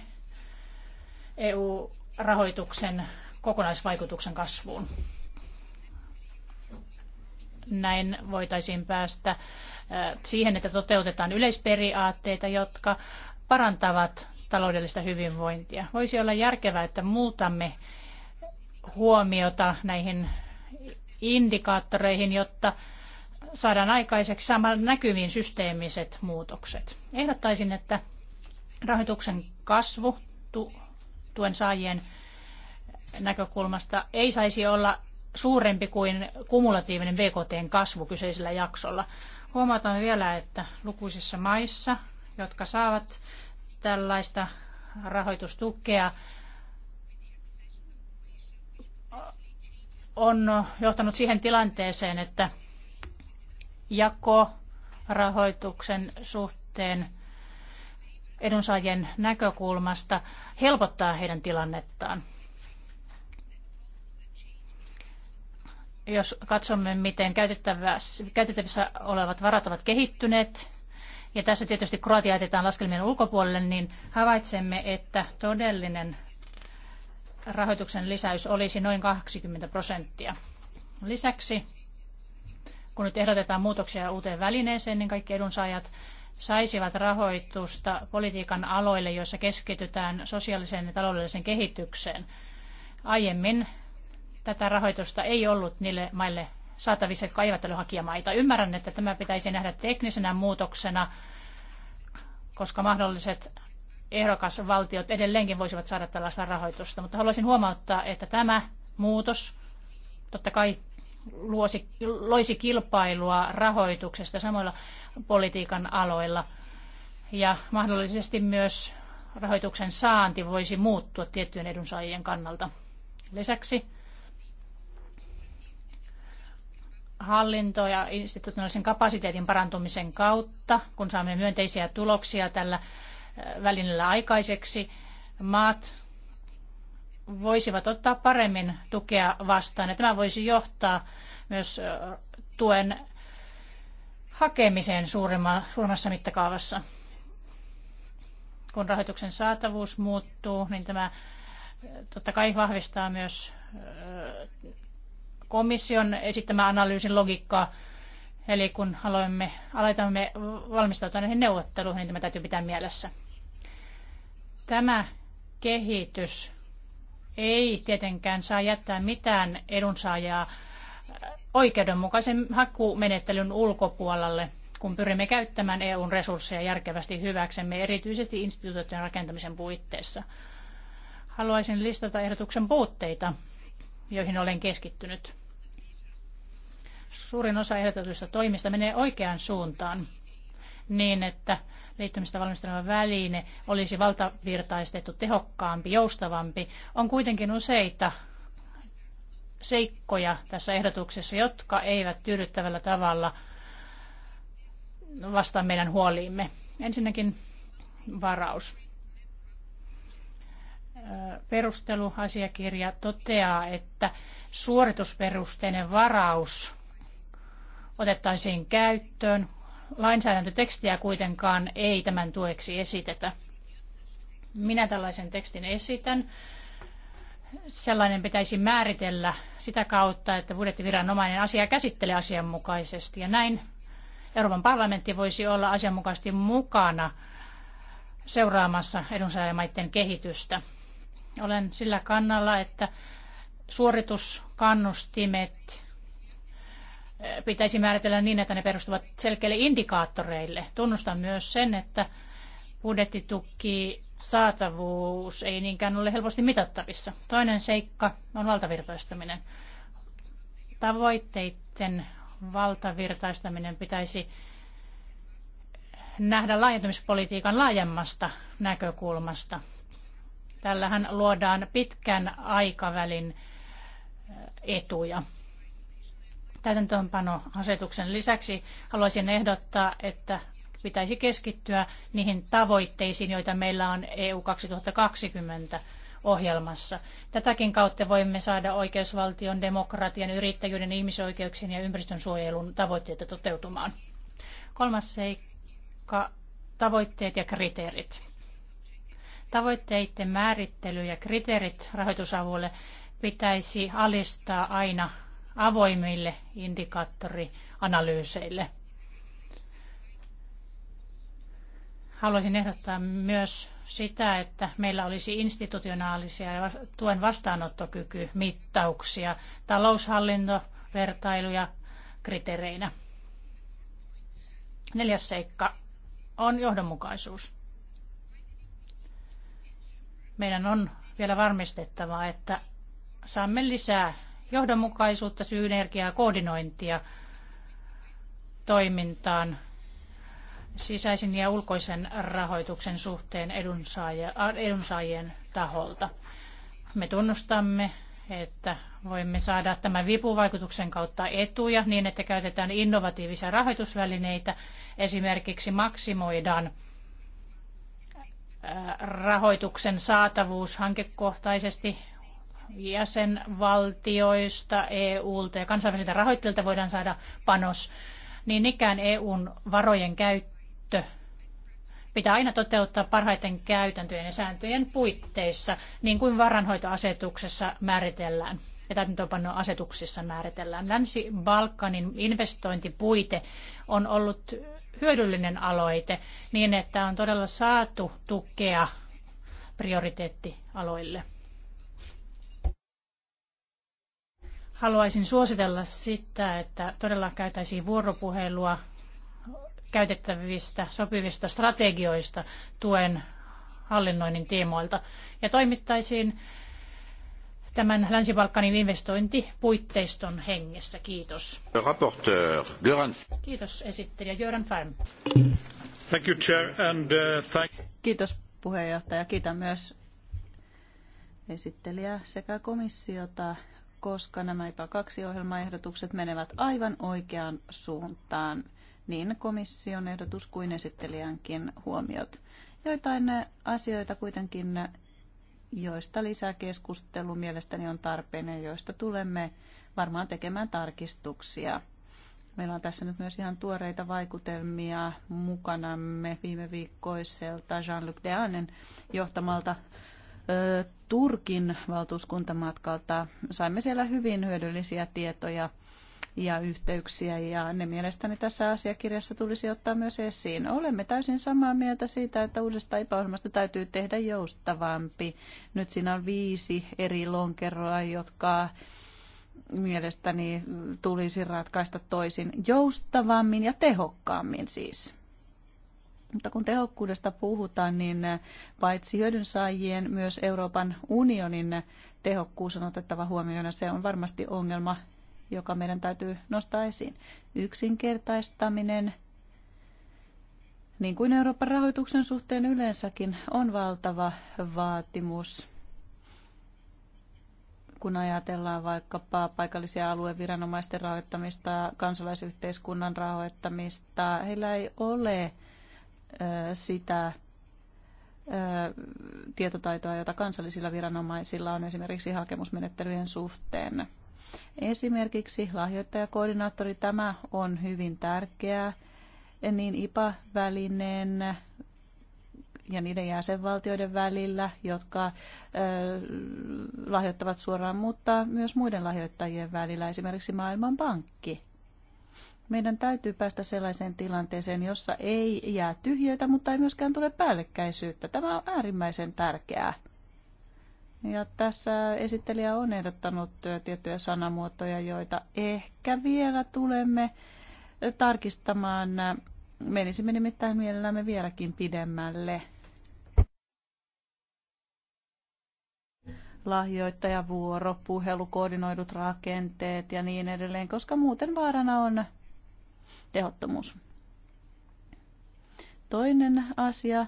EU-rahoituksen kokonaisvaikutuksen kasvuun. Näin voitaisiin päästä äh, siihen, että toteutetaan yleisperiaatteita, jotka parantavat taloudellista hyvinvointia. Voisi olla järkevää, että muutamme huomiota näihin indikaattoreihin, jotta saadaan aikaiseksi samalla näkyviin systeemiset muutokset. Ehdottaisin, että rahoituksen kasvu tuen saajien näkökulmasta ei saisi olla suurempi kuin kumulatiivinen BKTn kasvu kyseisellä jaksolla. Huomataan vielä, että lukuisissa maissa, jotka saavat tällaista rahoitustukea, on johtanut siihen tilanteeseen, että jako rahoituksen suhteen edunsaajien näkökulmasta helpottaa heidän tilannettaan. Jos katsomme, miten käytettävissä olevat varat ovat kehittyneet, ja tässä tietysti Kroatia jätetään laskelmien ulkopuolelle, niin havaitsemme, että todellinen rahoituksen lisäys olisi noin 20 prosenttia. Lisäksi, kun nyt ehdotetaan muutoksia uuteen välineeseen, niin kaikki edunsaajat saisivat rahoitusta politiikan aloille, joissa keskitytään sosiaaliseen ja taloudelliseen kehitykseen. Aiemmin tätä rahoitusta ei ollut niille maille saatavissa, jotka eivät ole hakijamaita. Ymmärrän, että tämä pitäisi nähdä teknisenä muutoksena, koska mahdolliset ehdokasvaltiot edelleenkin voisivat saada tällaista rahoitusta. Mutta haluaisin huomauttaa, että tämä muutos totta kai luosi, loisi kilpailua rahoituksesta samoilla politiikan aloilla. Ja mahdollisesti myös rahoituksen saanti voisi muuttua tiettyjen edunsaajien kannalta. Lisäksi hallinto- ja institutionaalisen kapasiteetin parantumisen kautta, kun saamme myönteisiä tuloksia tällä välineellä aikaiseksi. Maat voisivat ottaa paremmin tukea vastaan ja tämä voisi johtaa myös tuen hakemiseen suuremmassa mittakaavassa. Kun rahoituksen saatavuus muuttuu, niin tämä totta kai vahvistaa myös komission esittämän analyysin logiikkaa. Eli kun aloimme, aloitamme valmistautua näihin neuvotteluihin, niin tämä täytyy pitää mielessä. Tämä kehitys ei tietenkään saa jättää mitään edunsaajaa äh, oikeudenmukaisen hakumenettelyn ulkopuolelle, kun pyrimme käyttämään EUn resursseja järkevästi hyväksemme, erityisesti instituutioiden rakentamisen puitteissa. Haluaisin listata ehdotuksen puutteita, joihin olen keskittynyt. Suurin osa ehdotetuista toimista menee oikeaan suuntaan niin, että liittymistä valmisteleva väline olisi valtavirtaistettu tehokkaampi, joustavampi, on kuitenkin useita seikkoja tässä ehdotuksessa, jotka eivät tyydyttävällä tavalla vastaa meidän huoliimme. Ensinnäkin varaus. Perusteluasiakirja toteaa, että suoritusperusteinen varaus otettaisiin käyttöön, lainsäädäntötekstiä kuitenkaan ei tämän tueksi esitetä. Minä tällaisen tekstin esitän. Sellainen pitäisi määritellä sitä kautta, että budjettiviranomainen asia käsittelee asianmukaisesti. Ja näin Euroopan parlamentti voisi olla asianmukaisesti mukana seuraamassa edunsaajamaiden kehitystä. Olen sillä kannalla, että suorituskannustimet pitäisi määritellä niin, että ne perustuvat selkeille indikaattoreille. Tunnustan myös sen, että budjettituki saatavuus ei niinkään ole helposti mitattavissa. Toinen seikka on valtavirtaistaminen. Tavoitteiden valtavirtaistaminen pitäisi nähdä laajentumispolitiikan laajemmasta näkökulmasta. Tällähän luodaan pitkän aikavälin etuja täytäntöönpanoasetuksen lisäksi haluaisin ehdottaa, että pitäisi keskittyä niihin tavoitteisiin, joita meillä on EU 2020 ohjelmassa. Tätäkin kautta voimme saada oikeusvaltion, demokratian, yrittäjyyden, ihmisoikeuksien ja ympäristönsuojelun tavoitteita toteutumaan. Kolmas seikka, tavoitteet ja kriteerit. Tavoitteiden määrittely ja kriteerit rahoitusavulle pitäisi alistaa aina avoimille indikaattorianalyyseille. Haluaisin ehdottaa myös sitä, että meillä olisi institutionaalisia ja tuen vastaanottokykymittauksia, taloushallintovertailuja kriteereinä. Neljäs seikka on johdonmukaisuus. Meidän on vielä varmistettava, että saamme lisää johdonmukaisuutta, synergiaa, koordinointia toimintaan sisäisen ja ulkoisen rahoituksen suhteen äh, edunsaajien taholta. Me tunnustamme, että voimme saada tämän vipuvaikutuksen kautta etuja niin, että käytetään innovatiivisia rahoitusvälineitä. Esimerkiksi maksimoidaan äh, rahoituksen saatavuus hankekohtaisesti jäsenvaltioista, EUlta ja kansainvälisiltä rahoittajilta voidaan saada panos, niin ikään EUn varojen käyttö pitää aina toteuttaa parhaiten käytäntöjen ja sääntöjen puitteissa, niin kuin varanhoitoasetuksessa määritellään ja täytäntöönpannon asetuksissa määritellään. Länsi-Balkanin investointipuite on ollut hyödyllinen aloite niin, että on todella saatu tukea prioriteettialoille. Haluaisin suositella sitä, että todella käytäisiin vuoropuhelua käytettävistä sopivista strategioista tuen hallinnoinnin tiimoilta ja toimittaisiin tämän Länsi-Balkanin investointipuitteiston hengessä. Kiitos. Kiitos esittelijä Göran Färm. Thank you, chair, and, uh, thank... Kiitos puheenjohtaja. Kiitän myös esittelijää sekä komissiota koska nämä IPA 2 ohjelmaehdotukset menevät aivan oikeaan suuntaan, niin komission ehdotus kuin esittelijänkin huomiot. Joitain asioita kuitenkin, joista lisää keskustelu mielestäni on tarpeen ja joista tulemme varmaan tekemään tarkistuksia. Meillä on tässä nyt myös ihan tuoreita vaikutelmia mukanamme viime viikkoiselta Jean-Luc Deanen johtamalta Turkin valtuuskuntamatkalta. Saimme siellä hyvin hyödyllisiä tietoja ja yhteyksiä ja ne mielestäni tässä asiakirjassa tulisi ottaa myös esiin. Olemme täysin samaa mieltä siitä, että uudesta ipa täytyy tehdä joustavampi. Nyt siinä on viisi eri lonkeroa, jotka mielestäni tulisi ratkaista toisin joustavammin ja tehokkaammin siis. Mutta kun tehokkuudesta puhutaan, niin eh, paitsi hyödynsaajien, myös Euroopan unionin tehokkuus on otettava huomioon. Se on varmasti ongelma, joka meidän täytyy nostaa esiin. Yksinkertaistaminen, niin kuin Euroopan rahoituksen suhteen yleensäkin, on valtava vaatimus. Kun ajatellaan vaikkapa paikallisia alueviranomaisten rahoittamista, kansalaisyhteiskunnan rahoittamista, heillä ei ole sitä tietotaitoa, jota kansallisilla viranomaisilla on esimerkiksi hakemusmenettelyjen suhteen. Esimerkiksi lahjoittajakoordinaattori, tämä on hyvin tärkeää, niin IPA-välineen ja niiden jäsenvaltioiden välillä, jotka lahjoittavat suoraan, mutta myös muiden lahjoittajien välillä, esimerkiksi Maailmanpankki. Meidän täytyy päästä sellaiseen tilanteeseen, jossa ei jää tyhjöitä, mutta ei myöskään tule päällekkäisyyttä. Tämä on äärimmäisen tärkeää. Ja tässä esittelijä on ehdottanut tiettyjä sanamuotoja, joita ehkä vielä tulemme tarkistamaan. Menisimme nimittäin mielellämme vieläkin pidemmälle. lahjoittajavuoro, puhelukoordinoidut rakenteet ja niin edelleen, koska muuten vaarana on tehottomuus. Toinen asia,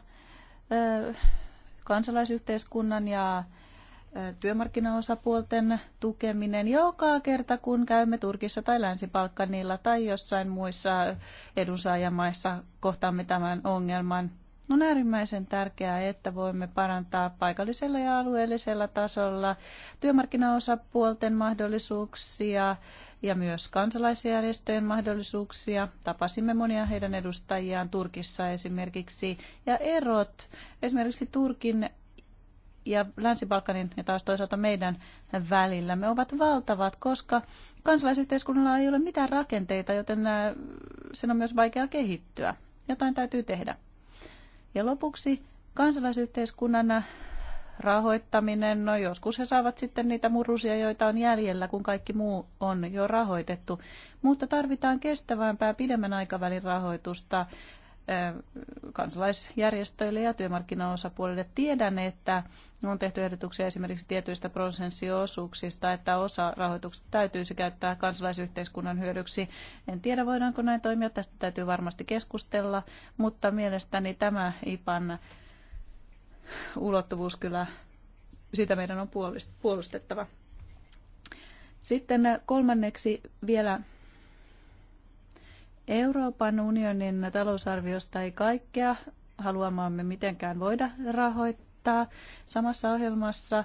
kansalaisyhteiskunnan ja työmarkkinaosapuolten tukeminen joka kerta, kun käymme Turkissa tai Länsi-Balkanilla tai jossain muissa edunsaajamaissa kohtaamme tämän ongelman. On äärimmäisen tärkeää, että voimme parantaa paikallisella ja alueellisella tasolla työmarkkinaosapuolten mahdollisuuksia ja myös kansalaisjärjestöjen mahdollisuuksia. Tapasimme monia heidän edustajiaan Turkissa esimerkiksi ja erot esimerkiksi Turkin ja Länsi-Balkanin ja taas toisaalta meidän me ovat valtavat, koska kansalaisyhteiskunnalla ei ole mitään rakenteita, joten äh, sen on myös vaikea kehittyä. Jotain täytyy tehdä. Ja lopuksi kansalaisyhteiskunnan rahoittaminen, no joskus he saavat sitten niitä murusia, joita on jäljellä, kun kaikki muu on jo rahoitettu. Mutta tarvitaan kestävämpää pidemmän aikavälin rahoitusta kansalaisjärjestöille ja työmarkkinaosapuolille. Tiedän, että on tehty ehdotuksia esimerkiksi tietyistä prosenssiosuuksista, että osa rahoituksesta täytyisi käyttää kansalaisyhteiskunnan hyödyksi. En tiedä, voidaanko näin toimia, tästä täytyy varmasti keskustella, mutta mielestäni tämä IPAN ulottuvuus kyllä, sitä meidän on puolustettava. Sitten kolmanneksi vielä Euroopan unionin talousarviosta ei kaikkea haluamaamme mitenkään voida rahoittaa. Samassa ohjelmassa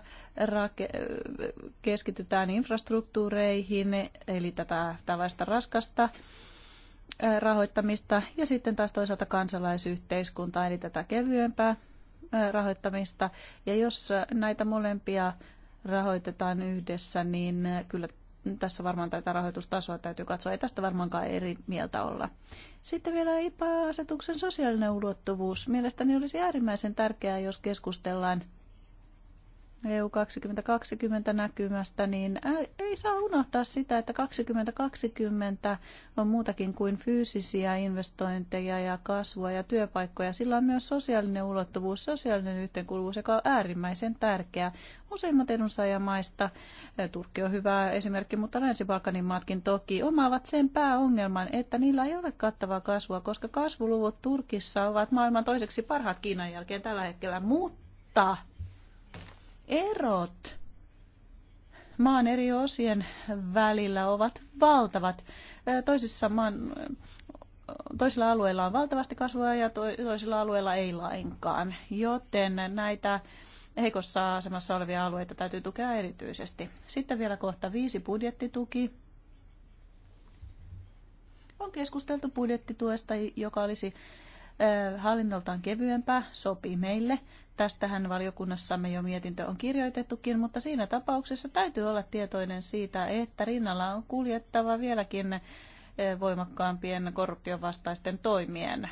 keskitytään infrastruktuureihin, eli tätä tällaista raskasta rahoittamista, ja sitten taas toisaalta kansalaisyhteiskuntaa, eli tätä kevyempää rahoittamista. Ja jos näitä molempia rahoitetaan yhdessä, niin kyllä tässä varmaan tätä rahoitustasoa täytyy katsoa. Ei tästä varmaankaan eri mieltä olla. Sitten vielä IPA-asetuksen sosiaalinen ulottuvuus. Mielestäni olisi äärimmäisen tärkeää, jos keskustellaan EU 2020 näkymästä, niin ei saa unohtaa sitä, että 2020 on muutakin kuin fyysisiä investointeja ja kasvua ja työpaikkoja. Sillä on myös sosiaalinen ulottuvuus, sosiaalinen yhteenkuuluvuus, joka on äärimmäisen tärkeä. Useimmat edunsaajamaista, Turkki on hyvä esimerkki, mutta Länsi-Balkanin maatkin toki, omaavat sen pääongelman, että niillä ei ole kattavaa kasvua, koska kasvuluvut Turkissa ovat maailman toiseksi parhaat Kiinan jälkeen tällä hetkellä, mutta erot maan eri osien välillä ovat valtavat. Toisissa maan, toisilla alueilla on valtavasti kasvua ja toisilla alueilla ei lainkaan, joten näitä heikossa asemassa olevia alueita täytyy tukea erityisesti. Sitten vielä kohta viisi budjettituki. On keskusteltu budjettituesta, joka olisi hallinnoltaan kevyempää, sopii meille. Tästähän valiokunnassamme jo mietintö on kirjoitettukin, mutta siinä tapauksessa täytyy olla tietoinen siitä, että rinnalla on kuljettava vieläkin voimakkaampien korruption toimien.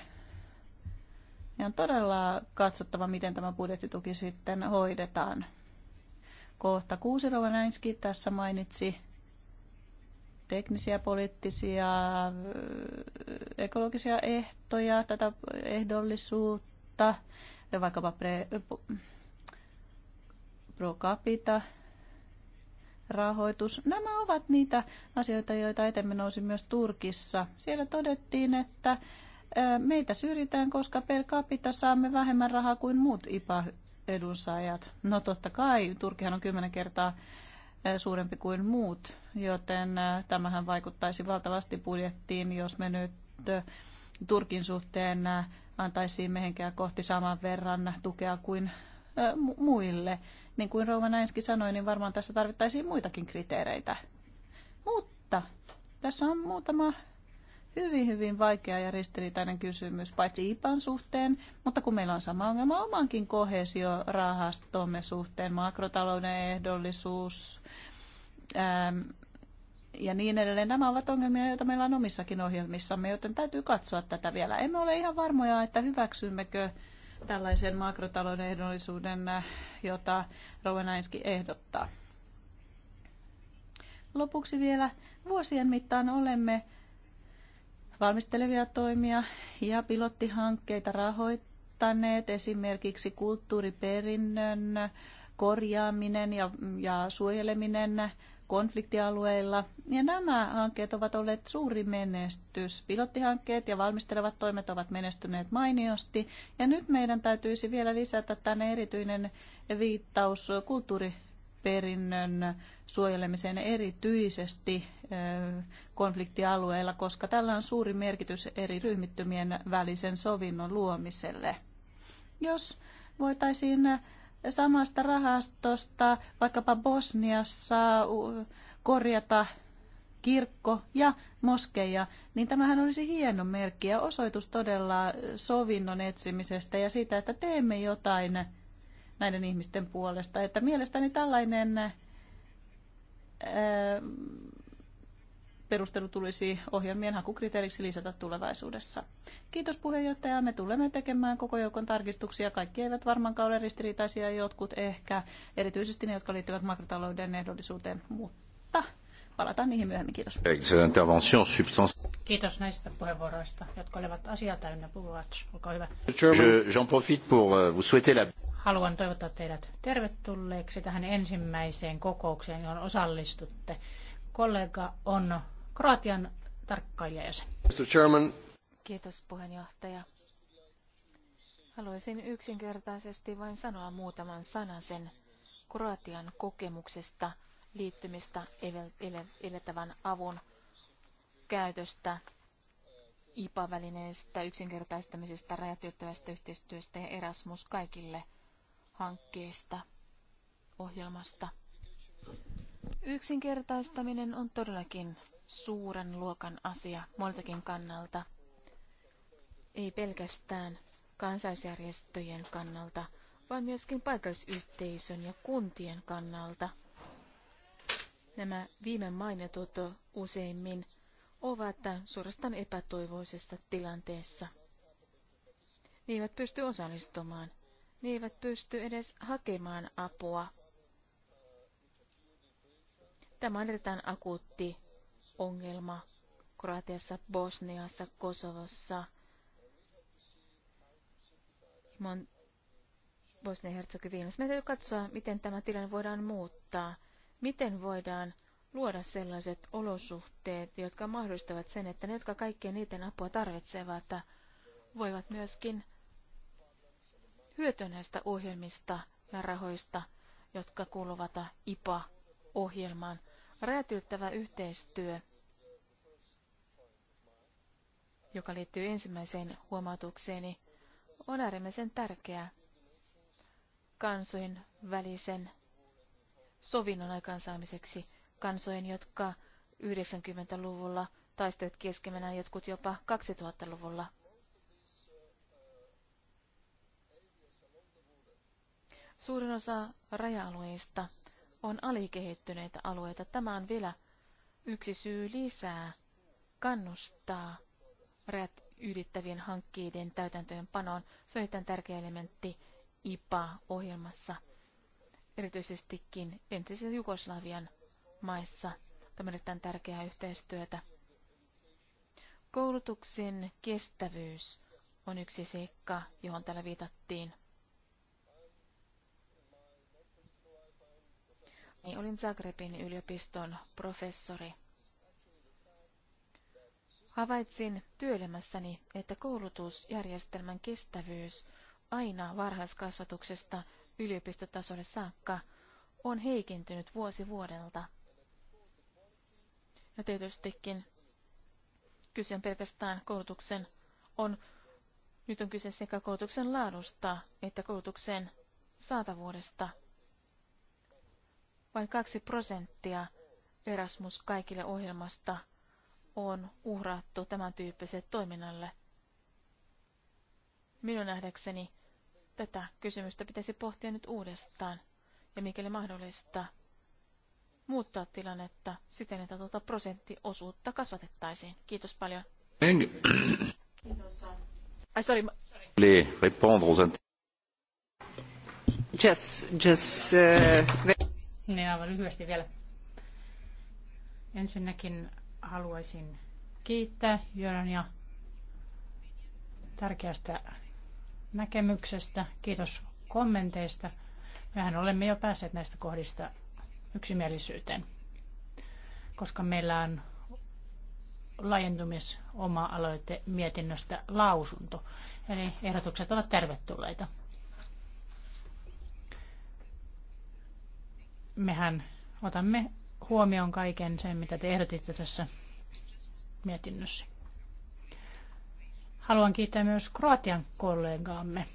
Ja on todella katsottava, miten tämä budjettituki sitten hoidetaan. Kohta kuusi Rovanainski tässä mainitsi teknisiä, poliittisia, ekologisia ehtoja, tätä ehdollisuutta, ja vaikkapa pre, pro capita rahoitus. Nämä ovat niitä asioita, joita etemme nousi myös Turkissa. Siellä todettiin, että meitä syrjitään, koska per capita saamme vähemmän rahaa kuin muut IPA-edunsaajat. No totta kai, Turkihan on kymmenen kertaa Eh, suurempi kuin muut, joten eh, tämähän vaikuttaisi valtavasti budjettiin, jos me nyt eh, Turkin suhteen antaisiin mehenkää kohti saman verran tukea kuin muille. Niin kuin Rouva Näinski sanoi, niin varmaan tässä tarvittaisiin muitakin kriteereitä. Mutta tässä on muutama hyvin, hyvin vaikea ja ristiriitainen kysymys, paitsi IPAn suhteen, mutta kun meillä on sama ongelma omankin kohesiorahastomme suhteen, makrotalouden ehdollisuus äm, ja niin edelleen. Nämä ovat ongelmia, joita meillä on omissakin ohjelmissamme, joten täytyy katsoa tätä vielä. Emme ole ihan varmoja, että hyväksymmekö tällaisen makrotalouden ehdollisuuden, äh, jota Rovenainski ehdottaa. Lopuksi vielä vuosien mittaan olemme valmistelevia toimia ja pilottihankkeita rahoittaneet, esimerkiksi kulttuuriperinnön korjaaminen ja, ja suojeleminen konfliktialueilla. Ja nämä hankkeet ovat olleet suuri menestys. Pilottihankkeet ja valmistelevat toimet ovat menestyneet mainiosti. Ja nyt meidän täytyisi vielä lisätä tänne erityinen viittaus kulttuuri perinnön suojelemiseen erityisesti konfliktialueilla, koska tällä on suuri merkitys eri ryhmittymien välisen sovinnon luomiselle. Jos voitaisiin samasta rahastosta vaikkapa Bosniassa korjata kirkko ja moskeija, niin tämähän olisi hieno merkki ja osoitus todella sovinnon etsimisestä ja siitä, että teemme jotain näiden ihmisten puolesta. Että mielestäni tällainen ää, äh, perustelu tulisi ohjelmien hakukriteeriksi lisätä tulevaisuudessa. Kiitos puheenjohtaja. Me tulemme tekemään koko joukon tarkistuksia. Kaikki eivät varmaan ole ristiriitaisia, jotkut ehkä, erityisesti ne, jotka liittyvät makrotalouden ehdollisuuteen, mutta palataan niihin myöhemmin. Kiitos. Kiitos näistä puheenvuoroista, jotka olivat asiaa täynnä. Puhuvat, olkaa hyvä. J'en profite pour euh, vous souhaiter la haluan toivottaa teidät tervetulleeksi tähän ensimmäiseen kokoukseen, johon osallistutte. Kollega on Kroatian tarkkailijajäsen. Mr. Chairman. Kiitos puheenjohtaja. Haluaisin yksinkertaisesti vain sanoa muutaman sanan sen Kroatian kokemuksesta liittymistä elettävän avun käytöstä, IPA-välineestä, yksinkertaistamisesta, rajatyöttävästä yhteistyöstä ja Erasmus kaikille – hankkeesta, ohjelmasta. Yksinkertaistaminen on todellakin suuren luokan asia moneltakin kannalta. Ei pelkästään kansaisjärjestöjen kannalta, vaan myöskin paikallisyhteisön ja kuntien kannalta. Nämä viime mainitut useimmin ovat suorastaan epätoivoisessa tilanteessa. Ne eivät pysty osallistumaan ne eivät pysty edes hakemaan apua. Tämä on erittäin akuutti ongelma Kroatiassa, Bosniassa, Kosovossa. Mon Bosnia-Herzegovinassa. Meidän täytyy katsoa, miten tämä tilanne voidaan muuttaa. Miten voidaan luoda sellaiset olosuhteet, jotka mahdollistavat sen, että ne, jotka kaikkien niiden apua tarvitsevat, voivat myöskin hyötyä näistä ohjelmista ja rahoista, jotka kuuluvat IPA-ohjelmaan. Rajatyyttävä yhteistyö, joka liittyy ensimmäiseen huomautukseeni, on äärimmäisen tärkeää kansojen välisen sovinnon aikaansaamiseksi kansojen, jotka 90-luvulla taistelivat keskenään jotkut jopa 2000-luvulla Suurin osa raja-alueista on alikehittyneitä alueita. Tämä on vielä yksi syy lisää kannustaa rajat ylittävien hankkeiden täytäntöönpanoon. Se on erittäin tärkeä elementti IPA-ohjelmassa, erityisestikin entisessä Jugoslavian maissa. Tämä on erittäin tärkeää yhteistyötä. Koulutuksen kestävyys on yksi seikka, johon täällä viitattiin. niin olin Zagrebin yliopiston professori. Havaitsin työelämässäni, että koulutusjärjestelmän kestävyys aina varhaiskasvatuksesta yliopistotasolle saakka on heikentynyt vuosi vuodelta. Ja no tietystikin kyse on pelkästään koulutuksen on nyt on kyse sekä koulutuksen laadusta että koulutuksen saatavuudesta. Vain kaksi prosenttia Erasmus kaikille ohjelmasta on uhrattu tämän tyyppiselle toiminnalle. Minun nähdäkseni tätä kysymystä pitäisi pohtia nyt uudestaan ja mikäli mahdollista muuttaa tilannetta siten, että tuota prosenttiosuutta kasvatettaisiin. Kiitos paljon. Kiitos. Ai, sorry. Les répondre aux Just, just, uh... Niin aivan lyhyesti vielä. Ensinnäkin haluaisin kiittää Jörän ja tärkeästä näkemyksestä. Kiitos kommenteista. Mehän olemme jo päässeet näistä kohdista yksimielisyyteen, koska meillä on laajentumis oma aloite mietinnöstä lausunto. Eli ehdotukset ovat tervetulleita. mehän otamme huomioon kaiken sen, mitä te ehdotitte tässä mietinnössä. Haluan kiittää myös Kroatian kollegaamme.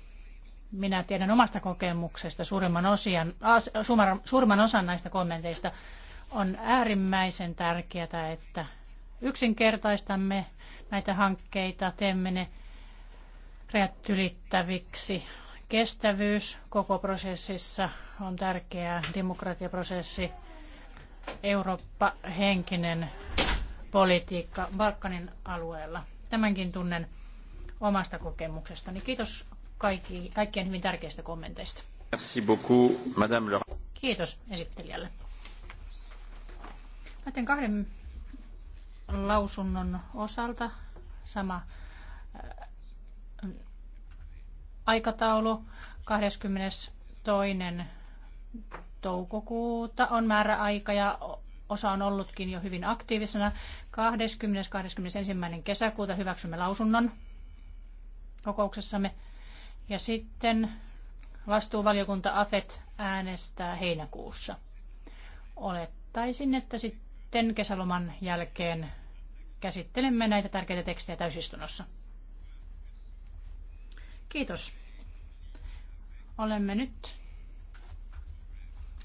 Minä tiedän omasta kokemuksesta suurimman, osian, suurimman osan näistä kommenteista. On äärimmäisen tärkeää, että yksinkertaistamme näitä hankkeita, teemme ne rajat ylittäviksi. Kestävyys koko prosessissa on tärkeä demokratiaprosessi, Eurooppa-henkinen politiikka Balkanin alueella. Tämänkin tunnen omasta kokemuksestani. Kiitos kaikki, kaikkien hyvin tärkeistä kommenteista. Merci beaucoup, Madame Le... Kiitos esittelijälle. Näiden kahden lausunnon osalta sama äh, aikataulu 22 toukokuuta on määräaika ja osa on ollutkin jo hyvin aktiivisena. 20. 21. kesäkuuta hyväksymme lausunnon kokouksessamme. Ja sitten vastuuvaliokunta AFET äänestää heinäkuussa. Olettaisin, että sitten kesäloman jälkeen käsittelemme näitä tärkeitä tekstejä täysistunnossa. Kiitos. Olemme nyt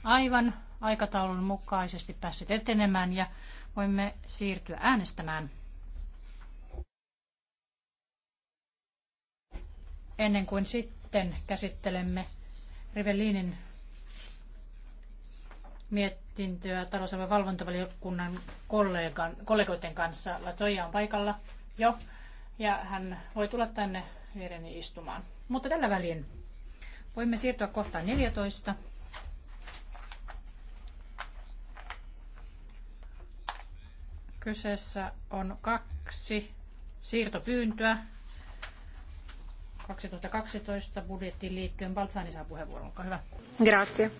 aivan aikataulun mukaisesti päässeet etenemään ja voimme siirtyä äänestämään. Ennen kuin sitten käsittelemme Rivellinin mietintöä talousalueen valvontavaliokunnan kollegan, kollegoiden kanssa. Latoja on paikalla jo ja hän voi tulla tänne viereni istumaan. Mutta tällä välin voimme siirtyä kohtaan 14. Kyseessä on kaksi siirtopyyntöä 2012 budjettiin liittyen. Baltsani saa puheenvuoron, olkaa hyvä. Grazie.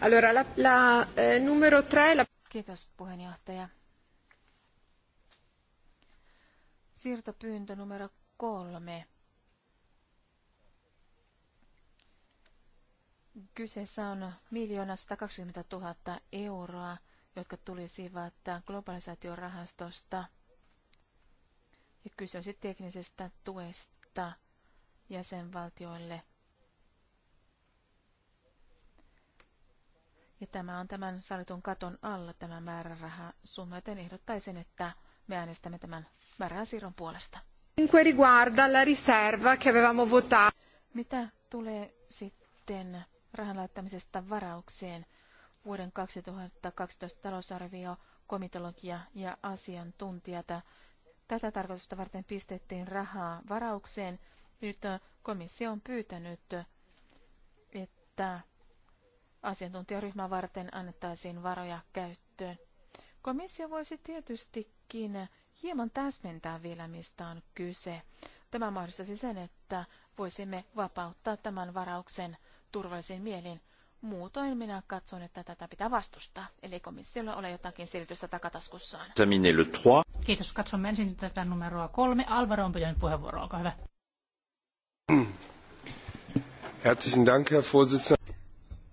Allora, la, la eh, numero tre... La... Kiitos puheenjohtaja. Siirtopyyntö numero kolme. Kyseessä on miljoona 120 000 euroa jotka tulisivat globalisaatiorahastosta. Ja kyse on sitten teknisestä tuesta jäsenvaltioille. Ja tämä on tämän salitun katon alla tämä määräraha summa, joten ehdottaisin, että me äänestämme tämän määrän siirron puolesta. Mitä tulee sitten rahan laittamisesta varaukseen, vuoden 2012 talousarvio, komitologia ja asiantuntijata. Tätä tarkoitusta varten pistettiin rahaa varaukseen. Nyt komissio on pyytänyt, että asiantuntijaryhmä varten annettaisiin varoja käyttöön. Komissio voisi tietystikin hieman täsmentää vielä, mistä on kyse. Tämä mahdollistaisi sen, että voisimme vapauttaa tämän varauksen turvallisin mielin Muutoin minä katson, että tätä pitää vastustaa, eli komissiolla ole jotakin selitystä takataskussaan. Kiitos. Katsomme ensin tätä numeroa kolme. Alvaro on pitänyt puheenvuoro, olkaa hyvä. Herzlichen Dank, Herr Vorsitzender.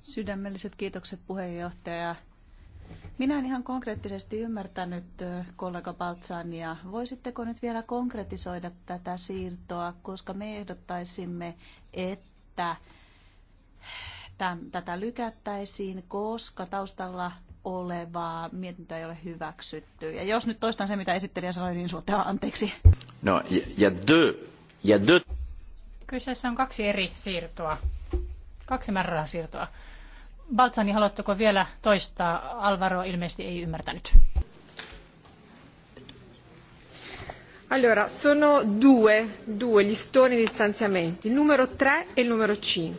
Sydämelliset kiitokset puheenjohtaja. Minä en ihan konkreettisesti ymmärtänyt kollega ja Voisitteko nyt vielä konkretisoida tätä siirtoa, koska me ehdottaisimme, että tätä lykättäisiin, koska taustalla olevaa mietintöä ei ole hyväksytty. Ja jos nyt toistan se, mitä esittelijä sanoi, niin suotea anteeksi. No, ja, de, ja de. Kyseessä on kaksi eri siirtoa, kaksi siirtoa. Baltsani, haluatteko vielä toistaa? Alvaro ilmeisesti ei ymmärtänyt. Allora, sono due, due gli stoni di stanziamenti, numero 3 e numero 5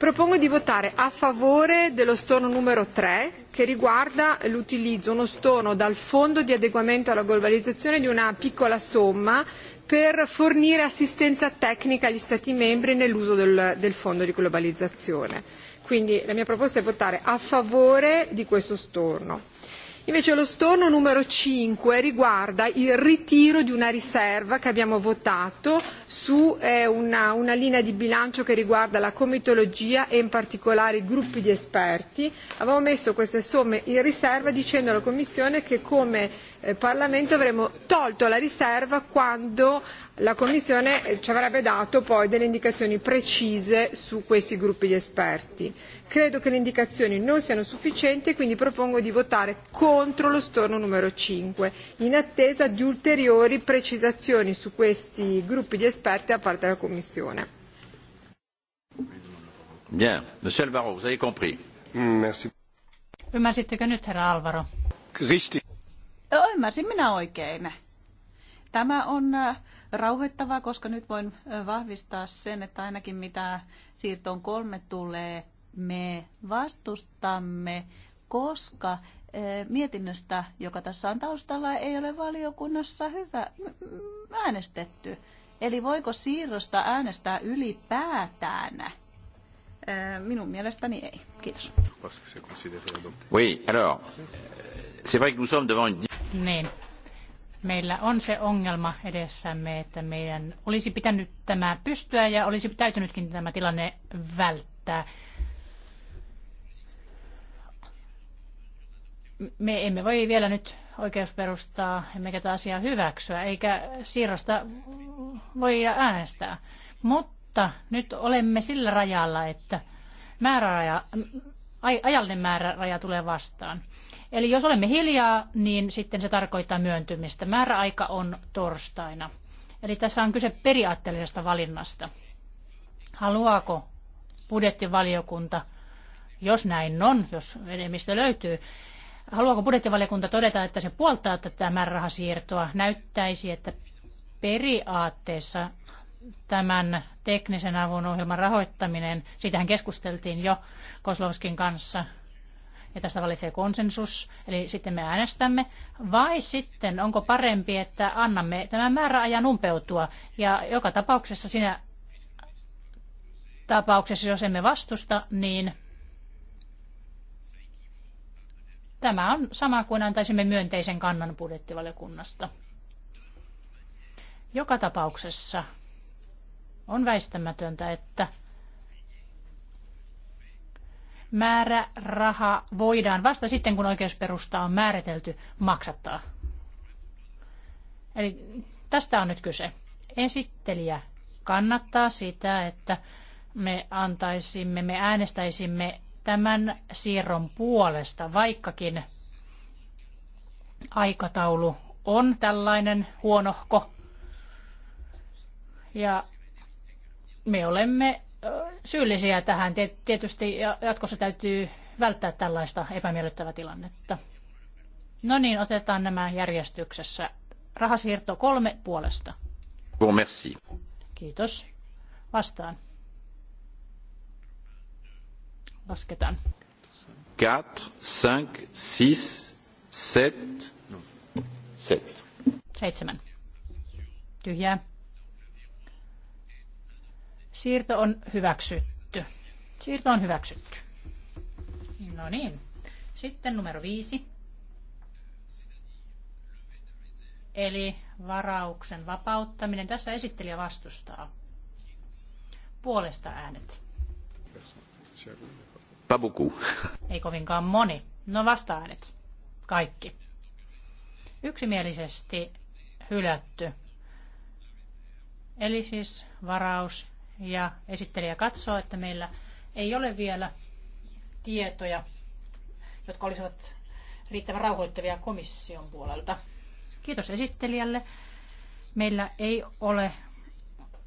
Propongo di votare a favore dello storno numero 3 che riguarda l'utilizzo, uno storno dal fondo di adeguamento alla globalizzazione di una piccola somma per fornire assistenza tecnica agli Stati membri nell'uso del, del fondo di globalizzazione. Quindi la mia proposta è votare a favore di questo storno. Invece lo storno numero 5 riguarda il ritiro di una riserva che abbiamo votato su eh, una, una linea di bilancio che riguarda la comitologia e in particolare i gruppi di esperti. Avevamo messo queste somme in riserva dicendo alla Commissione che come eh, Parlamento avremmo tolto la riserva quando la Commissione eh, ci avrebbe dato poi delle indicazioni precise su questi gruppi di esperti. Credo che le indicazioni non siano sufficienti e quindi propongo di votare contro lo storno numero 5, in attesa di ulteriori precisazioni su questi gruppi di esperti da parte della Commissione. Bien. Monsieur Alvaro, vous avez compris. Mm, merci. Ymmärsittekö nyt, herra Alvaro? Ymmärsin minä oikein. Tämä on äh, rauhoittavaa, koska nyt voin äh, vahvistaa sen, että ainakin mitä siirtoon kolme tulee, me vastustamme, koska eh, mietinnöstä, joka tässä on taustalla, ei ole valiokunnassa hyvä äänestetty. Eli voiko siirrosta äänestää ylipäätään? Eh, minun mielestäni ei. Kiitos. Oui, alors, c'est vrai que nous sommes devant une... Niin. Meillä on se ongelma edessämme, että meidän olisi pitänyt tämä pystyä ja olisi täytynytkin tämä tilanne välttää. me emme voi vielä nyt oikeusperustaa emmekä tätä asiaa hyväksyä, eikä siirrosta voi äänestää. Mutta nyt olemme sillä rajalla, että määräraja, ajallinen määräraja tulee vastaan. Eli jos olemme hiljaa, niin sitten se tarkoittaa myöntymistä. Määräaika on torstaina. Eli tässä on kyse periaatteellisesta valinnasta. Haluaako budjettivaliokunta, jos näin on, jos enemmistö löytyy, Haluaako budjettivaliokunta todeta, että se puoltaa tätä määrärahasiirtoa? Näyttäisi, että periaatteessa tämän teknisen avun ohjelman rahoittaminen, siitähän keskusteltiin jo Koslovskin kanssa, ja tästä valitsee konsensus, eli sitten me äänestämme, vai sitten onko parempi, että annamme tämän määräajan umpeutua, ja joka tapauksessa siinä tapauksessa, jos emme vastusta, niin Tämä on sama kuin antaisimme myönteisen kannan budjettivaliokunnasta. Joka tapauksessa on väistämätöntä, että määrä raha voidaan vasta sitten, kun oikeusperusta on määritelty maksattaa. Eli tästä on nyt kyse. Esittelijä kannattaa sitä, että me antaisimme, me äänestäisimme tämän siirron puolesta, vaikkakin aikataulu on tällainen huonohko. Ja me olemme syyllisiä tähän. Tietysti jatkossa täytyy välttää tällaista epämiellyttävää tilannetta. No niin, otetaan nämä järjestyksessä. Rahasiirto kolme puolesta. Bon, merci. Kiitos. Vastaan lasketaan. 4, 5, 6, 7, 7. Tyhjää. Siirto on hyväksytty. Siirto on hyväksytty. No niin. Sitten numero viisi. Eli varauksen vapauttaminen. Tässä esittelijä vastustaa. Puolesta äänet. Pas beaucoup. Ei kovinkaan moni. No vasta Kaikki. Yksimielisesti hylätty. Eli siis varaus ja esittelijä katsoo, että meillä ei ole vielä tietoja, jotka olisivat riittävän rauhoittavia komission puolelta. Kiitos esittelijälle. Meillä ei ole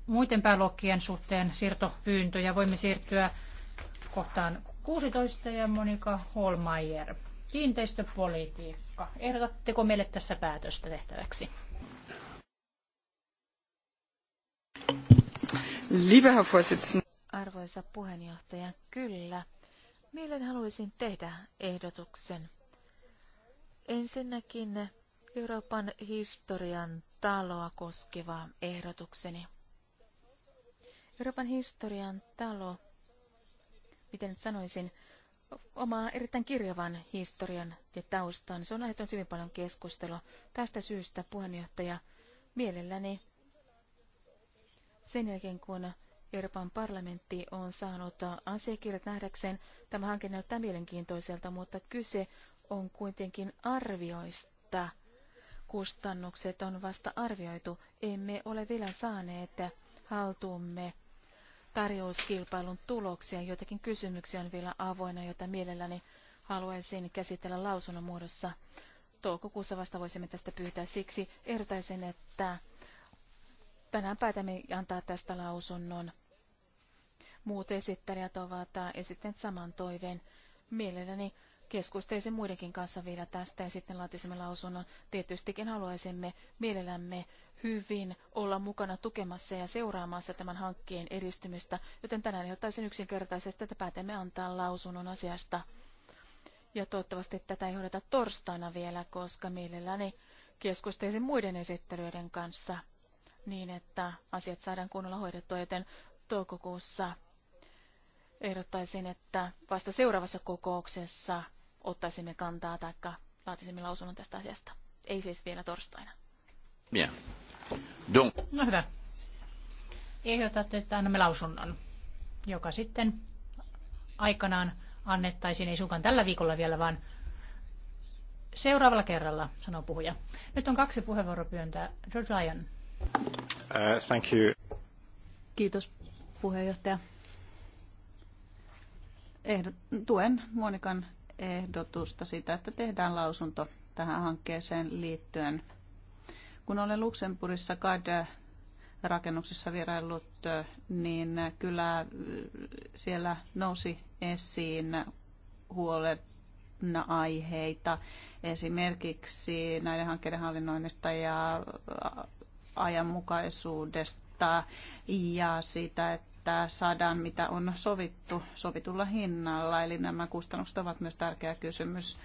muiden pääluokkien suhteen siirtopyyntöjä. Voimme siirtyä kohtaan 16 ja Monika Holmeier. Kiinteistöpolitiikka. Ehdotatteko meille tässä päätöstä tehtäväksi? Arvoisa puheenjohtaja, kyllä. Mielen haluaisin tehdä ehdotuksen. Ensinnäkin Euroopan historian taloa koskeva ehdotukseni. Euroopan historian talo miten nyt sanoisin, omaa erittäin kirjavan historian ja taustan. Se on aiheuttanut hyvin paljon keskustelua. Tästä syystä puheenjohtaja mielelläni sen jälkeen, kun Euroopan parlamentti on saanut asiakirjat nähdäkseen, tämä hanke näyttää mielenkiintoiselta, mutta kyse on kuitenkin arvioista. Kustannukset on vasta arvioitu. Emme ole vielä saaneet haltuumme tarjouskilpailun tuloksia. Joitakin kysymyksiä on vielä avoinna, joita mielelläni haluaisin käsitellä lausunnon muodossa. Toukokuussa vasta voisimme tästä pyytää. Siksi ehdotaisin, että tänään päätämme antaa tästä lausunnon. Muut esittelijät ovat esittäneet saman toiveen. Mielelläni keskusteisin muidenkin kanssa vielä tästä ja sitten laatisimme lausunnon. Tietystikin haluaisimme mielellämme hyvin olla mukana tukemassa ja seuraamassa tämän hankkeen edistymistä, joten tänään ehdottaisin yksinkertaisesti, että päätämme antaa lausunnon asiasta. Ja toivottavasti tätä ei hoideta torstaina vielä, koska mielelläni keskustelisin muiden esittelyiden kanssa niin, että asiat saadaan kunnolla hoidettua, joten toukokuussa ehdottaisin, että vasta seuraavassa kokouksessa ottaisimme kantaa tai laatisimme lausunnon tästä asiasta. Ei siis vielä torstaina. Yeah. Don. No hyvä. Ehdotatte, että annamme lausunnon, joka sitten aikanaan annettaisiin, ei suinkaan tällä viikolla vielä, vaan seuraavalla kerralla, sanoo puhuja. Nyt on kaksi puheenvuoropyöntöä. George Lyon. Uh, thank you. Kiitos puheenjohtaja. Ehdot, tuen Monikan ehdotusta siitä, että tehdään lausunto tähän hankkeeseen liittyen. Kun olen Luxemburgissa CAD rakennuksessa vierailut, niin kyllä äh, siellä nousi esiin huolena aiheita esimerkiksi näiden hankkeiden hallinnoinnista ja äh, ajanmukaisuudesta ja siitä, että saadaan mitä on sovittu sovitulla hinnalla. Eli nämä kustannukset ovat myös tärkeä kysymys.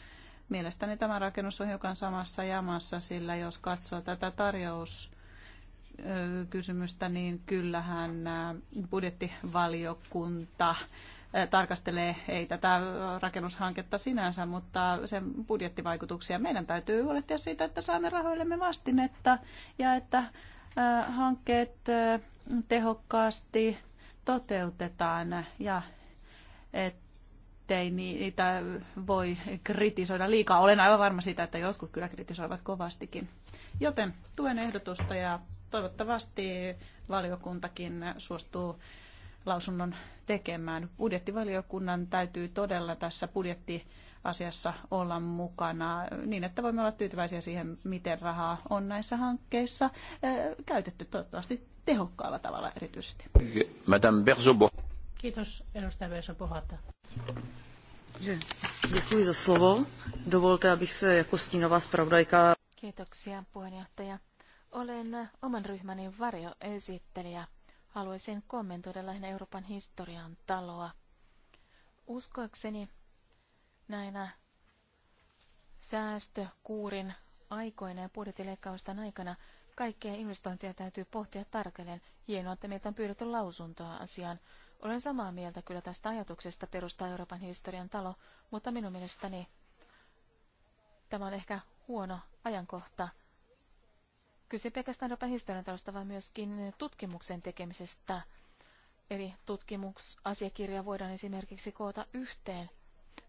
Mielestäni tämä rakennus on hiukan samassa jamassa, sillä jos katsoo tätä tarjous kysymystä, niin kyllähän äh, budjettivaliokunta äh, tarkastelee, ei tätä rakennushanketta sinänsä, mutta sen budjettivaikutuksia. Meidän täytyy huolehtia siitä, että saamme rahoillemme vastinetta ja että äh, hankkeet tehokkaasti toteutetaan ja että ettei niitä voi kritisoida liikaa. Olen aivan varma siitä, että jotkut kyllä kritisoivat kovastikin. Joten tuen ehdotusta ja toivottavasti valiokuntakin suostuu lausunnon tekemään. Budjettivaliokunnan täytyy todella tässä budjettiasiassa olla mukana niin, että voimme olla tyytyväisiä siihen, miten rahaa on näissä hankkeissa käytetty toivottavasti tehokkaalla tavalla erityisesti. Madame Berzobo. Kiitos edustaja Vesa Pohata. Děkuji za slovo. Dovolte, abych se jako stínová zpravodajka... Kiitoksia puheenjohtaja. Olen oman ryhmäni varjoesittelijä. Haluaisin kommentoida lähinnä Euroopan historian taloa. Uskoakseni näinä säästökuurin aikoina ja budjetileikkausten aikana kaikkia investointeja täytyy pohtia tarkalleen. Hienoa, että meiltä on pyydetty lausuntoa asiaan. Olen samaa mieltä kyllä tästä ajatuksesta perustaa Euroopan historian talo, mutta minun mielestäni tämä on ehkä huono ajankohta. Kyse pelkästään Euroopan historian talosta, vaan myöskin tutkimuksen tekemisestä. Eli tutkimusasiakirja voidaan esimerkiksi koota yhteen.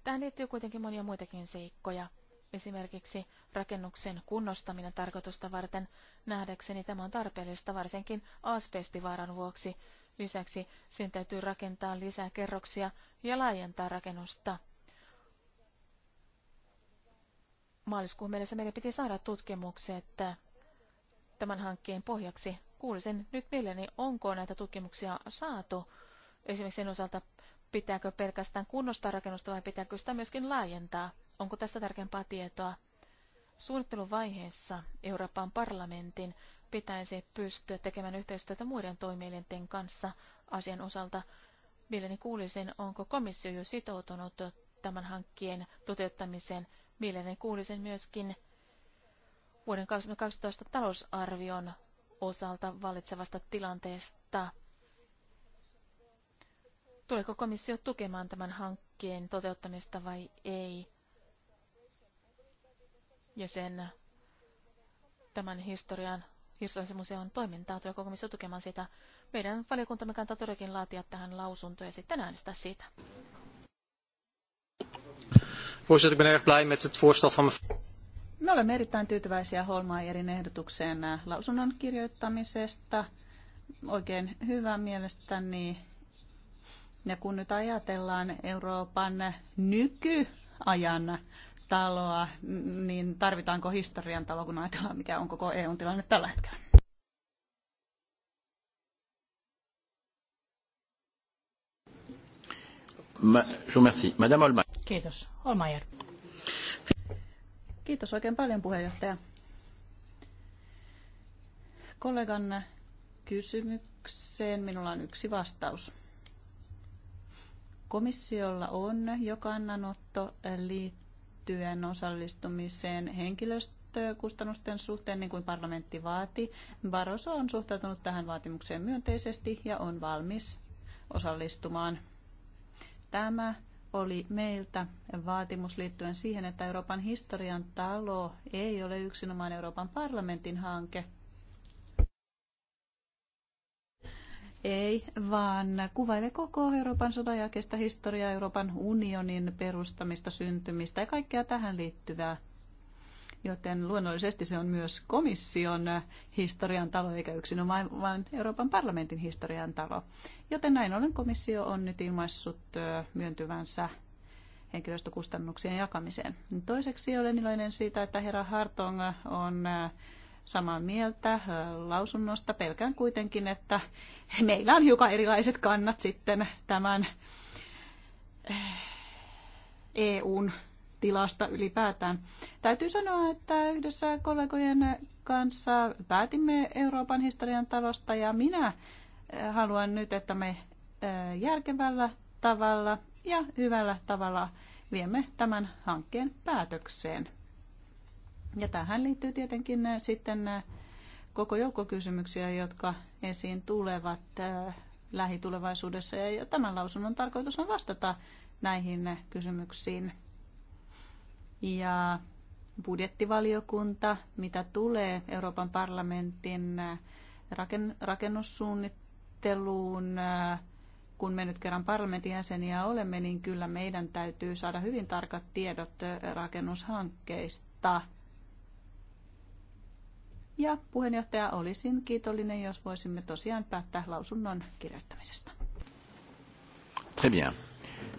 Tähän liittyy kuitenkin monia muitakin seikkoja. Esimerkiksi rakennuksen kunnostaminen tarkoitusta varten nähdäkseni tämä on tarpeellista varsinkin asbestivaaran vuoksi, Lisäksi sen täytyy rakentaa lisää kerroksia ja laajentaa rakennusta. Maaliskuun mennessä meidän piti saada tutkimukset äh, tämän hankkeen pohjaksi. Kuulisin nyt mielelläni, onko näitä tutkimuksia saatu. Esimerkiksi sen osalta, pitääkö pelkästään kunnostaa rakennusta vai pitääkö sitä myöskin laajentaa. Onko tästä tarkempaa tietoa? Suunnitteluvaiheessa Euroopan parlamentin pitäisi pystyä tekemään yhteistyötä muiden toimielinten kanssa asian osalta. Mielelläni kuulisin, onko komissio jo sitoutunut tämän hankkeen toteuttamiseen. Mielelläni kuulisin myöskin vuoden 2012 talousarvion osalta vallitsevasta tilanteesta. Tuleeko komissio tukemaan tämän hankkeen toteuttamista vai ei? Ja sen tämän historian Irlannin museon toimintaa, tulee kokoomissa tukemaan sitä. Meidän valiokuntamme kantaa todellakin laatia tähän lausunto ja sitten äänestää siitä. me olemme erittäin tyytyväisiä Holmaierin ehdotukseen äh, lausunnon kirjoittamisesta. Oikein hyvä mielestäni. Ja kun nyt ajatellaan Euroopan nykyajan taloa, niin tarvitaanko historian talo, kun ajatellaan, mikä on koko eu tilanne tällä hetkellä? Madame Kiitos. Olmajer. Kiitos oikein paljon puheenjohtaja. Kollegan kysymykseen minulla on yksi vastaus. Komissiolla on jo kannanotto liittyen liittyen osallistumiseen henkilöstökustannusten suhteen, niin kuin parlamentti vaati. Barroso on suhtautunut tähän vaatimukseen myönteisesti ja on valmis osallistumaan. Tämä oli meiltä vaatimus liittyen siihen, että Euroopan historian talo ei ole yksinomaan Euroopan parlamentin hanke, Ei, vaan kuvaile koko Euroopan sodan jälkeistä historiaa, Euroopan unionin perustamista, syntymistä ja kaikkea tähän liittyvää. Joten luonnollisesti se on myös komission historian talo, eikä yksinomaan vain Euroopan parlamentin historian talo. Joten näin ollen komissio on nyt ilmaissut myöntyvänsä henkilöstökustannuksien jakamiseen. Toiseksi olen iloinen siitä, että herra Hartong on samaa mieltä lausunnosta. Pelkään kuitenkin, että meillä on hiukan erilaiset kannat sitten tämän EUn tilasta ylipäätään. Täytyy sanoa, että yhdessä kollegojen kanssa päätimme Euroopan historian talosta ja minä haluan nyt, että me järkevällä tavalla ja hyvällä tavalla viemme tämän hankkeen päätökseen. Ja tähän liittyy tietenkin äh, sitten äh, koko joukko kysymyksiä, jotka esiin tulevat äh, lähitulevaisuudessa. Ja tämän lausunnon tarkoitus on vastata näihin kysymyksiin. Ja budjettivaliokunta, mitä tulee Euroopan parlamentin rakennussuunnitteluun, kun me nyt kerran parlamentin jäseniä olemme, niin kyllä meidän täytyy saada hyvin tarkat tiedot rakennushankkeista – ja puheenjohtaja, olisin kiitollinen, jos voisimme tosiaan päättää lausunnon kirjoittamisesta. Très bien.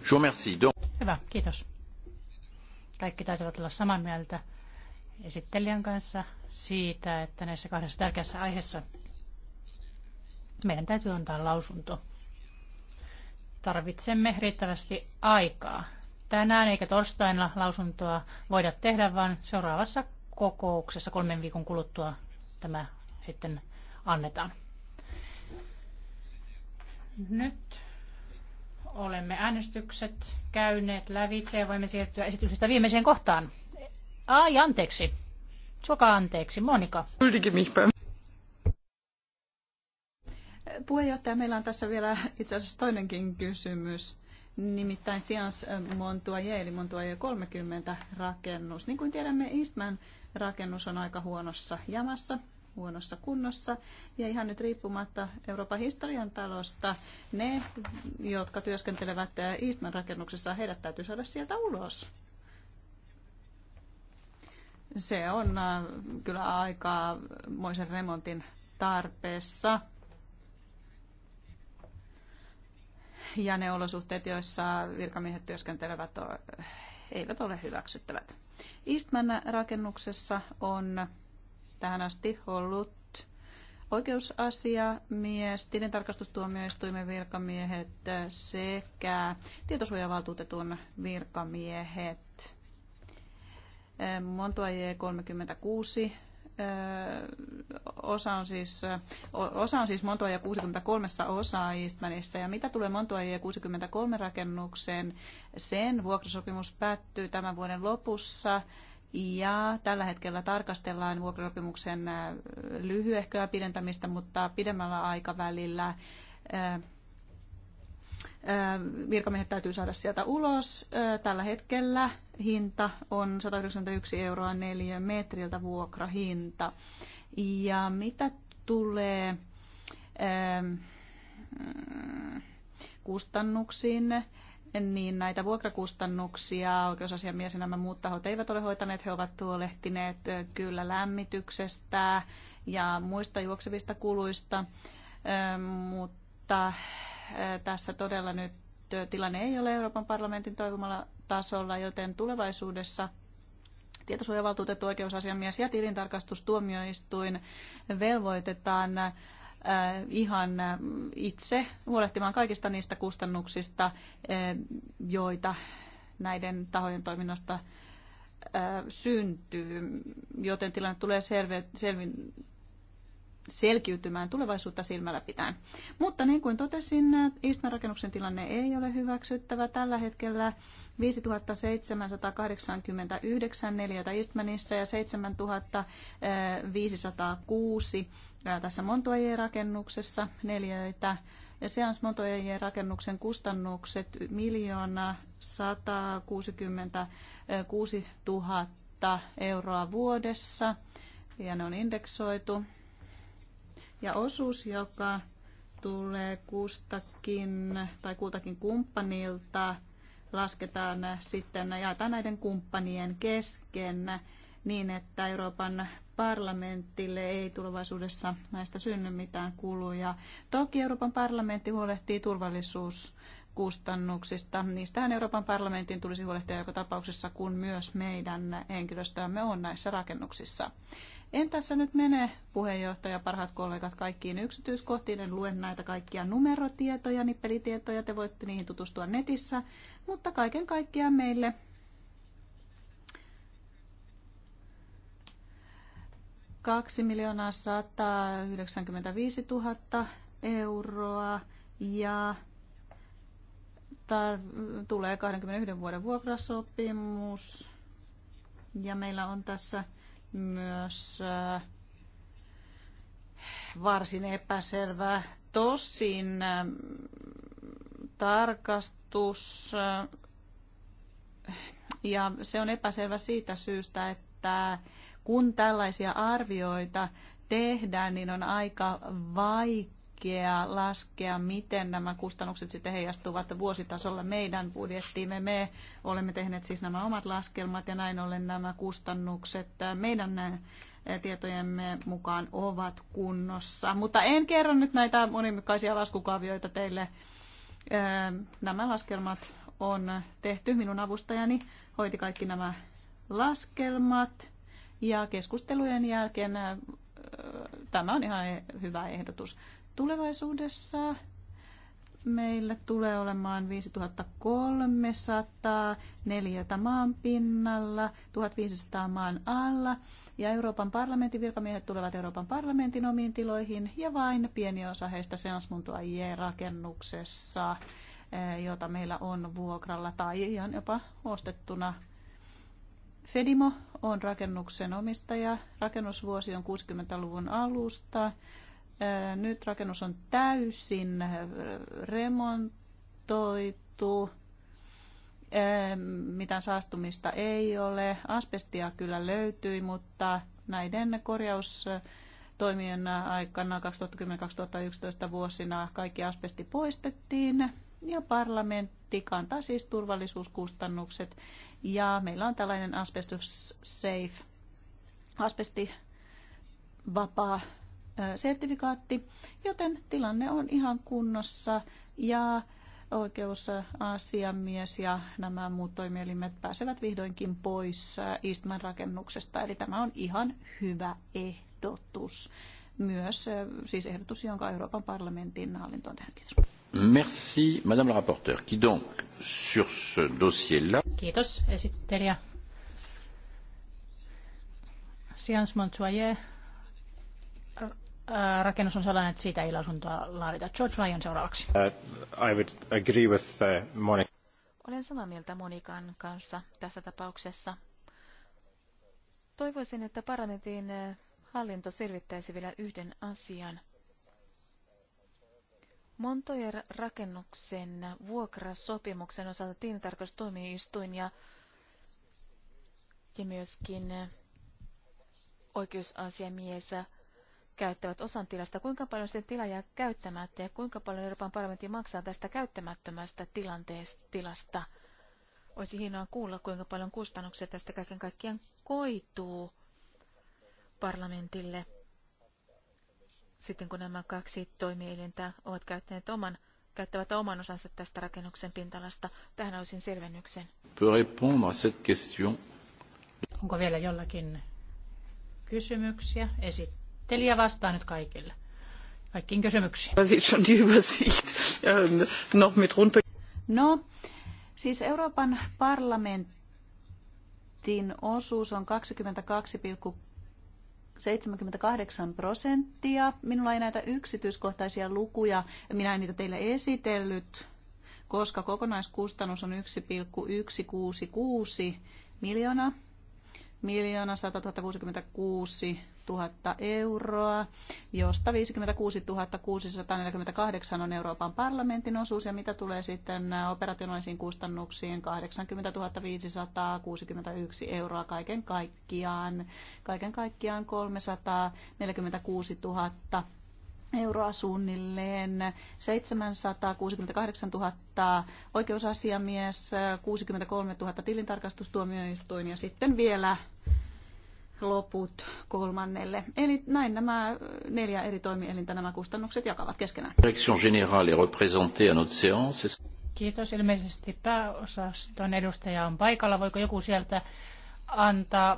Je remercie. Donc... Hyvä, kiitos. Kaikki taitavat olla samaa mieltä esittelijän kanssa siitä, että näissä kahdessa tärkeässä aiheessa meidän täytyy antaa lausunto. Tarvitsemme riittävästi aikaa. Tänään eikä torstaina lausuntoa voida tehdä, vaan seuraavassa kokouksessa kolmen viikon kuluttua tämä sitten annetaan. Nyt olemme äänestykset käyneet lävitse ja voimme siirtyä esityksestä viimeiseen kohtaan. Ai, anteeksi. Suoka anteeksi. Monika. Puheenjohtaja, meillä on tässä vielä itse asiassa toinenkin kysymys. Nimittäin Sians Montuaje, eli Montuaje 30 rakennus. Niin kuin tiedämme, Eastman rakennus on aika huonossa jamassa huonossa kunnossa. Ja ihan nyt riippumatta Euroopan historian talosta, ne, jotka työskentelevät Eastman rakennuksessa, heidät täytyy saada sieltä ulos. Se on äh, kyllä aika moisen remontin tarpeessa. Ja ne olosuhteet, joissa virkamiehet työskentelevät, eivät ole hyväksyttävät. Eastman rakennuksessa on tähän asti ollut oikeusasiamies, tilintarkastustuomioistuimen virkamiehet sekä tietosuojavaltuutetun virkamiehet. j 36 osa on siis, osa on siis j 63 osaa Eastmanissa. Ja mitä tulee j 63 rakennukseen, sen vuokrasopimus päättyy tämän vuoden lopussa. Ja tällä hetkellä tarkastellaan vuokrasopimuksen äh, lyhyehköä pidentämistä, mutta pidemmällä aikavälillä äh, äh, virkamiehet täytyy saada sieltä ulos. Tällä hetkellä hinta on 191 euroa neljä metriltä vuokrahinta. Ja mitä tulee ähm, kustannuksiin, niin näitä vuokrakustannuksia oikeusasiamies ja nämä muut tahot eivät ole hoitaneet. He ovat huolehtineet kyllä lämmityksestä ja muista juoksevista kuluista, mutta tässä todella nyt tilanne ei ole Euroopan parlamentin toivomalla tasolla, joten tulevaisuudessa tietosuojavaltuutettu oikeusasiamies ja tilintarkastustuomioistuin velvoitetaan Äh, ihan äh, itse huolehtimaan kaikista niistä kustannuksista, äh, joita näiden tahojen toiminnasta syntyy, joten tilanne tulee selvi, selvi, selkiytymään tulevaisuutta silmällä pitäen. Mutta niin kuin totesin, Istan rakennuksen tilanne ei ole hyväksyttävä. Tällä hetkellä 5789 neliötä Istmanissa ja 7506 tässä Montoyer-rakennuksessa neljöitä. Ja Seans Montoyer-rakennuksen kustannukset 1 166 000 euroa vuodessa ja ne on indeksoitu. Ja osuus, joka tulee kustakin tai kultakin kumppanilta, lasketaan sitten, jaetaan näiden kumppanien kesken niin, että Euroopan parlamentille ei tulevaisuudessa näistä synny mitään kuluja. Toki Euroopan parlamentti huolehtii turvallisuus kustannuksista. Niistähän Euroopan parlamentin tulisi huolehtia joka tapauksessa, kun myös meidän henkilöstöämme on näissä rakennuksissa. En tässä nyt mene, puheenjohtaja, parhaat kollegat, kaikkiin yksityiskohtiin. En lue näitä kaikkia numerotietoja, nippelitietoja, te voitte niihin tutustua netissä. Mutta kaiken kaikkiaan meille 2 miljoonaa 195 000 euroa ja tar- tulee 21 vuoden vuokrasopimus. Ja meillä on tässä myös äh, varsin epäselvä tosin äh, tarkastus äh, ja se on epäselvä siitä syystä, että kun tällaisia arvioita tehdään, niin on aika vaikea laskea, miten nämä kustannukset sitten heijastuvat vuositasolla meidän budjettiimme. Me olemme tehneet siis nämä omat laskelmat ja näin ollen nämä kustannukset meidän eh, tietojemme mukaan ovat kunnossa. Mutta en kerro nyt näitä monimutkaisia laskukavioita teille. Eh, nämä laskelmat on tehty. Minun avustajani hoiti kaikki nämä laskelmat. Ja keskustelujen jälkeen äh, tämä on ihan hyvä ehdotus. Tulevaisuudessa meillä tulee olemaan 5300 neliötä maan pinnalla, 1500 maan alla ja Euroopan parlamentin virkamiehet tulevat Euroopan parlamentin omiin tiloihin ja vain pieni osa heistä Seansmuntoajien-rakennuksessa, eh, jota meillä on vuokralla tai ihan jopa ostettuna Fedimo on rakennuksen omistaja. Rakennusvuosi on 60-luvun alusta. Nyt rakennus on täysin remontoitu. Mitään saastumista ei ole. Asbestia kyllä löytyi, mutta näiden korjaustoimien aikana 2010-2011 vuosina kaikki asbesti poistettiin ja parlamentti kantaa siis turvallisuuskustannukset. Ja meillä on tällainen asbestos safe, asbesti vapaa sertifikaatti, joten tilanne on ihan kunnossa ja oikeusasiamies ja nämä muut toimielimet pääsevät vihdoinkin pois Eastman rakennuksesta. Eli tämä on ihan hyvä ehdotus. Myös siis ehdotus, jonka Euroopan parlamentin hallinto on tehnyt. Kiitos. Merci, Madame la rapporteure, qui donc, sur ce dossier-là... Kiitos, esittelijä. Sians Montsoyer. Rakennus on sellainen, että siitä ei lausuntoa laadita. George Lyon seuraavaksi. Uh, I would agree with uh, Monica. Olen samaa mieltä Monikan kanssa tässä tapauksessa. Toivoisin, että parlamentin hallinto selvittäisi vielä yhden asian – Montoyer-rakennuksen vuokrasopimuksen osalta tilintarkastustuomioistuin ja, ja myöskin oikeusasiamies käyttävät osan tilasta. Kuinka paljon sitten tila jää käyttämättä ja kuinka paljon Euroopan parlamentti maksaa tästä käyttämättömästä tilanteesta tilasta? Olisi hienoa kuulla, kuinka paljon kustannuksia tästä kaiken kaikkiaan koituu parlamentille sitten kun nämä kaksi toimielintä ovat käyttäneet oman, käyttävät oman osansa tästä rakennuksen pintalasta. Tähän olisin selvennyksen. Onko vielä jollakin kysymyksiä? Esittelijä vastaa nyt kaikille. Kaikkiin kysymyksiin. Ähm, no, siis Euroopan parlamentin osuus on 22,6 78 prosenttia. Minulla ei näitä yksityiskohtaisia lukuja, minä en niitä teille esitellyt, koska kokonaiskustannus on 1,166 miljoona, Miljoona 166 000 euroa, josta 56 648 on Euroopan parlamentin osuus ja mitä tulee sitten operationaalisiin kustannuksiin 80 561 euroa kaiken kaikkiaan. Kaiken kaikkiaan 346 000 euroa suunnilleen, 768 000 oikeusasiamies, 63 000 tilintarkastustuomioistuin ja sitten vielä loput kolmannelle. Eli näin nämä neljä eri toimielintä nämä kustannukset jakavat keskenään. Direction générale représentée à notre séance. Kiitos. Ilmeisesti pääosaston edustaja on paikalla. Voiko joku sieltä antaa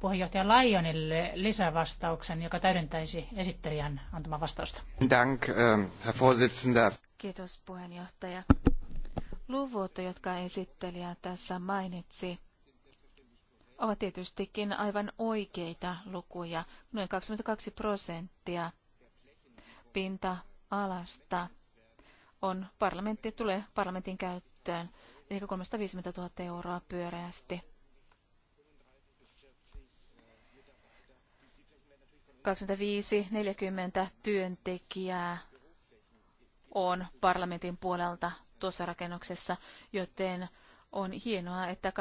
puheenjohtaja Lionille lisävastauksen, joka täydentäisi esittelijän antama vastausta? Dank, eh, Herr Vorsitzender. Kiitos puheenjohtaja. Luvut, jotka esittelijä tässä mainitsi, ovat tietystikin aivan oikeita lukuja. Noin 22 prosenttia pinta-alasta on parlamentti, tulee parlamentin käyttöön, eli 350 000 euroa pyöreästi. 25-40 työntekijää on parlamentin puolelta tuossa rakennuksessa, joten on hienoa, että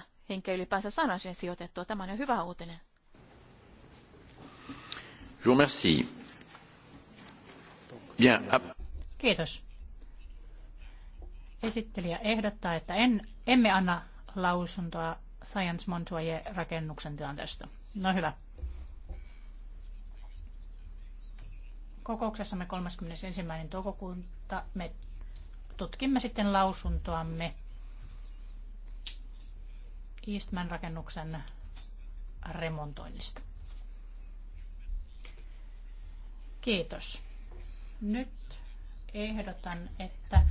25-40 henkeä ylipäänsä saadaan sinne sijoitettua. Tämä on jo hyvä uutinen. Kiitos. Esittelijä ehdottaa, että en, emme anna lausuntoa Science Montoyer-rakennuksen tilanteesta. No hyvä. Kokouksessamme 31. toukokuuta me tutkimme sitten lausuntoamme Eastman rakennuksen remontoinnista. Kiitos. Nyt ehdotan, että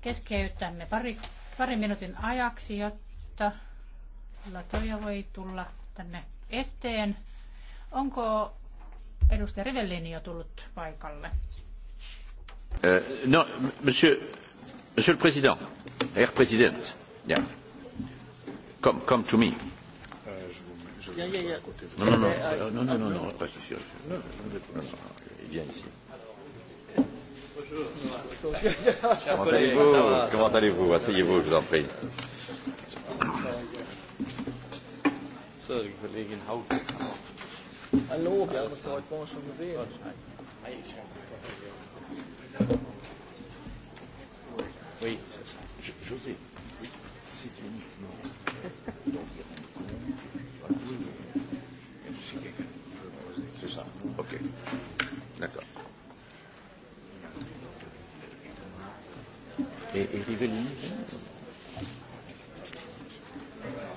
keskeytämme pari, pari minuutin ajaksi, jotta Latoja voi tulla tänne eteen. Onko edustaja Rivellini jo tullut paikalle? Uh, no, monsieur, monsieur le président, herr président. Yeah. Come, come to me. Yeah, yeah, yeah. Non, non, non, non, euh, non, non, non, pas ici. Non, non, non, il vient ici. Comment allez-vous Comment allez-vous Asseyez-vous, je vous en prie. Hallo, wir haben uns heute Morgen schon gesehen. Oui, José, si tu C'est ça. Ok. D'accord. Et, et Rivelli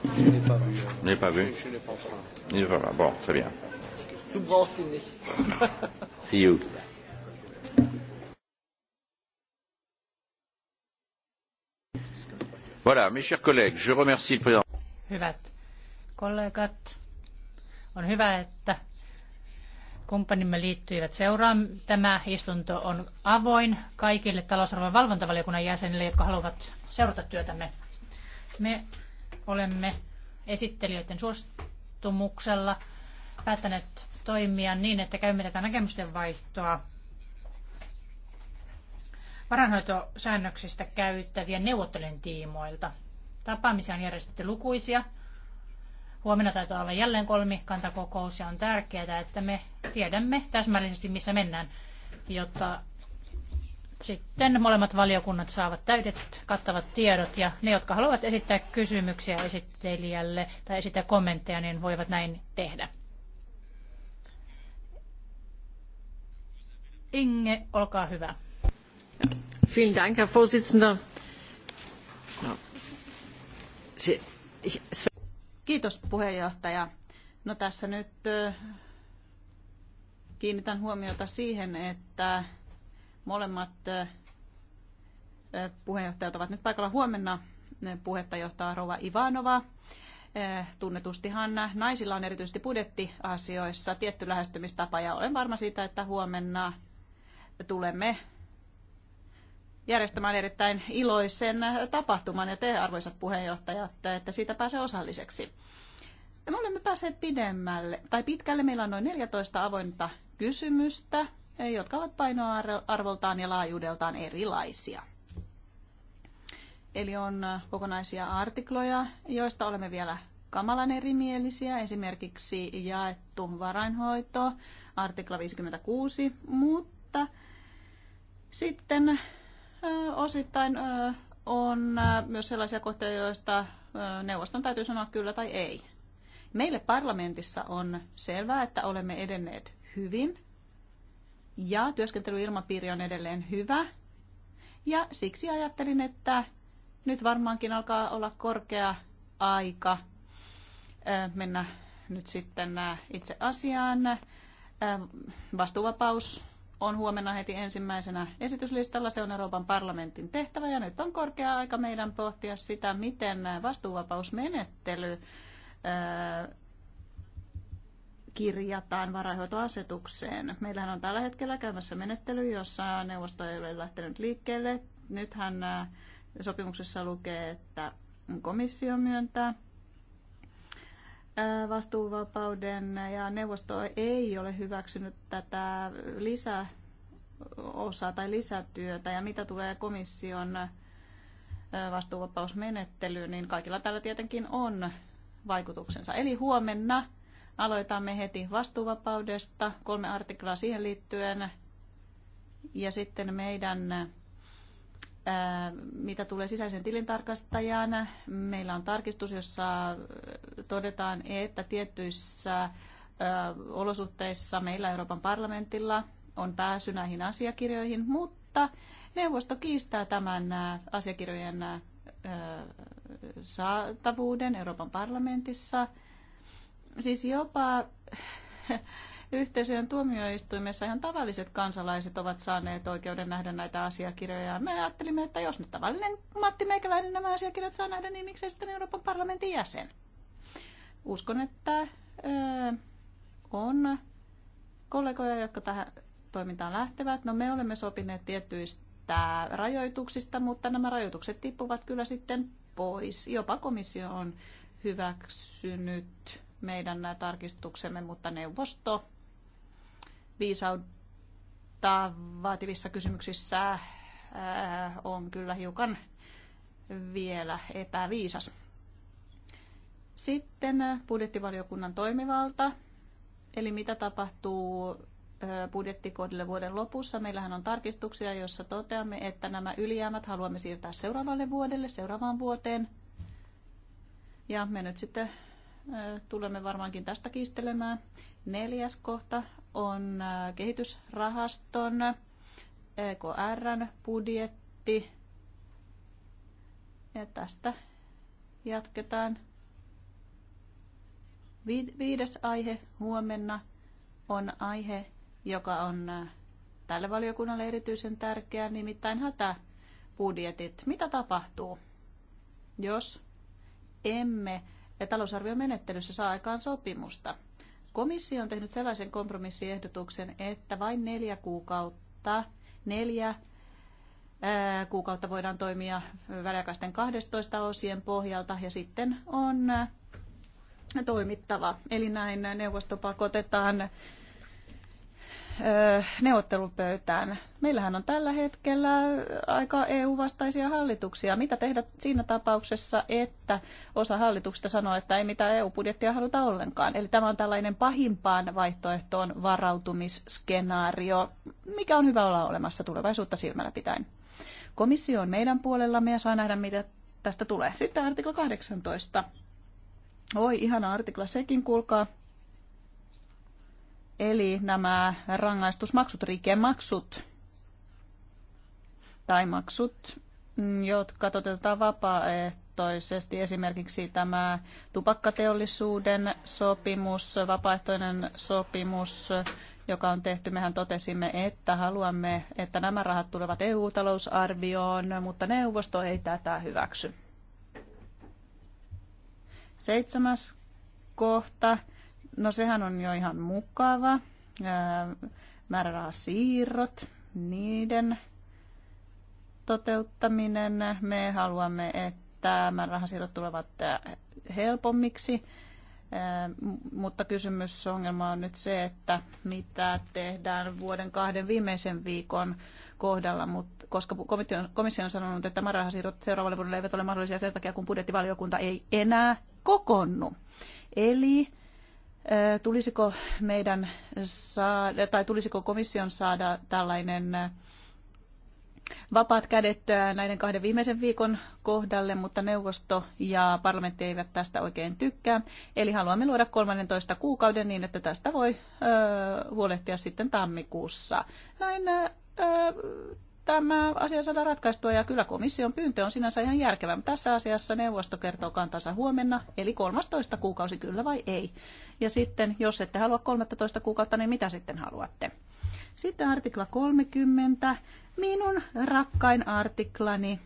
euh, Je n'ai pas vu. Je n'ai pas vu. Je, je n'ai pas entendu. Voilà. Bon, très bien. Tout branchiné. See you. Voilà, mes chers collègues, je remercie le président hyvät kollegat. On hyvä, että kumppanimme liittyivät seuraan. Tämä istunto on avoin kaikille talousarvon valvontavaliokunnan jäsenille, jotka haluavat seurata työtämme. Me olemme esittelijöiden suostumuksella päättäneet toimia niin, että käymme tätä näkemysten vaihtoa varanhoitosäännöksistä käyttävien neuvottelujen tiimoilta. Tapaamisia on järjestetty lukuisia. Huomenna taitaa olla jälleen kolmikantakokous ja on tärkeää, että me tiedämme täsmällisesti, missä mennään, jotta sitten molemmat valiokunnat saavat täydet kattavat tiedot ja ne, jotka haluavat esittää kysymyksiä esittelijälle tai esittää kommentteja, niin voivat näin tehdä. Inge, olkaa hyvä. Vielen Dank, Herr Vorsitzender. Kiitos puheenjohtaja. No tässä nyt kiinnitän huomiota siihen, että molemmat puheenjohtajat ovat nyt paikalla huomenna. Puhetta johtaa Rova Ivanova. Tunnetustihan naisilla on erityisesti budjettiasioissa tietty lähestymistapa ja olen varma siitä, että huomenna tulemme järjestämään erittäin iloisen tapahtuman ja te, arvoisat puheenjohtajat, että siitä pääsee osalliseksi. Ja me olemme päässeet pidemmälle, tai pitkälle meillä on noin 14 avointa kysymystä, jotka ovat painoarvoltaan ja laajuudeltaan erilaisia. Eli on kokonaisia artikloja, joista olemme vielä kamalan erimielisiä, esimerkiksi jaettu varainhoito, artikla 56, mutta sitten osittain on myös sellaisia kohtia, joista neuvoston täytyy sanoa kyllä tai ei. Meille parlamentissa on selvää, että olemme edenneet hyvin ja työskentelyilmapiiri on edelleen hyvä. Ja siksi ajattelin, että nyt varmaankin alkaa olla korkea aika mennä nyt sitten itse asiaan. Vastuuvapaus on huomenna heti ensimmäisenä esityslistalla. Se on Euroopan parlamentin tehtävä ja nyt on korkea aika meidän pohtia sitä, miten vastuuvapausmenettely kirjataan varainhoitoasetukseen. Meillähän on tällä hetkellä käymässä menettely, jossa neuvosto ei ole lähtenyt liikkeelle. Nythän sopimuksessa lukee, että komissio myöntää vastuuvapauden ja neuvosto ei ole hyväksynyt tätä lisäosaa tai lisätyötä ja mitä tulee komission vastuuvapausmenettelyyn, niin kaikilla tällä tietenkin on vaikutuksensa. Eli huomenna aloitamme heti vastuuvapaudesta, kolme artiklaa siihen liittyen ja sitten meidän Äh, mitä tulee sisäisen tilintarkastajaan, meillä on tarkistus, jossa äh, todetaan, että tiettyissä äh, olosuhteissa meillä Euroopan parlamentilla on pääsy näihin asiakirjoihin, mutta neuvosto kiistää tämän asiakirjojen saatavuuden Euroopan parlamentissa. Siis jopa yhteisöjen tuomioistuimessa ihan tavalliset kansalaiset ovat saaneet oikeuden nähdä näitä asiakirjoja. Me ajattelimme, että jos nyt tavallinen Matti Meikäläinen nämä asiakirjat saa nähdä, niin miksei sitten Euroopan parlamentin jäsen? Uskon, että öö, on kollegoja, jotka tähän toimintaan lähtevät. No me olemme sopineet tietyistä rajoituksista, mutta nämä rajoitukset tippuvat kyllä sitten pois. Jopa komissio on hyväksynyt meidän nämä tarkistuksemme, mutta neuvosto viisautta vaativissa kysymyksissä äh, on kyllä hiukan vielä epäviisas. Sitten äh, budjettivaliokunnan toimivalta, eli mitä tapahtuu äh, budjettikohdille vuoden lopussa. Meillähän on tarkistuksia, joissa toteamme, että nämä ylijäämät haluamme siirtää seuraavalle vuodelle, seuraavaan vuoteen. Ja me nyt sitten tulemme varmaankin tästä kiistelemään. Neljäs kohta on äh, kehitysrahaston EKRn budjetti. Ja tästä jatketaan. Viides aihe huomenna on aihe, joka on äh, tälle valiokunnalle erityisen tärkeä, nimittäin hätäbudjetit. Mitä tapahtuu, jos emme talousarviomenettelyssä saa aikaan sopimusta? Komissio on tehnyt sellaisen kompromissiehdotuksen, että vain neljä kuukautta, neljä kuukautta voidaan toimia väliaikaisten 12 osien pohjalta ja sitten on toimittava. Eli näin neuvosto pakotetaan neuvottelupöytään. Meillähän on tällä hetkellä aika EU-vastaisia hallituksia. Mitä tehdä siinä tapauksessa, että osa hallituksista sanoo, että ei mitään EU-budjettia haluta ollenkaan? Eli tämä on tällainen pahimpaan vaihtoehtoon varautumisskenaario, mikä on hyvä olla olemassa tulevaisuutta silmällä pitäen. Komissio on meidän puolellamme ja saa nähdä, mitä tästä tulee. Sitten artikla 18. Oi, ihana artikla sekin, kuulkaa. Eli nämä rangaistusmaksut, rikemaksut tai maksut, mm, jotka toteutetaan vapaaehtoisesti. Esimerkiksi tämä tupakkateollisuuden sopimus, vapaaehtoinen sopimus, joka on tehty. Mehän totesimme, että haluamme, että nämä rahat tulevat EU-talousarvioon, mutta neuvosto ei tätä hyväksy. Seitsemäs kohta No sehän on jo ihan mukava. Määrärahasiirrot, niiden toteuttaminen. Me haluamme, että määrärahasiirrot tulevat helpommiksi, mutta kysymys ongelma on nyt se, että mitä tehdään vuoden kahden viimeisen viikon kohdalla, mutta koska komissio on sanonut, että määrärahasiirrot seuraavalle vuodelle eivät ole mahdollisia sen takia, kun budjettivaliokunta ei enää kokonnu. Eli tulisiko meidän saada, tai tulisiko komission saada tällainen vapaat kädet näiden kahden viimeisen viikon kohdalle, mutta neuvosto ja parlamentti eivät tästä oikein tykkää. Eli haluamme luoda 13 kuukauden niin, että tästä voi ö, huolehtia sitten tammikuussa. Näin tämä asia saada ratkaistua ja kyllä komission pyyntö on sinänsä ihan järkevä. Tässä asiassa neuvosto kertoo kantansa huomenna, eli 13 kuukausi kyllä vai ei. Ja sitten, jos ette halua 13 kuukautta, niin mitä sitten haluatte? Sitten artikla 30, minun rakkain artiklani.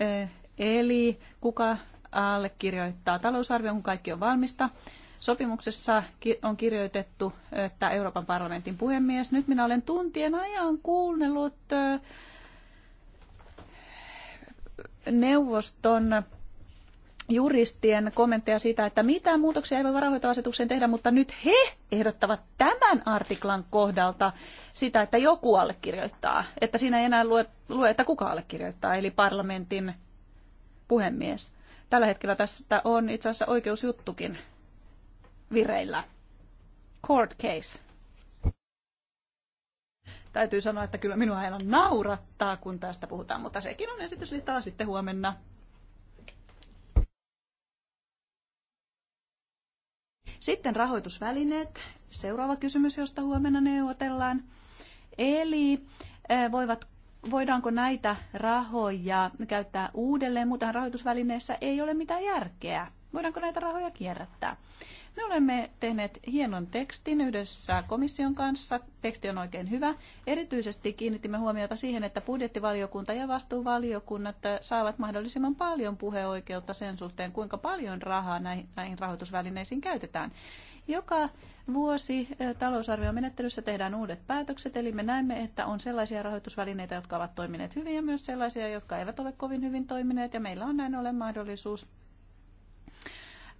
Eh, eli kuka allekirjoittaa talousarvion, kun kaikki on valmista. Sopimuksessa on kirjoitettu, että Euroopan parlamentin puhemies, nyt minä olen tuntien ajan kuunnellut neuvoston juristien kommentteja siitä, että mitään muutoksia ei voi varahoitoasetukseen tehdä, mutta nyt he ehdottavat tämän artiklan kohdalta sitä, että joku allekirjoittaa. Että siinä ei enää lue, lue että kuka allekirjoittaa, eli parlamentin puhemies. Tällä hetkellä tästä on itse asiassa oikeusjuttukin vireillä. Court case. Täytyy sanoa, että kyllä minua aina naurattaa, kun tästä puhutaan, mutta sekin on esityslistalla sitten huomenna. Sitten rahoitusvälineet. Seuraava kysymys, josta huomenna neuvotellaan. Eli voivat, voidaanko näitä rahoja käyttää uudelleen? Muutenhan rahoitusvälineessä ei ole mitään järkeä. Voidaanko näitä rahoja kierrättää? Me olemme tehneet hienon tekstin yhdessä komission kanssa. Teksti on oikein hyvä. Erityisesti kiinnitimme huomiota siihen, että budjettivaliokunta ja vastuuvaliokunnat saavat mahdollisimman paljon puheoikeutta sen suhteen, kuinka paljon rahaa näihin rahoitusvälineisiin käytetään. Joka vuosi eh, talousarviomenettelyssä tehdään uudet päätökset, eli me näemme, että on sellaisia rahoitusvälineitä, jotka ovat toimineet hyvin ja myös sellaisia, jotka eivät ole kovin hyvin toimineet, ja meillä on näin ollen mahdollisuus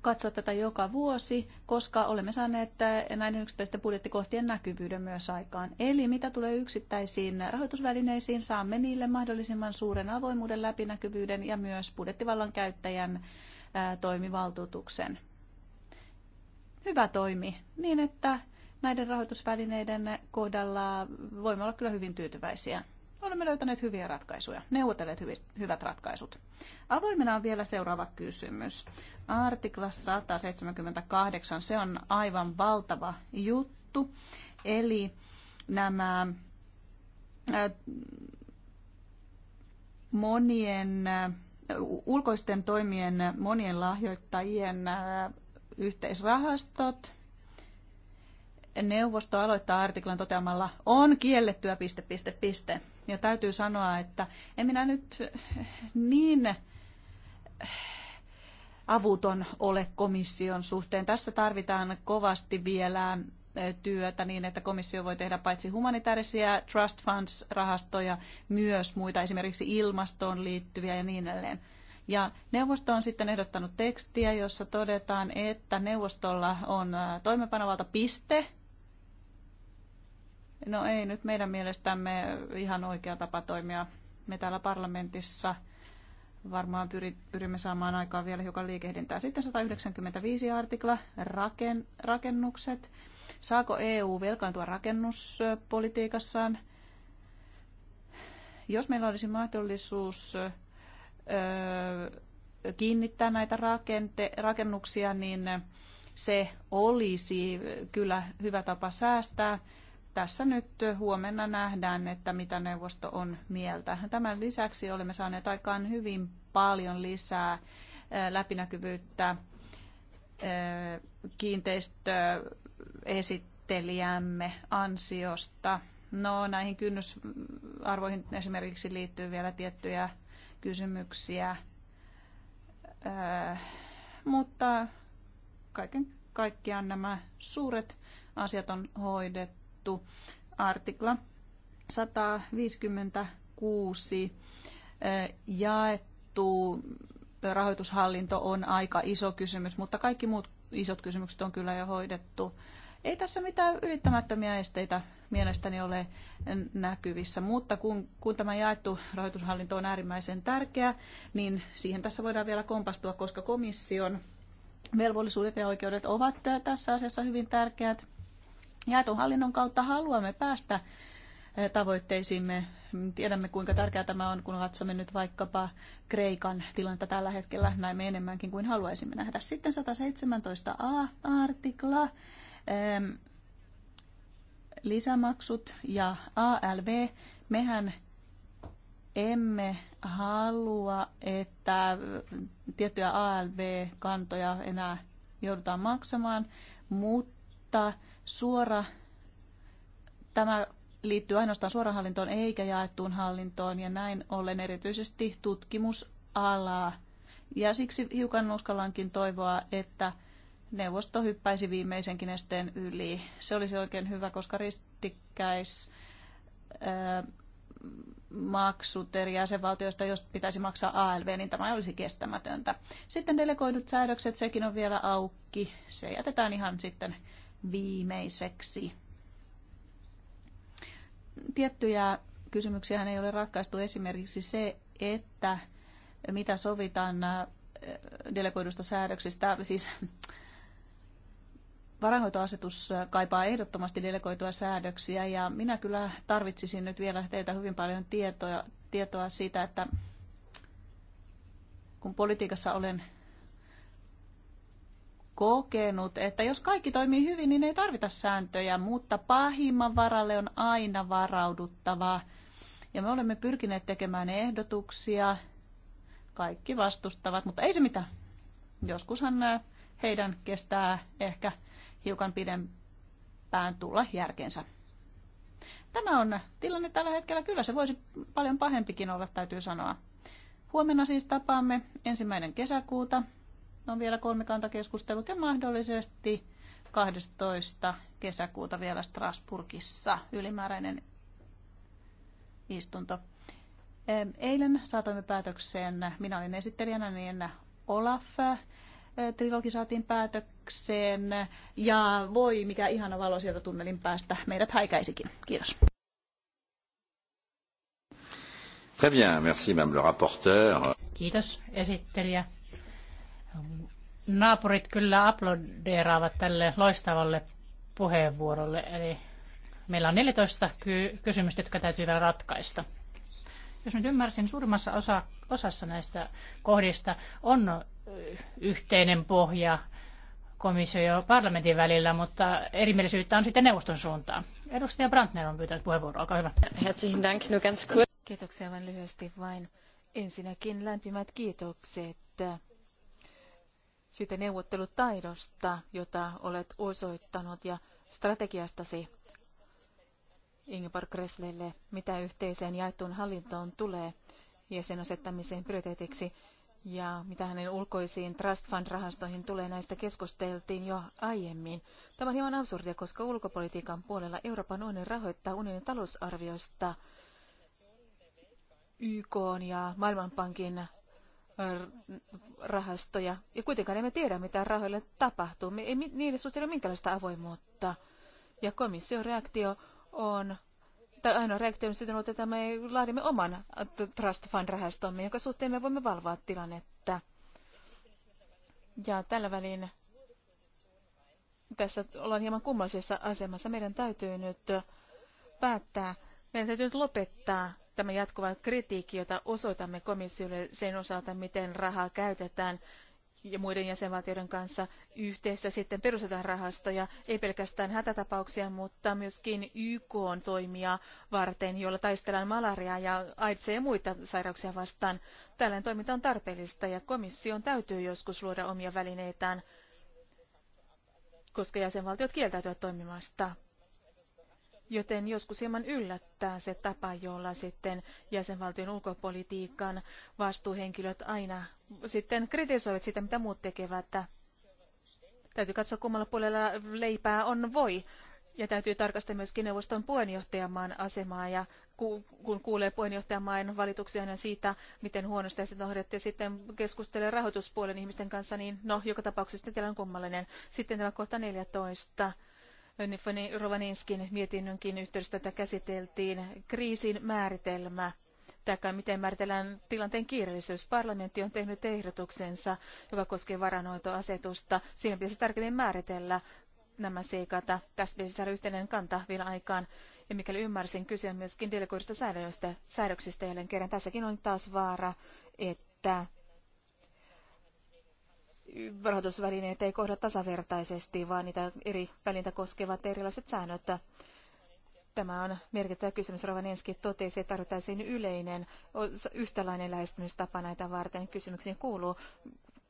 katsoa tätä joka vuosi, koska olemme saaneet näiden yksittäisten budjettikohtien näkyvyyden myös aikaan. Eli mitä tulee yksittäisiin rahoitusvälineisiin, saamme niille mahdollisimman suuren avoimuuden, läpinäkyvyyden ja myös budjettivallan käyttäjän toimivaltuutuksen. Hyvä toimi, niin että näiden rahoitusvälineiden kohdalla voimme olla kyllä hyvin tyytyväisiä olemme löytäneet hyviä ratkaisuja, neuvotelleet hyvät ratkaisut. Avoimena on vielä seuraava kysymys. Artikla 178, se on aivan valtava juttu. Eli nämä monien ulkoisten toimien monien lahjoittajien yhteisrahastot, neuvosto aloittaa artiklan toteamalla on kiellettyä piste, piste, piste. Ja täytyy sanoa, että en minä nyt niin avuton ole komission suhteen. Tässä tarvitaan kovasti vielä työtä niin, että komissio voi tehdä paitsi humanitaarisia trust funds-rahastoja, myös muita esimerkiksi ilmastoon liittyviä ja niin edelleen. Ja neuvosto on sitten ehdottanut tekstiä, jossa todetaan, että neuvostolla on toimeenpanovalta piste, No ei nyt meidän mielestämme ihan oikea tapa toimia. Me täällä parlamentissa varmaan pyrimme saamaan aikaan vielä hiukan liikehdintää. Sitten 195 artikla, raken, rakennukset. Saako EU velkaantua rakennuspolitiikassaan? Jos meillä olisi mahdollisuus öö, kiinnittää näitä rakente, rakennuksia, niin se olisi kyllä hyvä tapa säästää tässä nyt huomenna nähdään, että mitä neuvosto on mieltä. Tämän lisäksi olemme saaneet aikaan hyvin paljon lisää eh, läpinäkyvyyttä eh, kiinteistöesittelijämme ansiosta. No näihin kynnysarvoihin esimerkiksi liittyy vielä tiettyjä kysymyksiä, eh, mutta kaiken kaikkiaan nämä suuret asiat on hoidettu katettu. Artikla 156 eh, jaettu rahoitushallinto on aika iso kysymys, mutta kaikki muut isot kysymykset on kyllä jo hoidettu. Ei tässä mitään ylittämättömiä esteitä mielestäni ole näkyvissä, mutta kun, kun tämä jaettu rahoitushallinto on äärimmäisen tärkeä, niin siihen tässä voidaan vielä kompastua, koska komission velvollisuudet ja oikeudet ovat tässä asiassa hyvin tärkeät jaetun hallinnon kautta haluamme päästä eh, tavoitteisiimme. Tiedämme, kuinka tärkeää tämä on, kun katsomme nyt vaikkapa Kreikan tilannetta tällä hetkellä. Näemme enemmänkin kuin haluaisimme nähdä. Sitten 117a-artikla, lisämaksut ja ALV. Mehän emme halua, että tiettyjä ALV-kantoja enää joudutaan maksamaan, mutta mutta suora, tämä liittyy ainoastaan suorahallintoon eikä jaettuun hallintoon ja näin ollen erityisesti tutkimusalaa. Ja siksi hiukan uskallankin toivoa, että neuvosto hyppäisi viimeisenkin esteen yli. Se olisi oikein hyvä, koska ristikkäis maksut eri jäsenvaltioista, jos pitäisi maksaa ALV, niin tämä olisi kestämätöntä. Sitten delegoidut säädökset, sekin on vielä auki. Se jätetään ihan sitten viimeiseksi. Tiettyjä kysymyksiä ei ole ratkaistu esimerkiksi se, että mitä sovitaan äh, delegoidusta säädöksistä, siis varainhoitoasetus kaipaa ehdottomasti delegoitua säädöksiä ja minä kyllä tarvitsisin nyt vielä teiltä hyvin paljon tietoa, tietoa siitä, että kun politiikassa olen kokenut, että jos kaikki toimii hyvin, niin ei tarvita sääntöjä, mutta pahimman varalle on aina varauduttava. Ja me olemme pyrkineet tekemään ehdotuksia. Kaikki vastustavat, mutta ei se mitään. Joskushan äh, heidän kestää ehkä hiukan pidempään tulla järkensä. Tämä on tilanne tällä hetkellä. Kyllä se voisi paljon pahempikin olla, täytyy sanoa. Huomenna siis tapaamme ensimmäinen kesäkuuta on no, vielä kolmikantakeskustelut ja mahdollisesti 12. kesäkuuta vielä Strasburgissa ylimääräinen istunto. Eilen saatoimme päätökseen, minä olin esittelijänä, niin Olaf trilogi saatiin päätökseen. Ja voi, mikä ihana valo sieltä tunnelin päästä meidät häikäisikin. Kiitos. Très bien, merci madame le rapporteur. Kiitos esittelijä. Naapurit kyllä aplodeeraavat tälle loistavalle puheenvuorolle. Eli meillä on 14 ky- kysymystä, jotka täytyy vielä ratkaista. Jos nyt ymmärsin, suurimmassa osa, osassa näistä kohdista on yhteinen pohja komissio ja parlamentin välillä, mutta erimielisyyttä on sitten neuvoston suuntaan. Edustaja Brandner on pyytänyt puheenvuoroa, olkaa hyvä. Herzlichen Dank, Kiitoksia vain lyhyesti vain. Ensinnäkin lämpimät kiitokset siitä neuvottelutaidosta, jota olet osoittanut ja strategiastasi Ingeborg Kresslelle, mitä yhteiseen jaettuun hallintoon tulee ja sen asettamiseen prioriteetiksi ja mitä hänen ulkoisiin Trust Fund-rahastoihin tulee, näistä keskusteltiin jo aiemmin. Tämä on hieman absurdia, koska ulkopolitiikan puolella Euroopan unioni rahoittaa unionin talousarvioista YK ja Maailmanpankin rahastoja. Ja kuitenkaan emme tiedä, mitä rahoille tapahtuu. Me ei niiden suhteen ole minkälaista avoimuutta. Ja komission reaktio on, tai ainoa reaktio on sitten ollut, että me laadimme oman äh, Trust Fund-rahastomme, jonka suhteen me voimme valvoa tilannetta. Ja tällä välin tässä ollaan hieman kummallisessa asemassa. Meidän täytyy nyt päättää, meidän täytyy nyt lopettaa tämä jatkuva kritiikki, jota osoitamme komissiolle sen osalta, miten rahaa käytetään ja muiden jäsenvaltioiden kanssa yhdessä sitten perustetaan rahastoja, ei pelkästään hätätapauksia, mutta myöskin YK on toimia varten, jolla taistellaan malariaa ja AIDS ja muita sairauksia vastaan. Tällainen toiminta on tarpeellista ja komission täytyy joskus luoda omia välineitään, koska jäsenvaltiot kieltäytyvät toimimasta Joten joskus hieman yllättää se tapa, jolla sitten jäsenvaltion ulkopolitiikan vastuuhenkilöt aina sitten kritisoivat sitä, mitä muut tekevät. Täytyy katsoa, kummalla puolella leipää on voi. Ja täytyy tarkastaa myöskin neuvoston puheenjohtajamaan asemaa ja kun kuulee puheenjohtajamaan valituksia aina siitä, miten huonosti se hoidettu ja sitten keskustelee rahoituspuolen ihmisten kanssa, niin no, joka tapauksessa tilanne on kummallinen. Sitten tämä kohta 14 Rovaninskin mietinnönkin yhteydessä tätä käsiteltiin, kriisin määritelmä tai miten määritellään tilanteen kiireellisyys. Parlamentti on tehnyt ehdotuksensa, joka koskee varanoitoasetusta. Siinä pitäisi tarkemmin määritellä nämä seikat. Tästä pitäisi saada yhteinen kanta vielä aikaan. Ja mikäli ymmärsin, kyse on myöskin delegoidusta säädöksistä. Jälleen kerran tässäkin on taas vaara, että rahoitusvälineitä ei kohda tasavertaisesti, vaan niitä eri välintä koskevat erilaiset säännöt. Tämä on merkittävä kysymys. Rovanenski totesi, että tarvittaisiin yleinen yhtäläinen lähestymistapa näitä varten. Kysymyksiin kuuluu.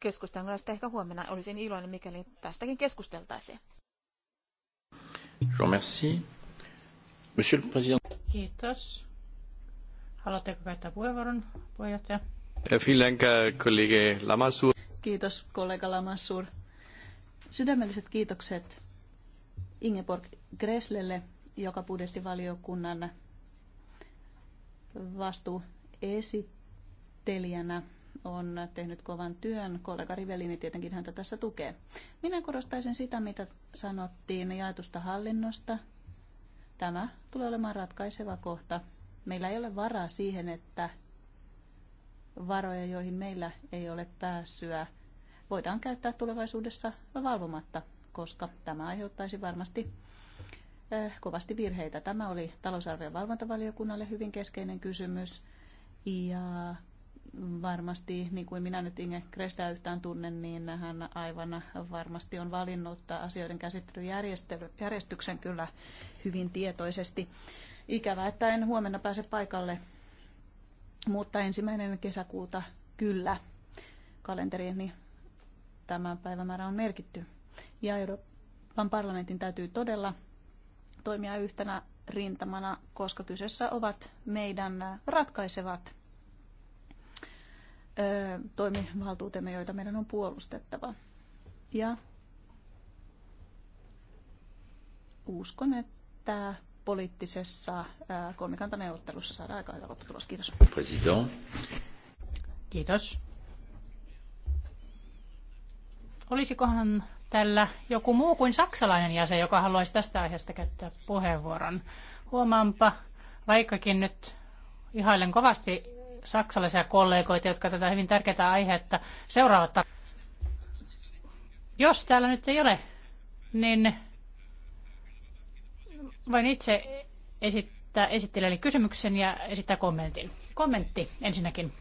Keskustelun kanssa ehkä huomenna. Olisin iloinen, mikäli tästäkin keskusteltaisiin. Kiitos. Haluatteko käyttää puheenvuoron, puheenjohtaja? Vielen kollega Lamassu. Kiitos kollega Lamassur. Sydämelliset kiitokset Ingeborg Greslelle, joka budjettivaliokunnan vastuuesittelijänä on tehnyt kovan työn. Kollega Rivellini tietenkin häntä tässä tukee. Minä korostaisin sitä, mitä sanottiin jaetusta hallinnosta. Tämä tulee olemaan ratkaiseva kohta. Meillä ei ole varaa siihen, että varoja, joihin meillä ei ole pääsyä, voidaan käyttää tulevaisuudessa valvomatta, koska tämä aiheuttaisi varmasti eh, kovasti virheitä. Tämä oli talousarvion valvontavaliokunnalle hyvin keskeinen kysymys. Ja varmasti, niin kuin minä nyt Inge Kresda yhtään tunnen, niin hän aivan varmasti on valinnut asioiden käsittelyjärjestyksen kyllä hyvin tietoisesti. Ikävä, että en huomenna pääse paikalle mutta ensimmäinen kesäkuuta kyllä kalenteriin niin tämä päivämäärä on merkitty. Ja Euroopan parlamentin täytyy todella toimia yhtenä rintamana, koska kyseessä ovat meidän ratkaisevat ö, toimivaltuutemme, joita meidän on puolustettava. Ja uskon, että poliittisessa kolmikantaneuvottelussa saada aika hyvä lopputulos. Kiitos. President. Kiitos. Olisikohan tällä joku muu kuin saksalainen jäsen, joka haluaisi tästä aiheesta käyttää puheenvuoron? Huomaanpa, vaikkakin nyt ihailen kovasti saksalaisia kollegoita, jotka tätä hyvin tärkeää aihetta seuraavat. Jos täällä nyt ei ole, niin Voin itse esittää esittelijälle kysymyksen ja esittää kommentin. Kommentti ensinnäkin.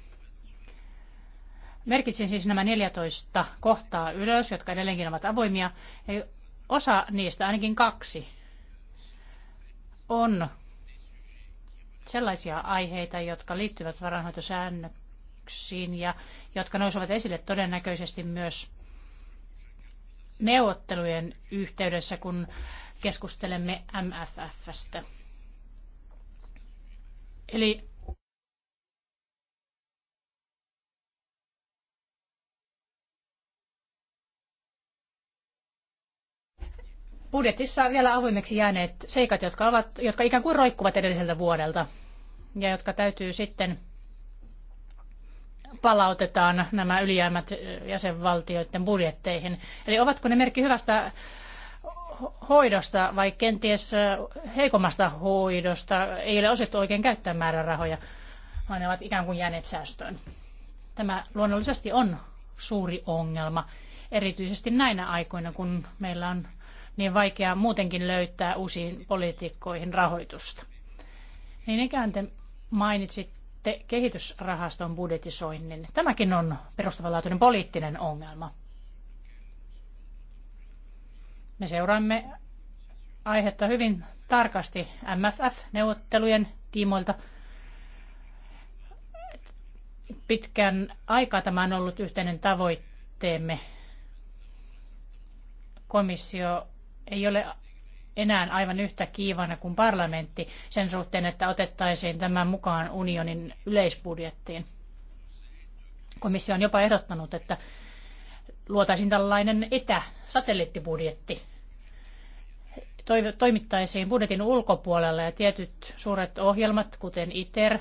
Merkitsin siis nämä 14 kohtaa ylös, jotka edelleenkin ovat avoimia. Ja osa niistä, ainakin kaksi, on sellaisia aiheita, jotka liittyvät varainhoitosäännöksiin ja jotka nousevat esille todennäköisesti myös neuvottelujen yhteydessä, kun keskustelemme MFFstä. Eli budjetissa on vielä avoimeksi jääneet seikat, jotka, ovat, jotka ikään kuin roikkuvat edelliseltä vuodelta ja jotka täytyy sitten palautetaan nämä ylijäämät eh, jäsenvaltioiden budjetteihin. Eli ovatko ne merkki hyvästä hoidosta vai kenties heikommasta hoidosta ei ole osattu oikein käyttää määrärahoja, vaan ne ovat ikään kuin jääneet säästöön. Tämä luonnollisesti on suuri ongelma, erityisesti näinä aikoina, kun meillä on niin vaikeaa muutenkin löytää uusiin politiikkoihin rahoitusta. Niin ikään te mainitsitte kehitysrahaston budjetisoinnin. Tämäkin on perustavanlaatuinen poliittinen ongelma. Me seuraamme aihetta hyvin tarkasti MFF-neuvottelujen tiimoilta. Pitkän aikaa tämä on ollut yhteinen tavoitteemme. Komissio ei ole enää aivan yhtä kiivana kuin parlamentti sen suhteen, että otettaisiin tämän mukaan unionin yleisbudjettiin. Komissio on jopa ehdottanut, että luotaisiin tällainen etä-satelliittibudjetti toimittaisiin budjetin ulkopuolella ja tietyt suuret ohjelmat, kuten ITER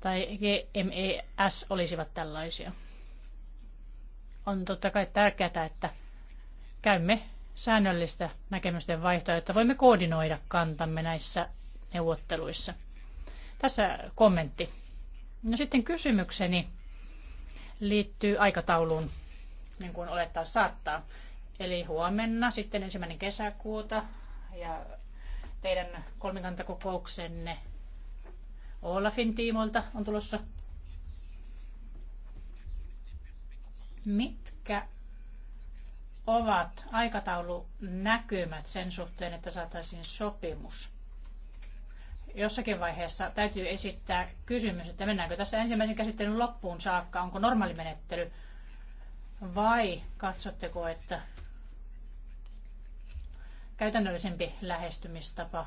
tai GMES, olisivat tällaisia. On totta kai tärkeää, että käymme säännöllistä näkemysten vaihtoa, jotta voimme koordinoida kantamme näissä neuvotteluissa. Tässä kommentti. No sitten kysymykseni liittyy aikatauluun, niin kuin olettaa saattaa. Eli huomenna sitten ensimmäinen kesäkuuta ja teidän kolmikantakokouksenne Olafin tiimoilta on tulossa. Mitkä ovat aikataulunäkymät sen suhteen, että saataisiin sopimus? Jossakin vaiheessa täytyy esittää kysymys, että mennäänkö tässä ensimmäisen käsittelyn loppuun saakka, onko normaali menettely vai katsotteko, että käytännöllisempi lähestymistapa?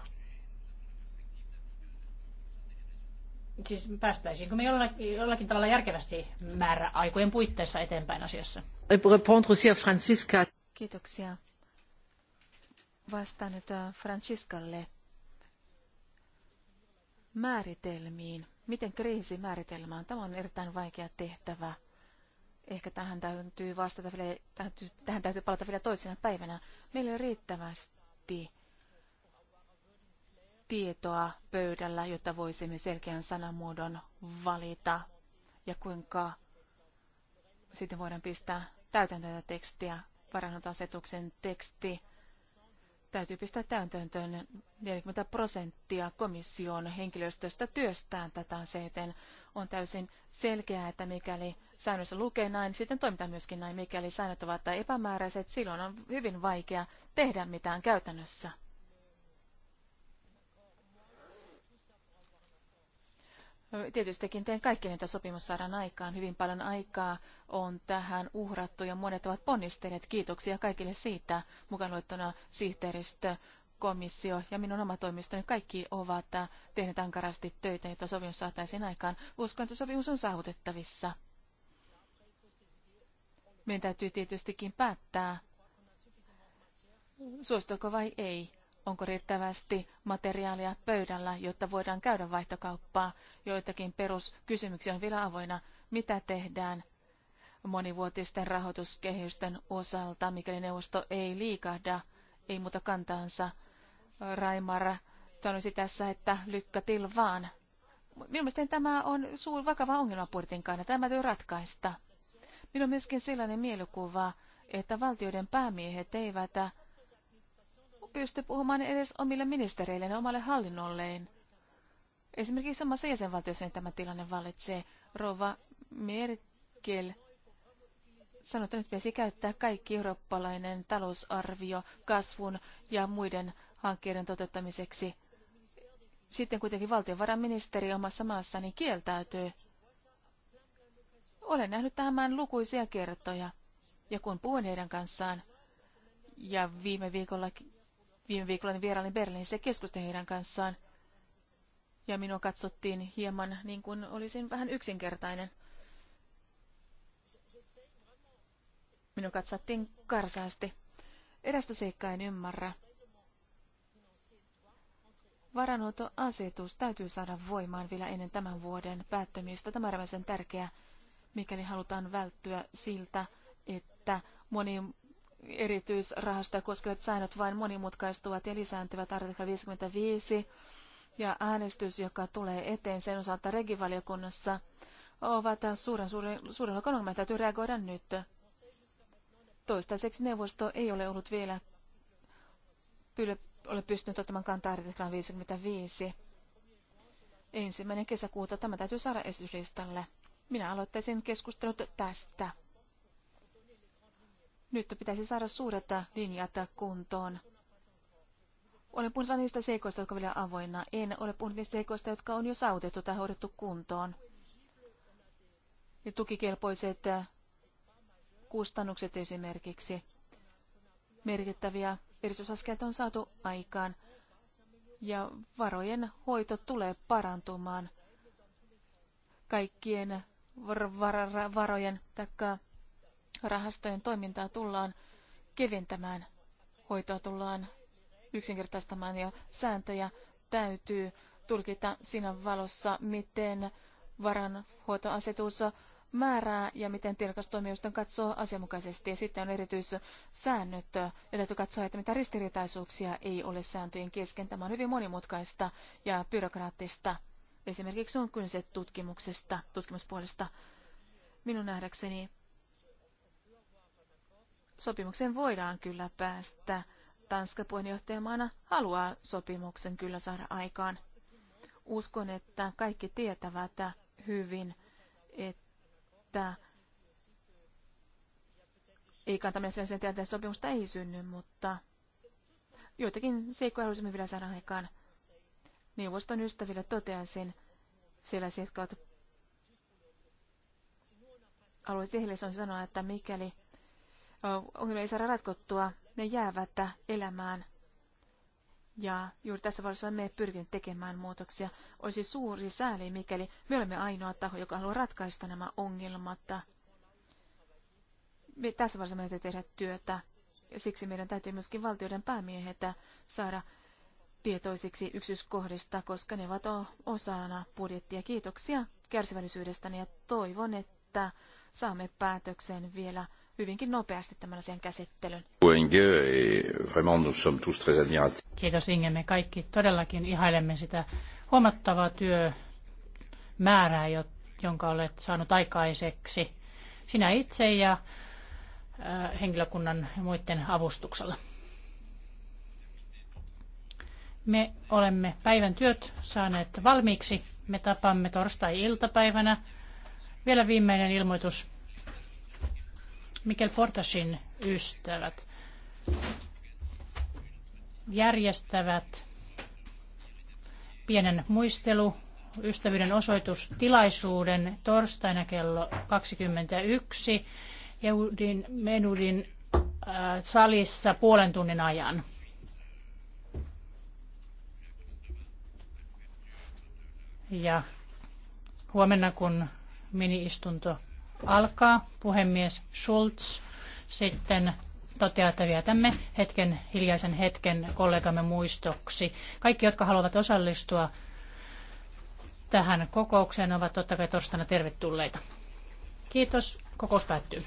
Siis päästäisiinkö me jollakin, jollakin tavalla järkevästi määräaikojen puitteissa eteenpäin asiassa? Kiitoksia. Vastaan nyt äh, Franciscalle määritelmiin. Miten kriisimääritelmä määritelmään? Tämä on erittäin vaikea tehtävä. Ehkä tähän täytyy vastata vielä, tähän täytyy palata vielä toisena päivänä. Meillä on riittävästi riitti tietoa pöydällä, jotta voisimme selkeän sanamuodon valita ja kuinka sitten voidaan pistää täytäntöön tätä tekstiä. Parannusasetuksen teksti täytyy pistää täytäntöön 40 prosenttia komission henkilöstöstä työstään tätä seiten on täysin selkeää, että mikäli säännössä lukee näin, sitten toimitaan myöskin näin. Mikäli säännöt ovat epämääräiset, silloin on hyvin vaikea tehdä mitään käytännössä. Tietystikin teen kaikki, että sopimus saadaan aikaan. Hyvin paljon aikaa on tähän uhrattu ja monet ovat ponnistelleet. Kiitoksia kaikille siitä, mukaan luettuna sihteeristö, komissio ja minun oma toimistoni kaikki ovat tehneet ankarasti töitä, jotta sovimus saataisiin aikaan. Uskon, että sovimus on saavutettavissa. Meidän täytyy tietystikin päättää, suostuuko vai ei. Onko riittävästi materiaalia pöydällä, jotta voidaan käydä vaihtokauppaa? Joitakin peruskysymyksiä on vielä avoina. Mitä tehdään monivuotisten rahoituskehysten osalta, mikäli neuvosto ei liikahda, ei muuta kantaansa? Raimar sanoisi tässä, että til vaan. Minun mielestäni tämä on suuri vakava ongelma budjetin kannalta. Tämä täytyy ratkaista. Minulla on myöskin sellainen mielikuva, että valtioiden päämiehet eivät pysty puhumaan edes omille ministereilleen ja omalle hallinnolleen. Esimerkiksi omassa jäsenvaltiossa niin tämä tilanne vallitsee. Rova Merkel sanoi, että nyt pitäisi käyttää kaikki eurooppalainen talousarvio kasvun ja muiden hankkeiden toteuttamiseksi. Sitten kuitenkin valtiovarainministeri omassa maassani kieltäytyy. Olen nähnyt tämän lukuisia kertoja, ja kun puhun heidän kanssaan, ja viime viikolla, viime viikolla niin vierailin Berliinissä ja keskustelin heidän kanssaan, ja minua katsottiin hieman niin kuin olisin vähän yksinkertainen. Minua katsottiin karsaasti. Erästä seikkaa en ymmärrä. Varanhoitoasetus täytyy saada voimaan vielä ennen tämän vuoden päättämistä. Tämä on sen tärkeä, mikäli halutaan välttyä siltä, että moni erityisrahastoja koskevat säännöt vain monimutkaistuvat ja lisääntyvät artikla 55 ja äänestys, joka tulee eteen sen osalta regivaliokunnassa, ovat suuren, suuren, suuren ongelma. Täytyy reagoida nyt. Toistaiseksi neuvosto ei ole ollut vielä ole pystynyt ottamaan kantaa artiklaan 55. Ensimmäinen kesäkuuta tämä täytyy saada esityslistalle. Minä aloittaisin keskustelut tästä. Nyt pitäisi saada suuret linjat kuntoon. Olen puhunut niistä seikoista, jotka ovat vielä avoinna. En ole puhunut niistä seikoista, jotka on jo saavutettu tai hoidettu kuntoon. Ja tukikelpoiset kustannukset esimerkiksi. Merkittäviä edistysaskeleita on saatu aikaan ja varojen hoito tulee parantumaan kaikkien var- var- varojen tai rahastojen toimintaa tullaan keventämään, hoitoa tullaan yksinkertaistamaan ja sääntöjä täytyy tulkita siinä valossa, miten varanhoitoasetus määrää ja miten tilintarkastustoimijoista katsoo asianmukaisesti. Ja sitten on erityissäännöt, ja täytyy katsoa, että mitä ristiriitaisuuksia ei ole sääntöjen kesken. Tämä on hyvin monimutkaista ja byrokraattista. Esimerkiksi on kyse tutkimuksesta, tutkimuspuolesta. Minun nähdäkseni sopimukseen voidaan kyllä päästä. Tanska puheenjohtajamaana haluaa sopimuksen kyllä saada aikaan. Uskon, että kaikki tietävät hyvin, että että ei kantaminen sellaisen tilanteen sopimusta ei synny, mutta joitakin seikkoja haluaisimme vielä saada aikaan. Neuvoston ystäville toteaisin sellaisia, jotka ovat alueet vihreille on sanoa, että mikäli ongelmia ei saada ratkottua, ne jäävät elämään ja juuri tässä vaiheessa olemme pyrkineet tekemään muutoksia. Olisi suuri sääli, mikäli me olemme ainoa taho, joka haluaa ratkaista nämä ongelmat. Me tässä vaiheessa meidän tehdä työtä. Ja siksi meidän täytyy myöskin valtioiden päämiehetä saada tietoisiksi yksityiskohdista, koska ne ovat osana budjettia. Kiitoksia kärsivällisyydestäni ja toivon, että saamme päätöksen vielä hyvinkin nopeasti tämän asian käsittelyn. Kiitos Inge, me kaikki todellakin ihailemme sitä huomattavaa työmäärää, jonka olet saanut aikaiseksi sinä itse ja äh, henkilökunnan ja muiden avustuksella. Me olemme päivän työt saaneet valmiiksi. Me tapaamme torstai-iltapäivänä. Vielä viimeinen ilmoitus. Mikkel Portasin ystävät järjestävät pienen muistelu ystävyyden osoitustilaisuuden torstaina kello 21 Jeudin Menudin äh, salissa puolen tunnin ajan. Ja huomenna kun mini-istunto alkaa. Puhemies Schulz sitten toteaa, että vietämme hetken, hiljaisen hetken kollegamme muistoksi. Kaikki, jotka haluavat osallistua tähän kokoukseen, ovat totta kai torstaina tervetulleita. Kiitos. Kokous päättyy.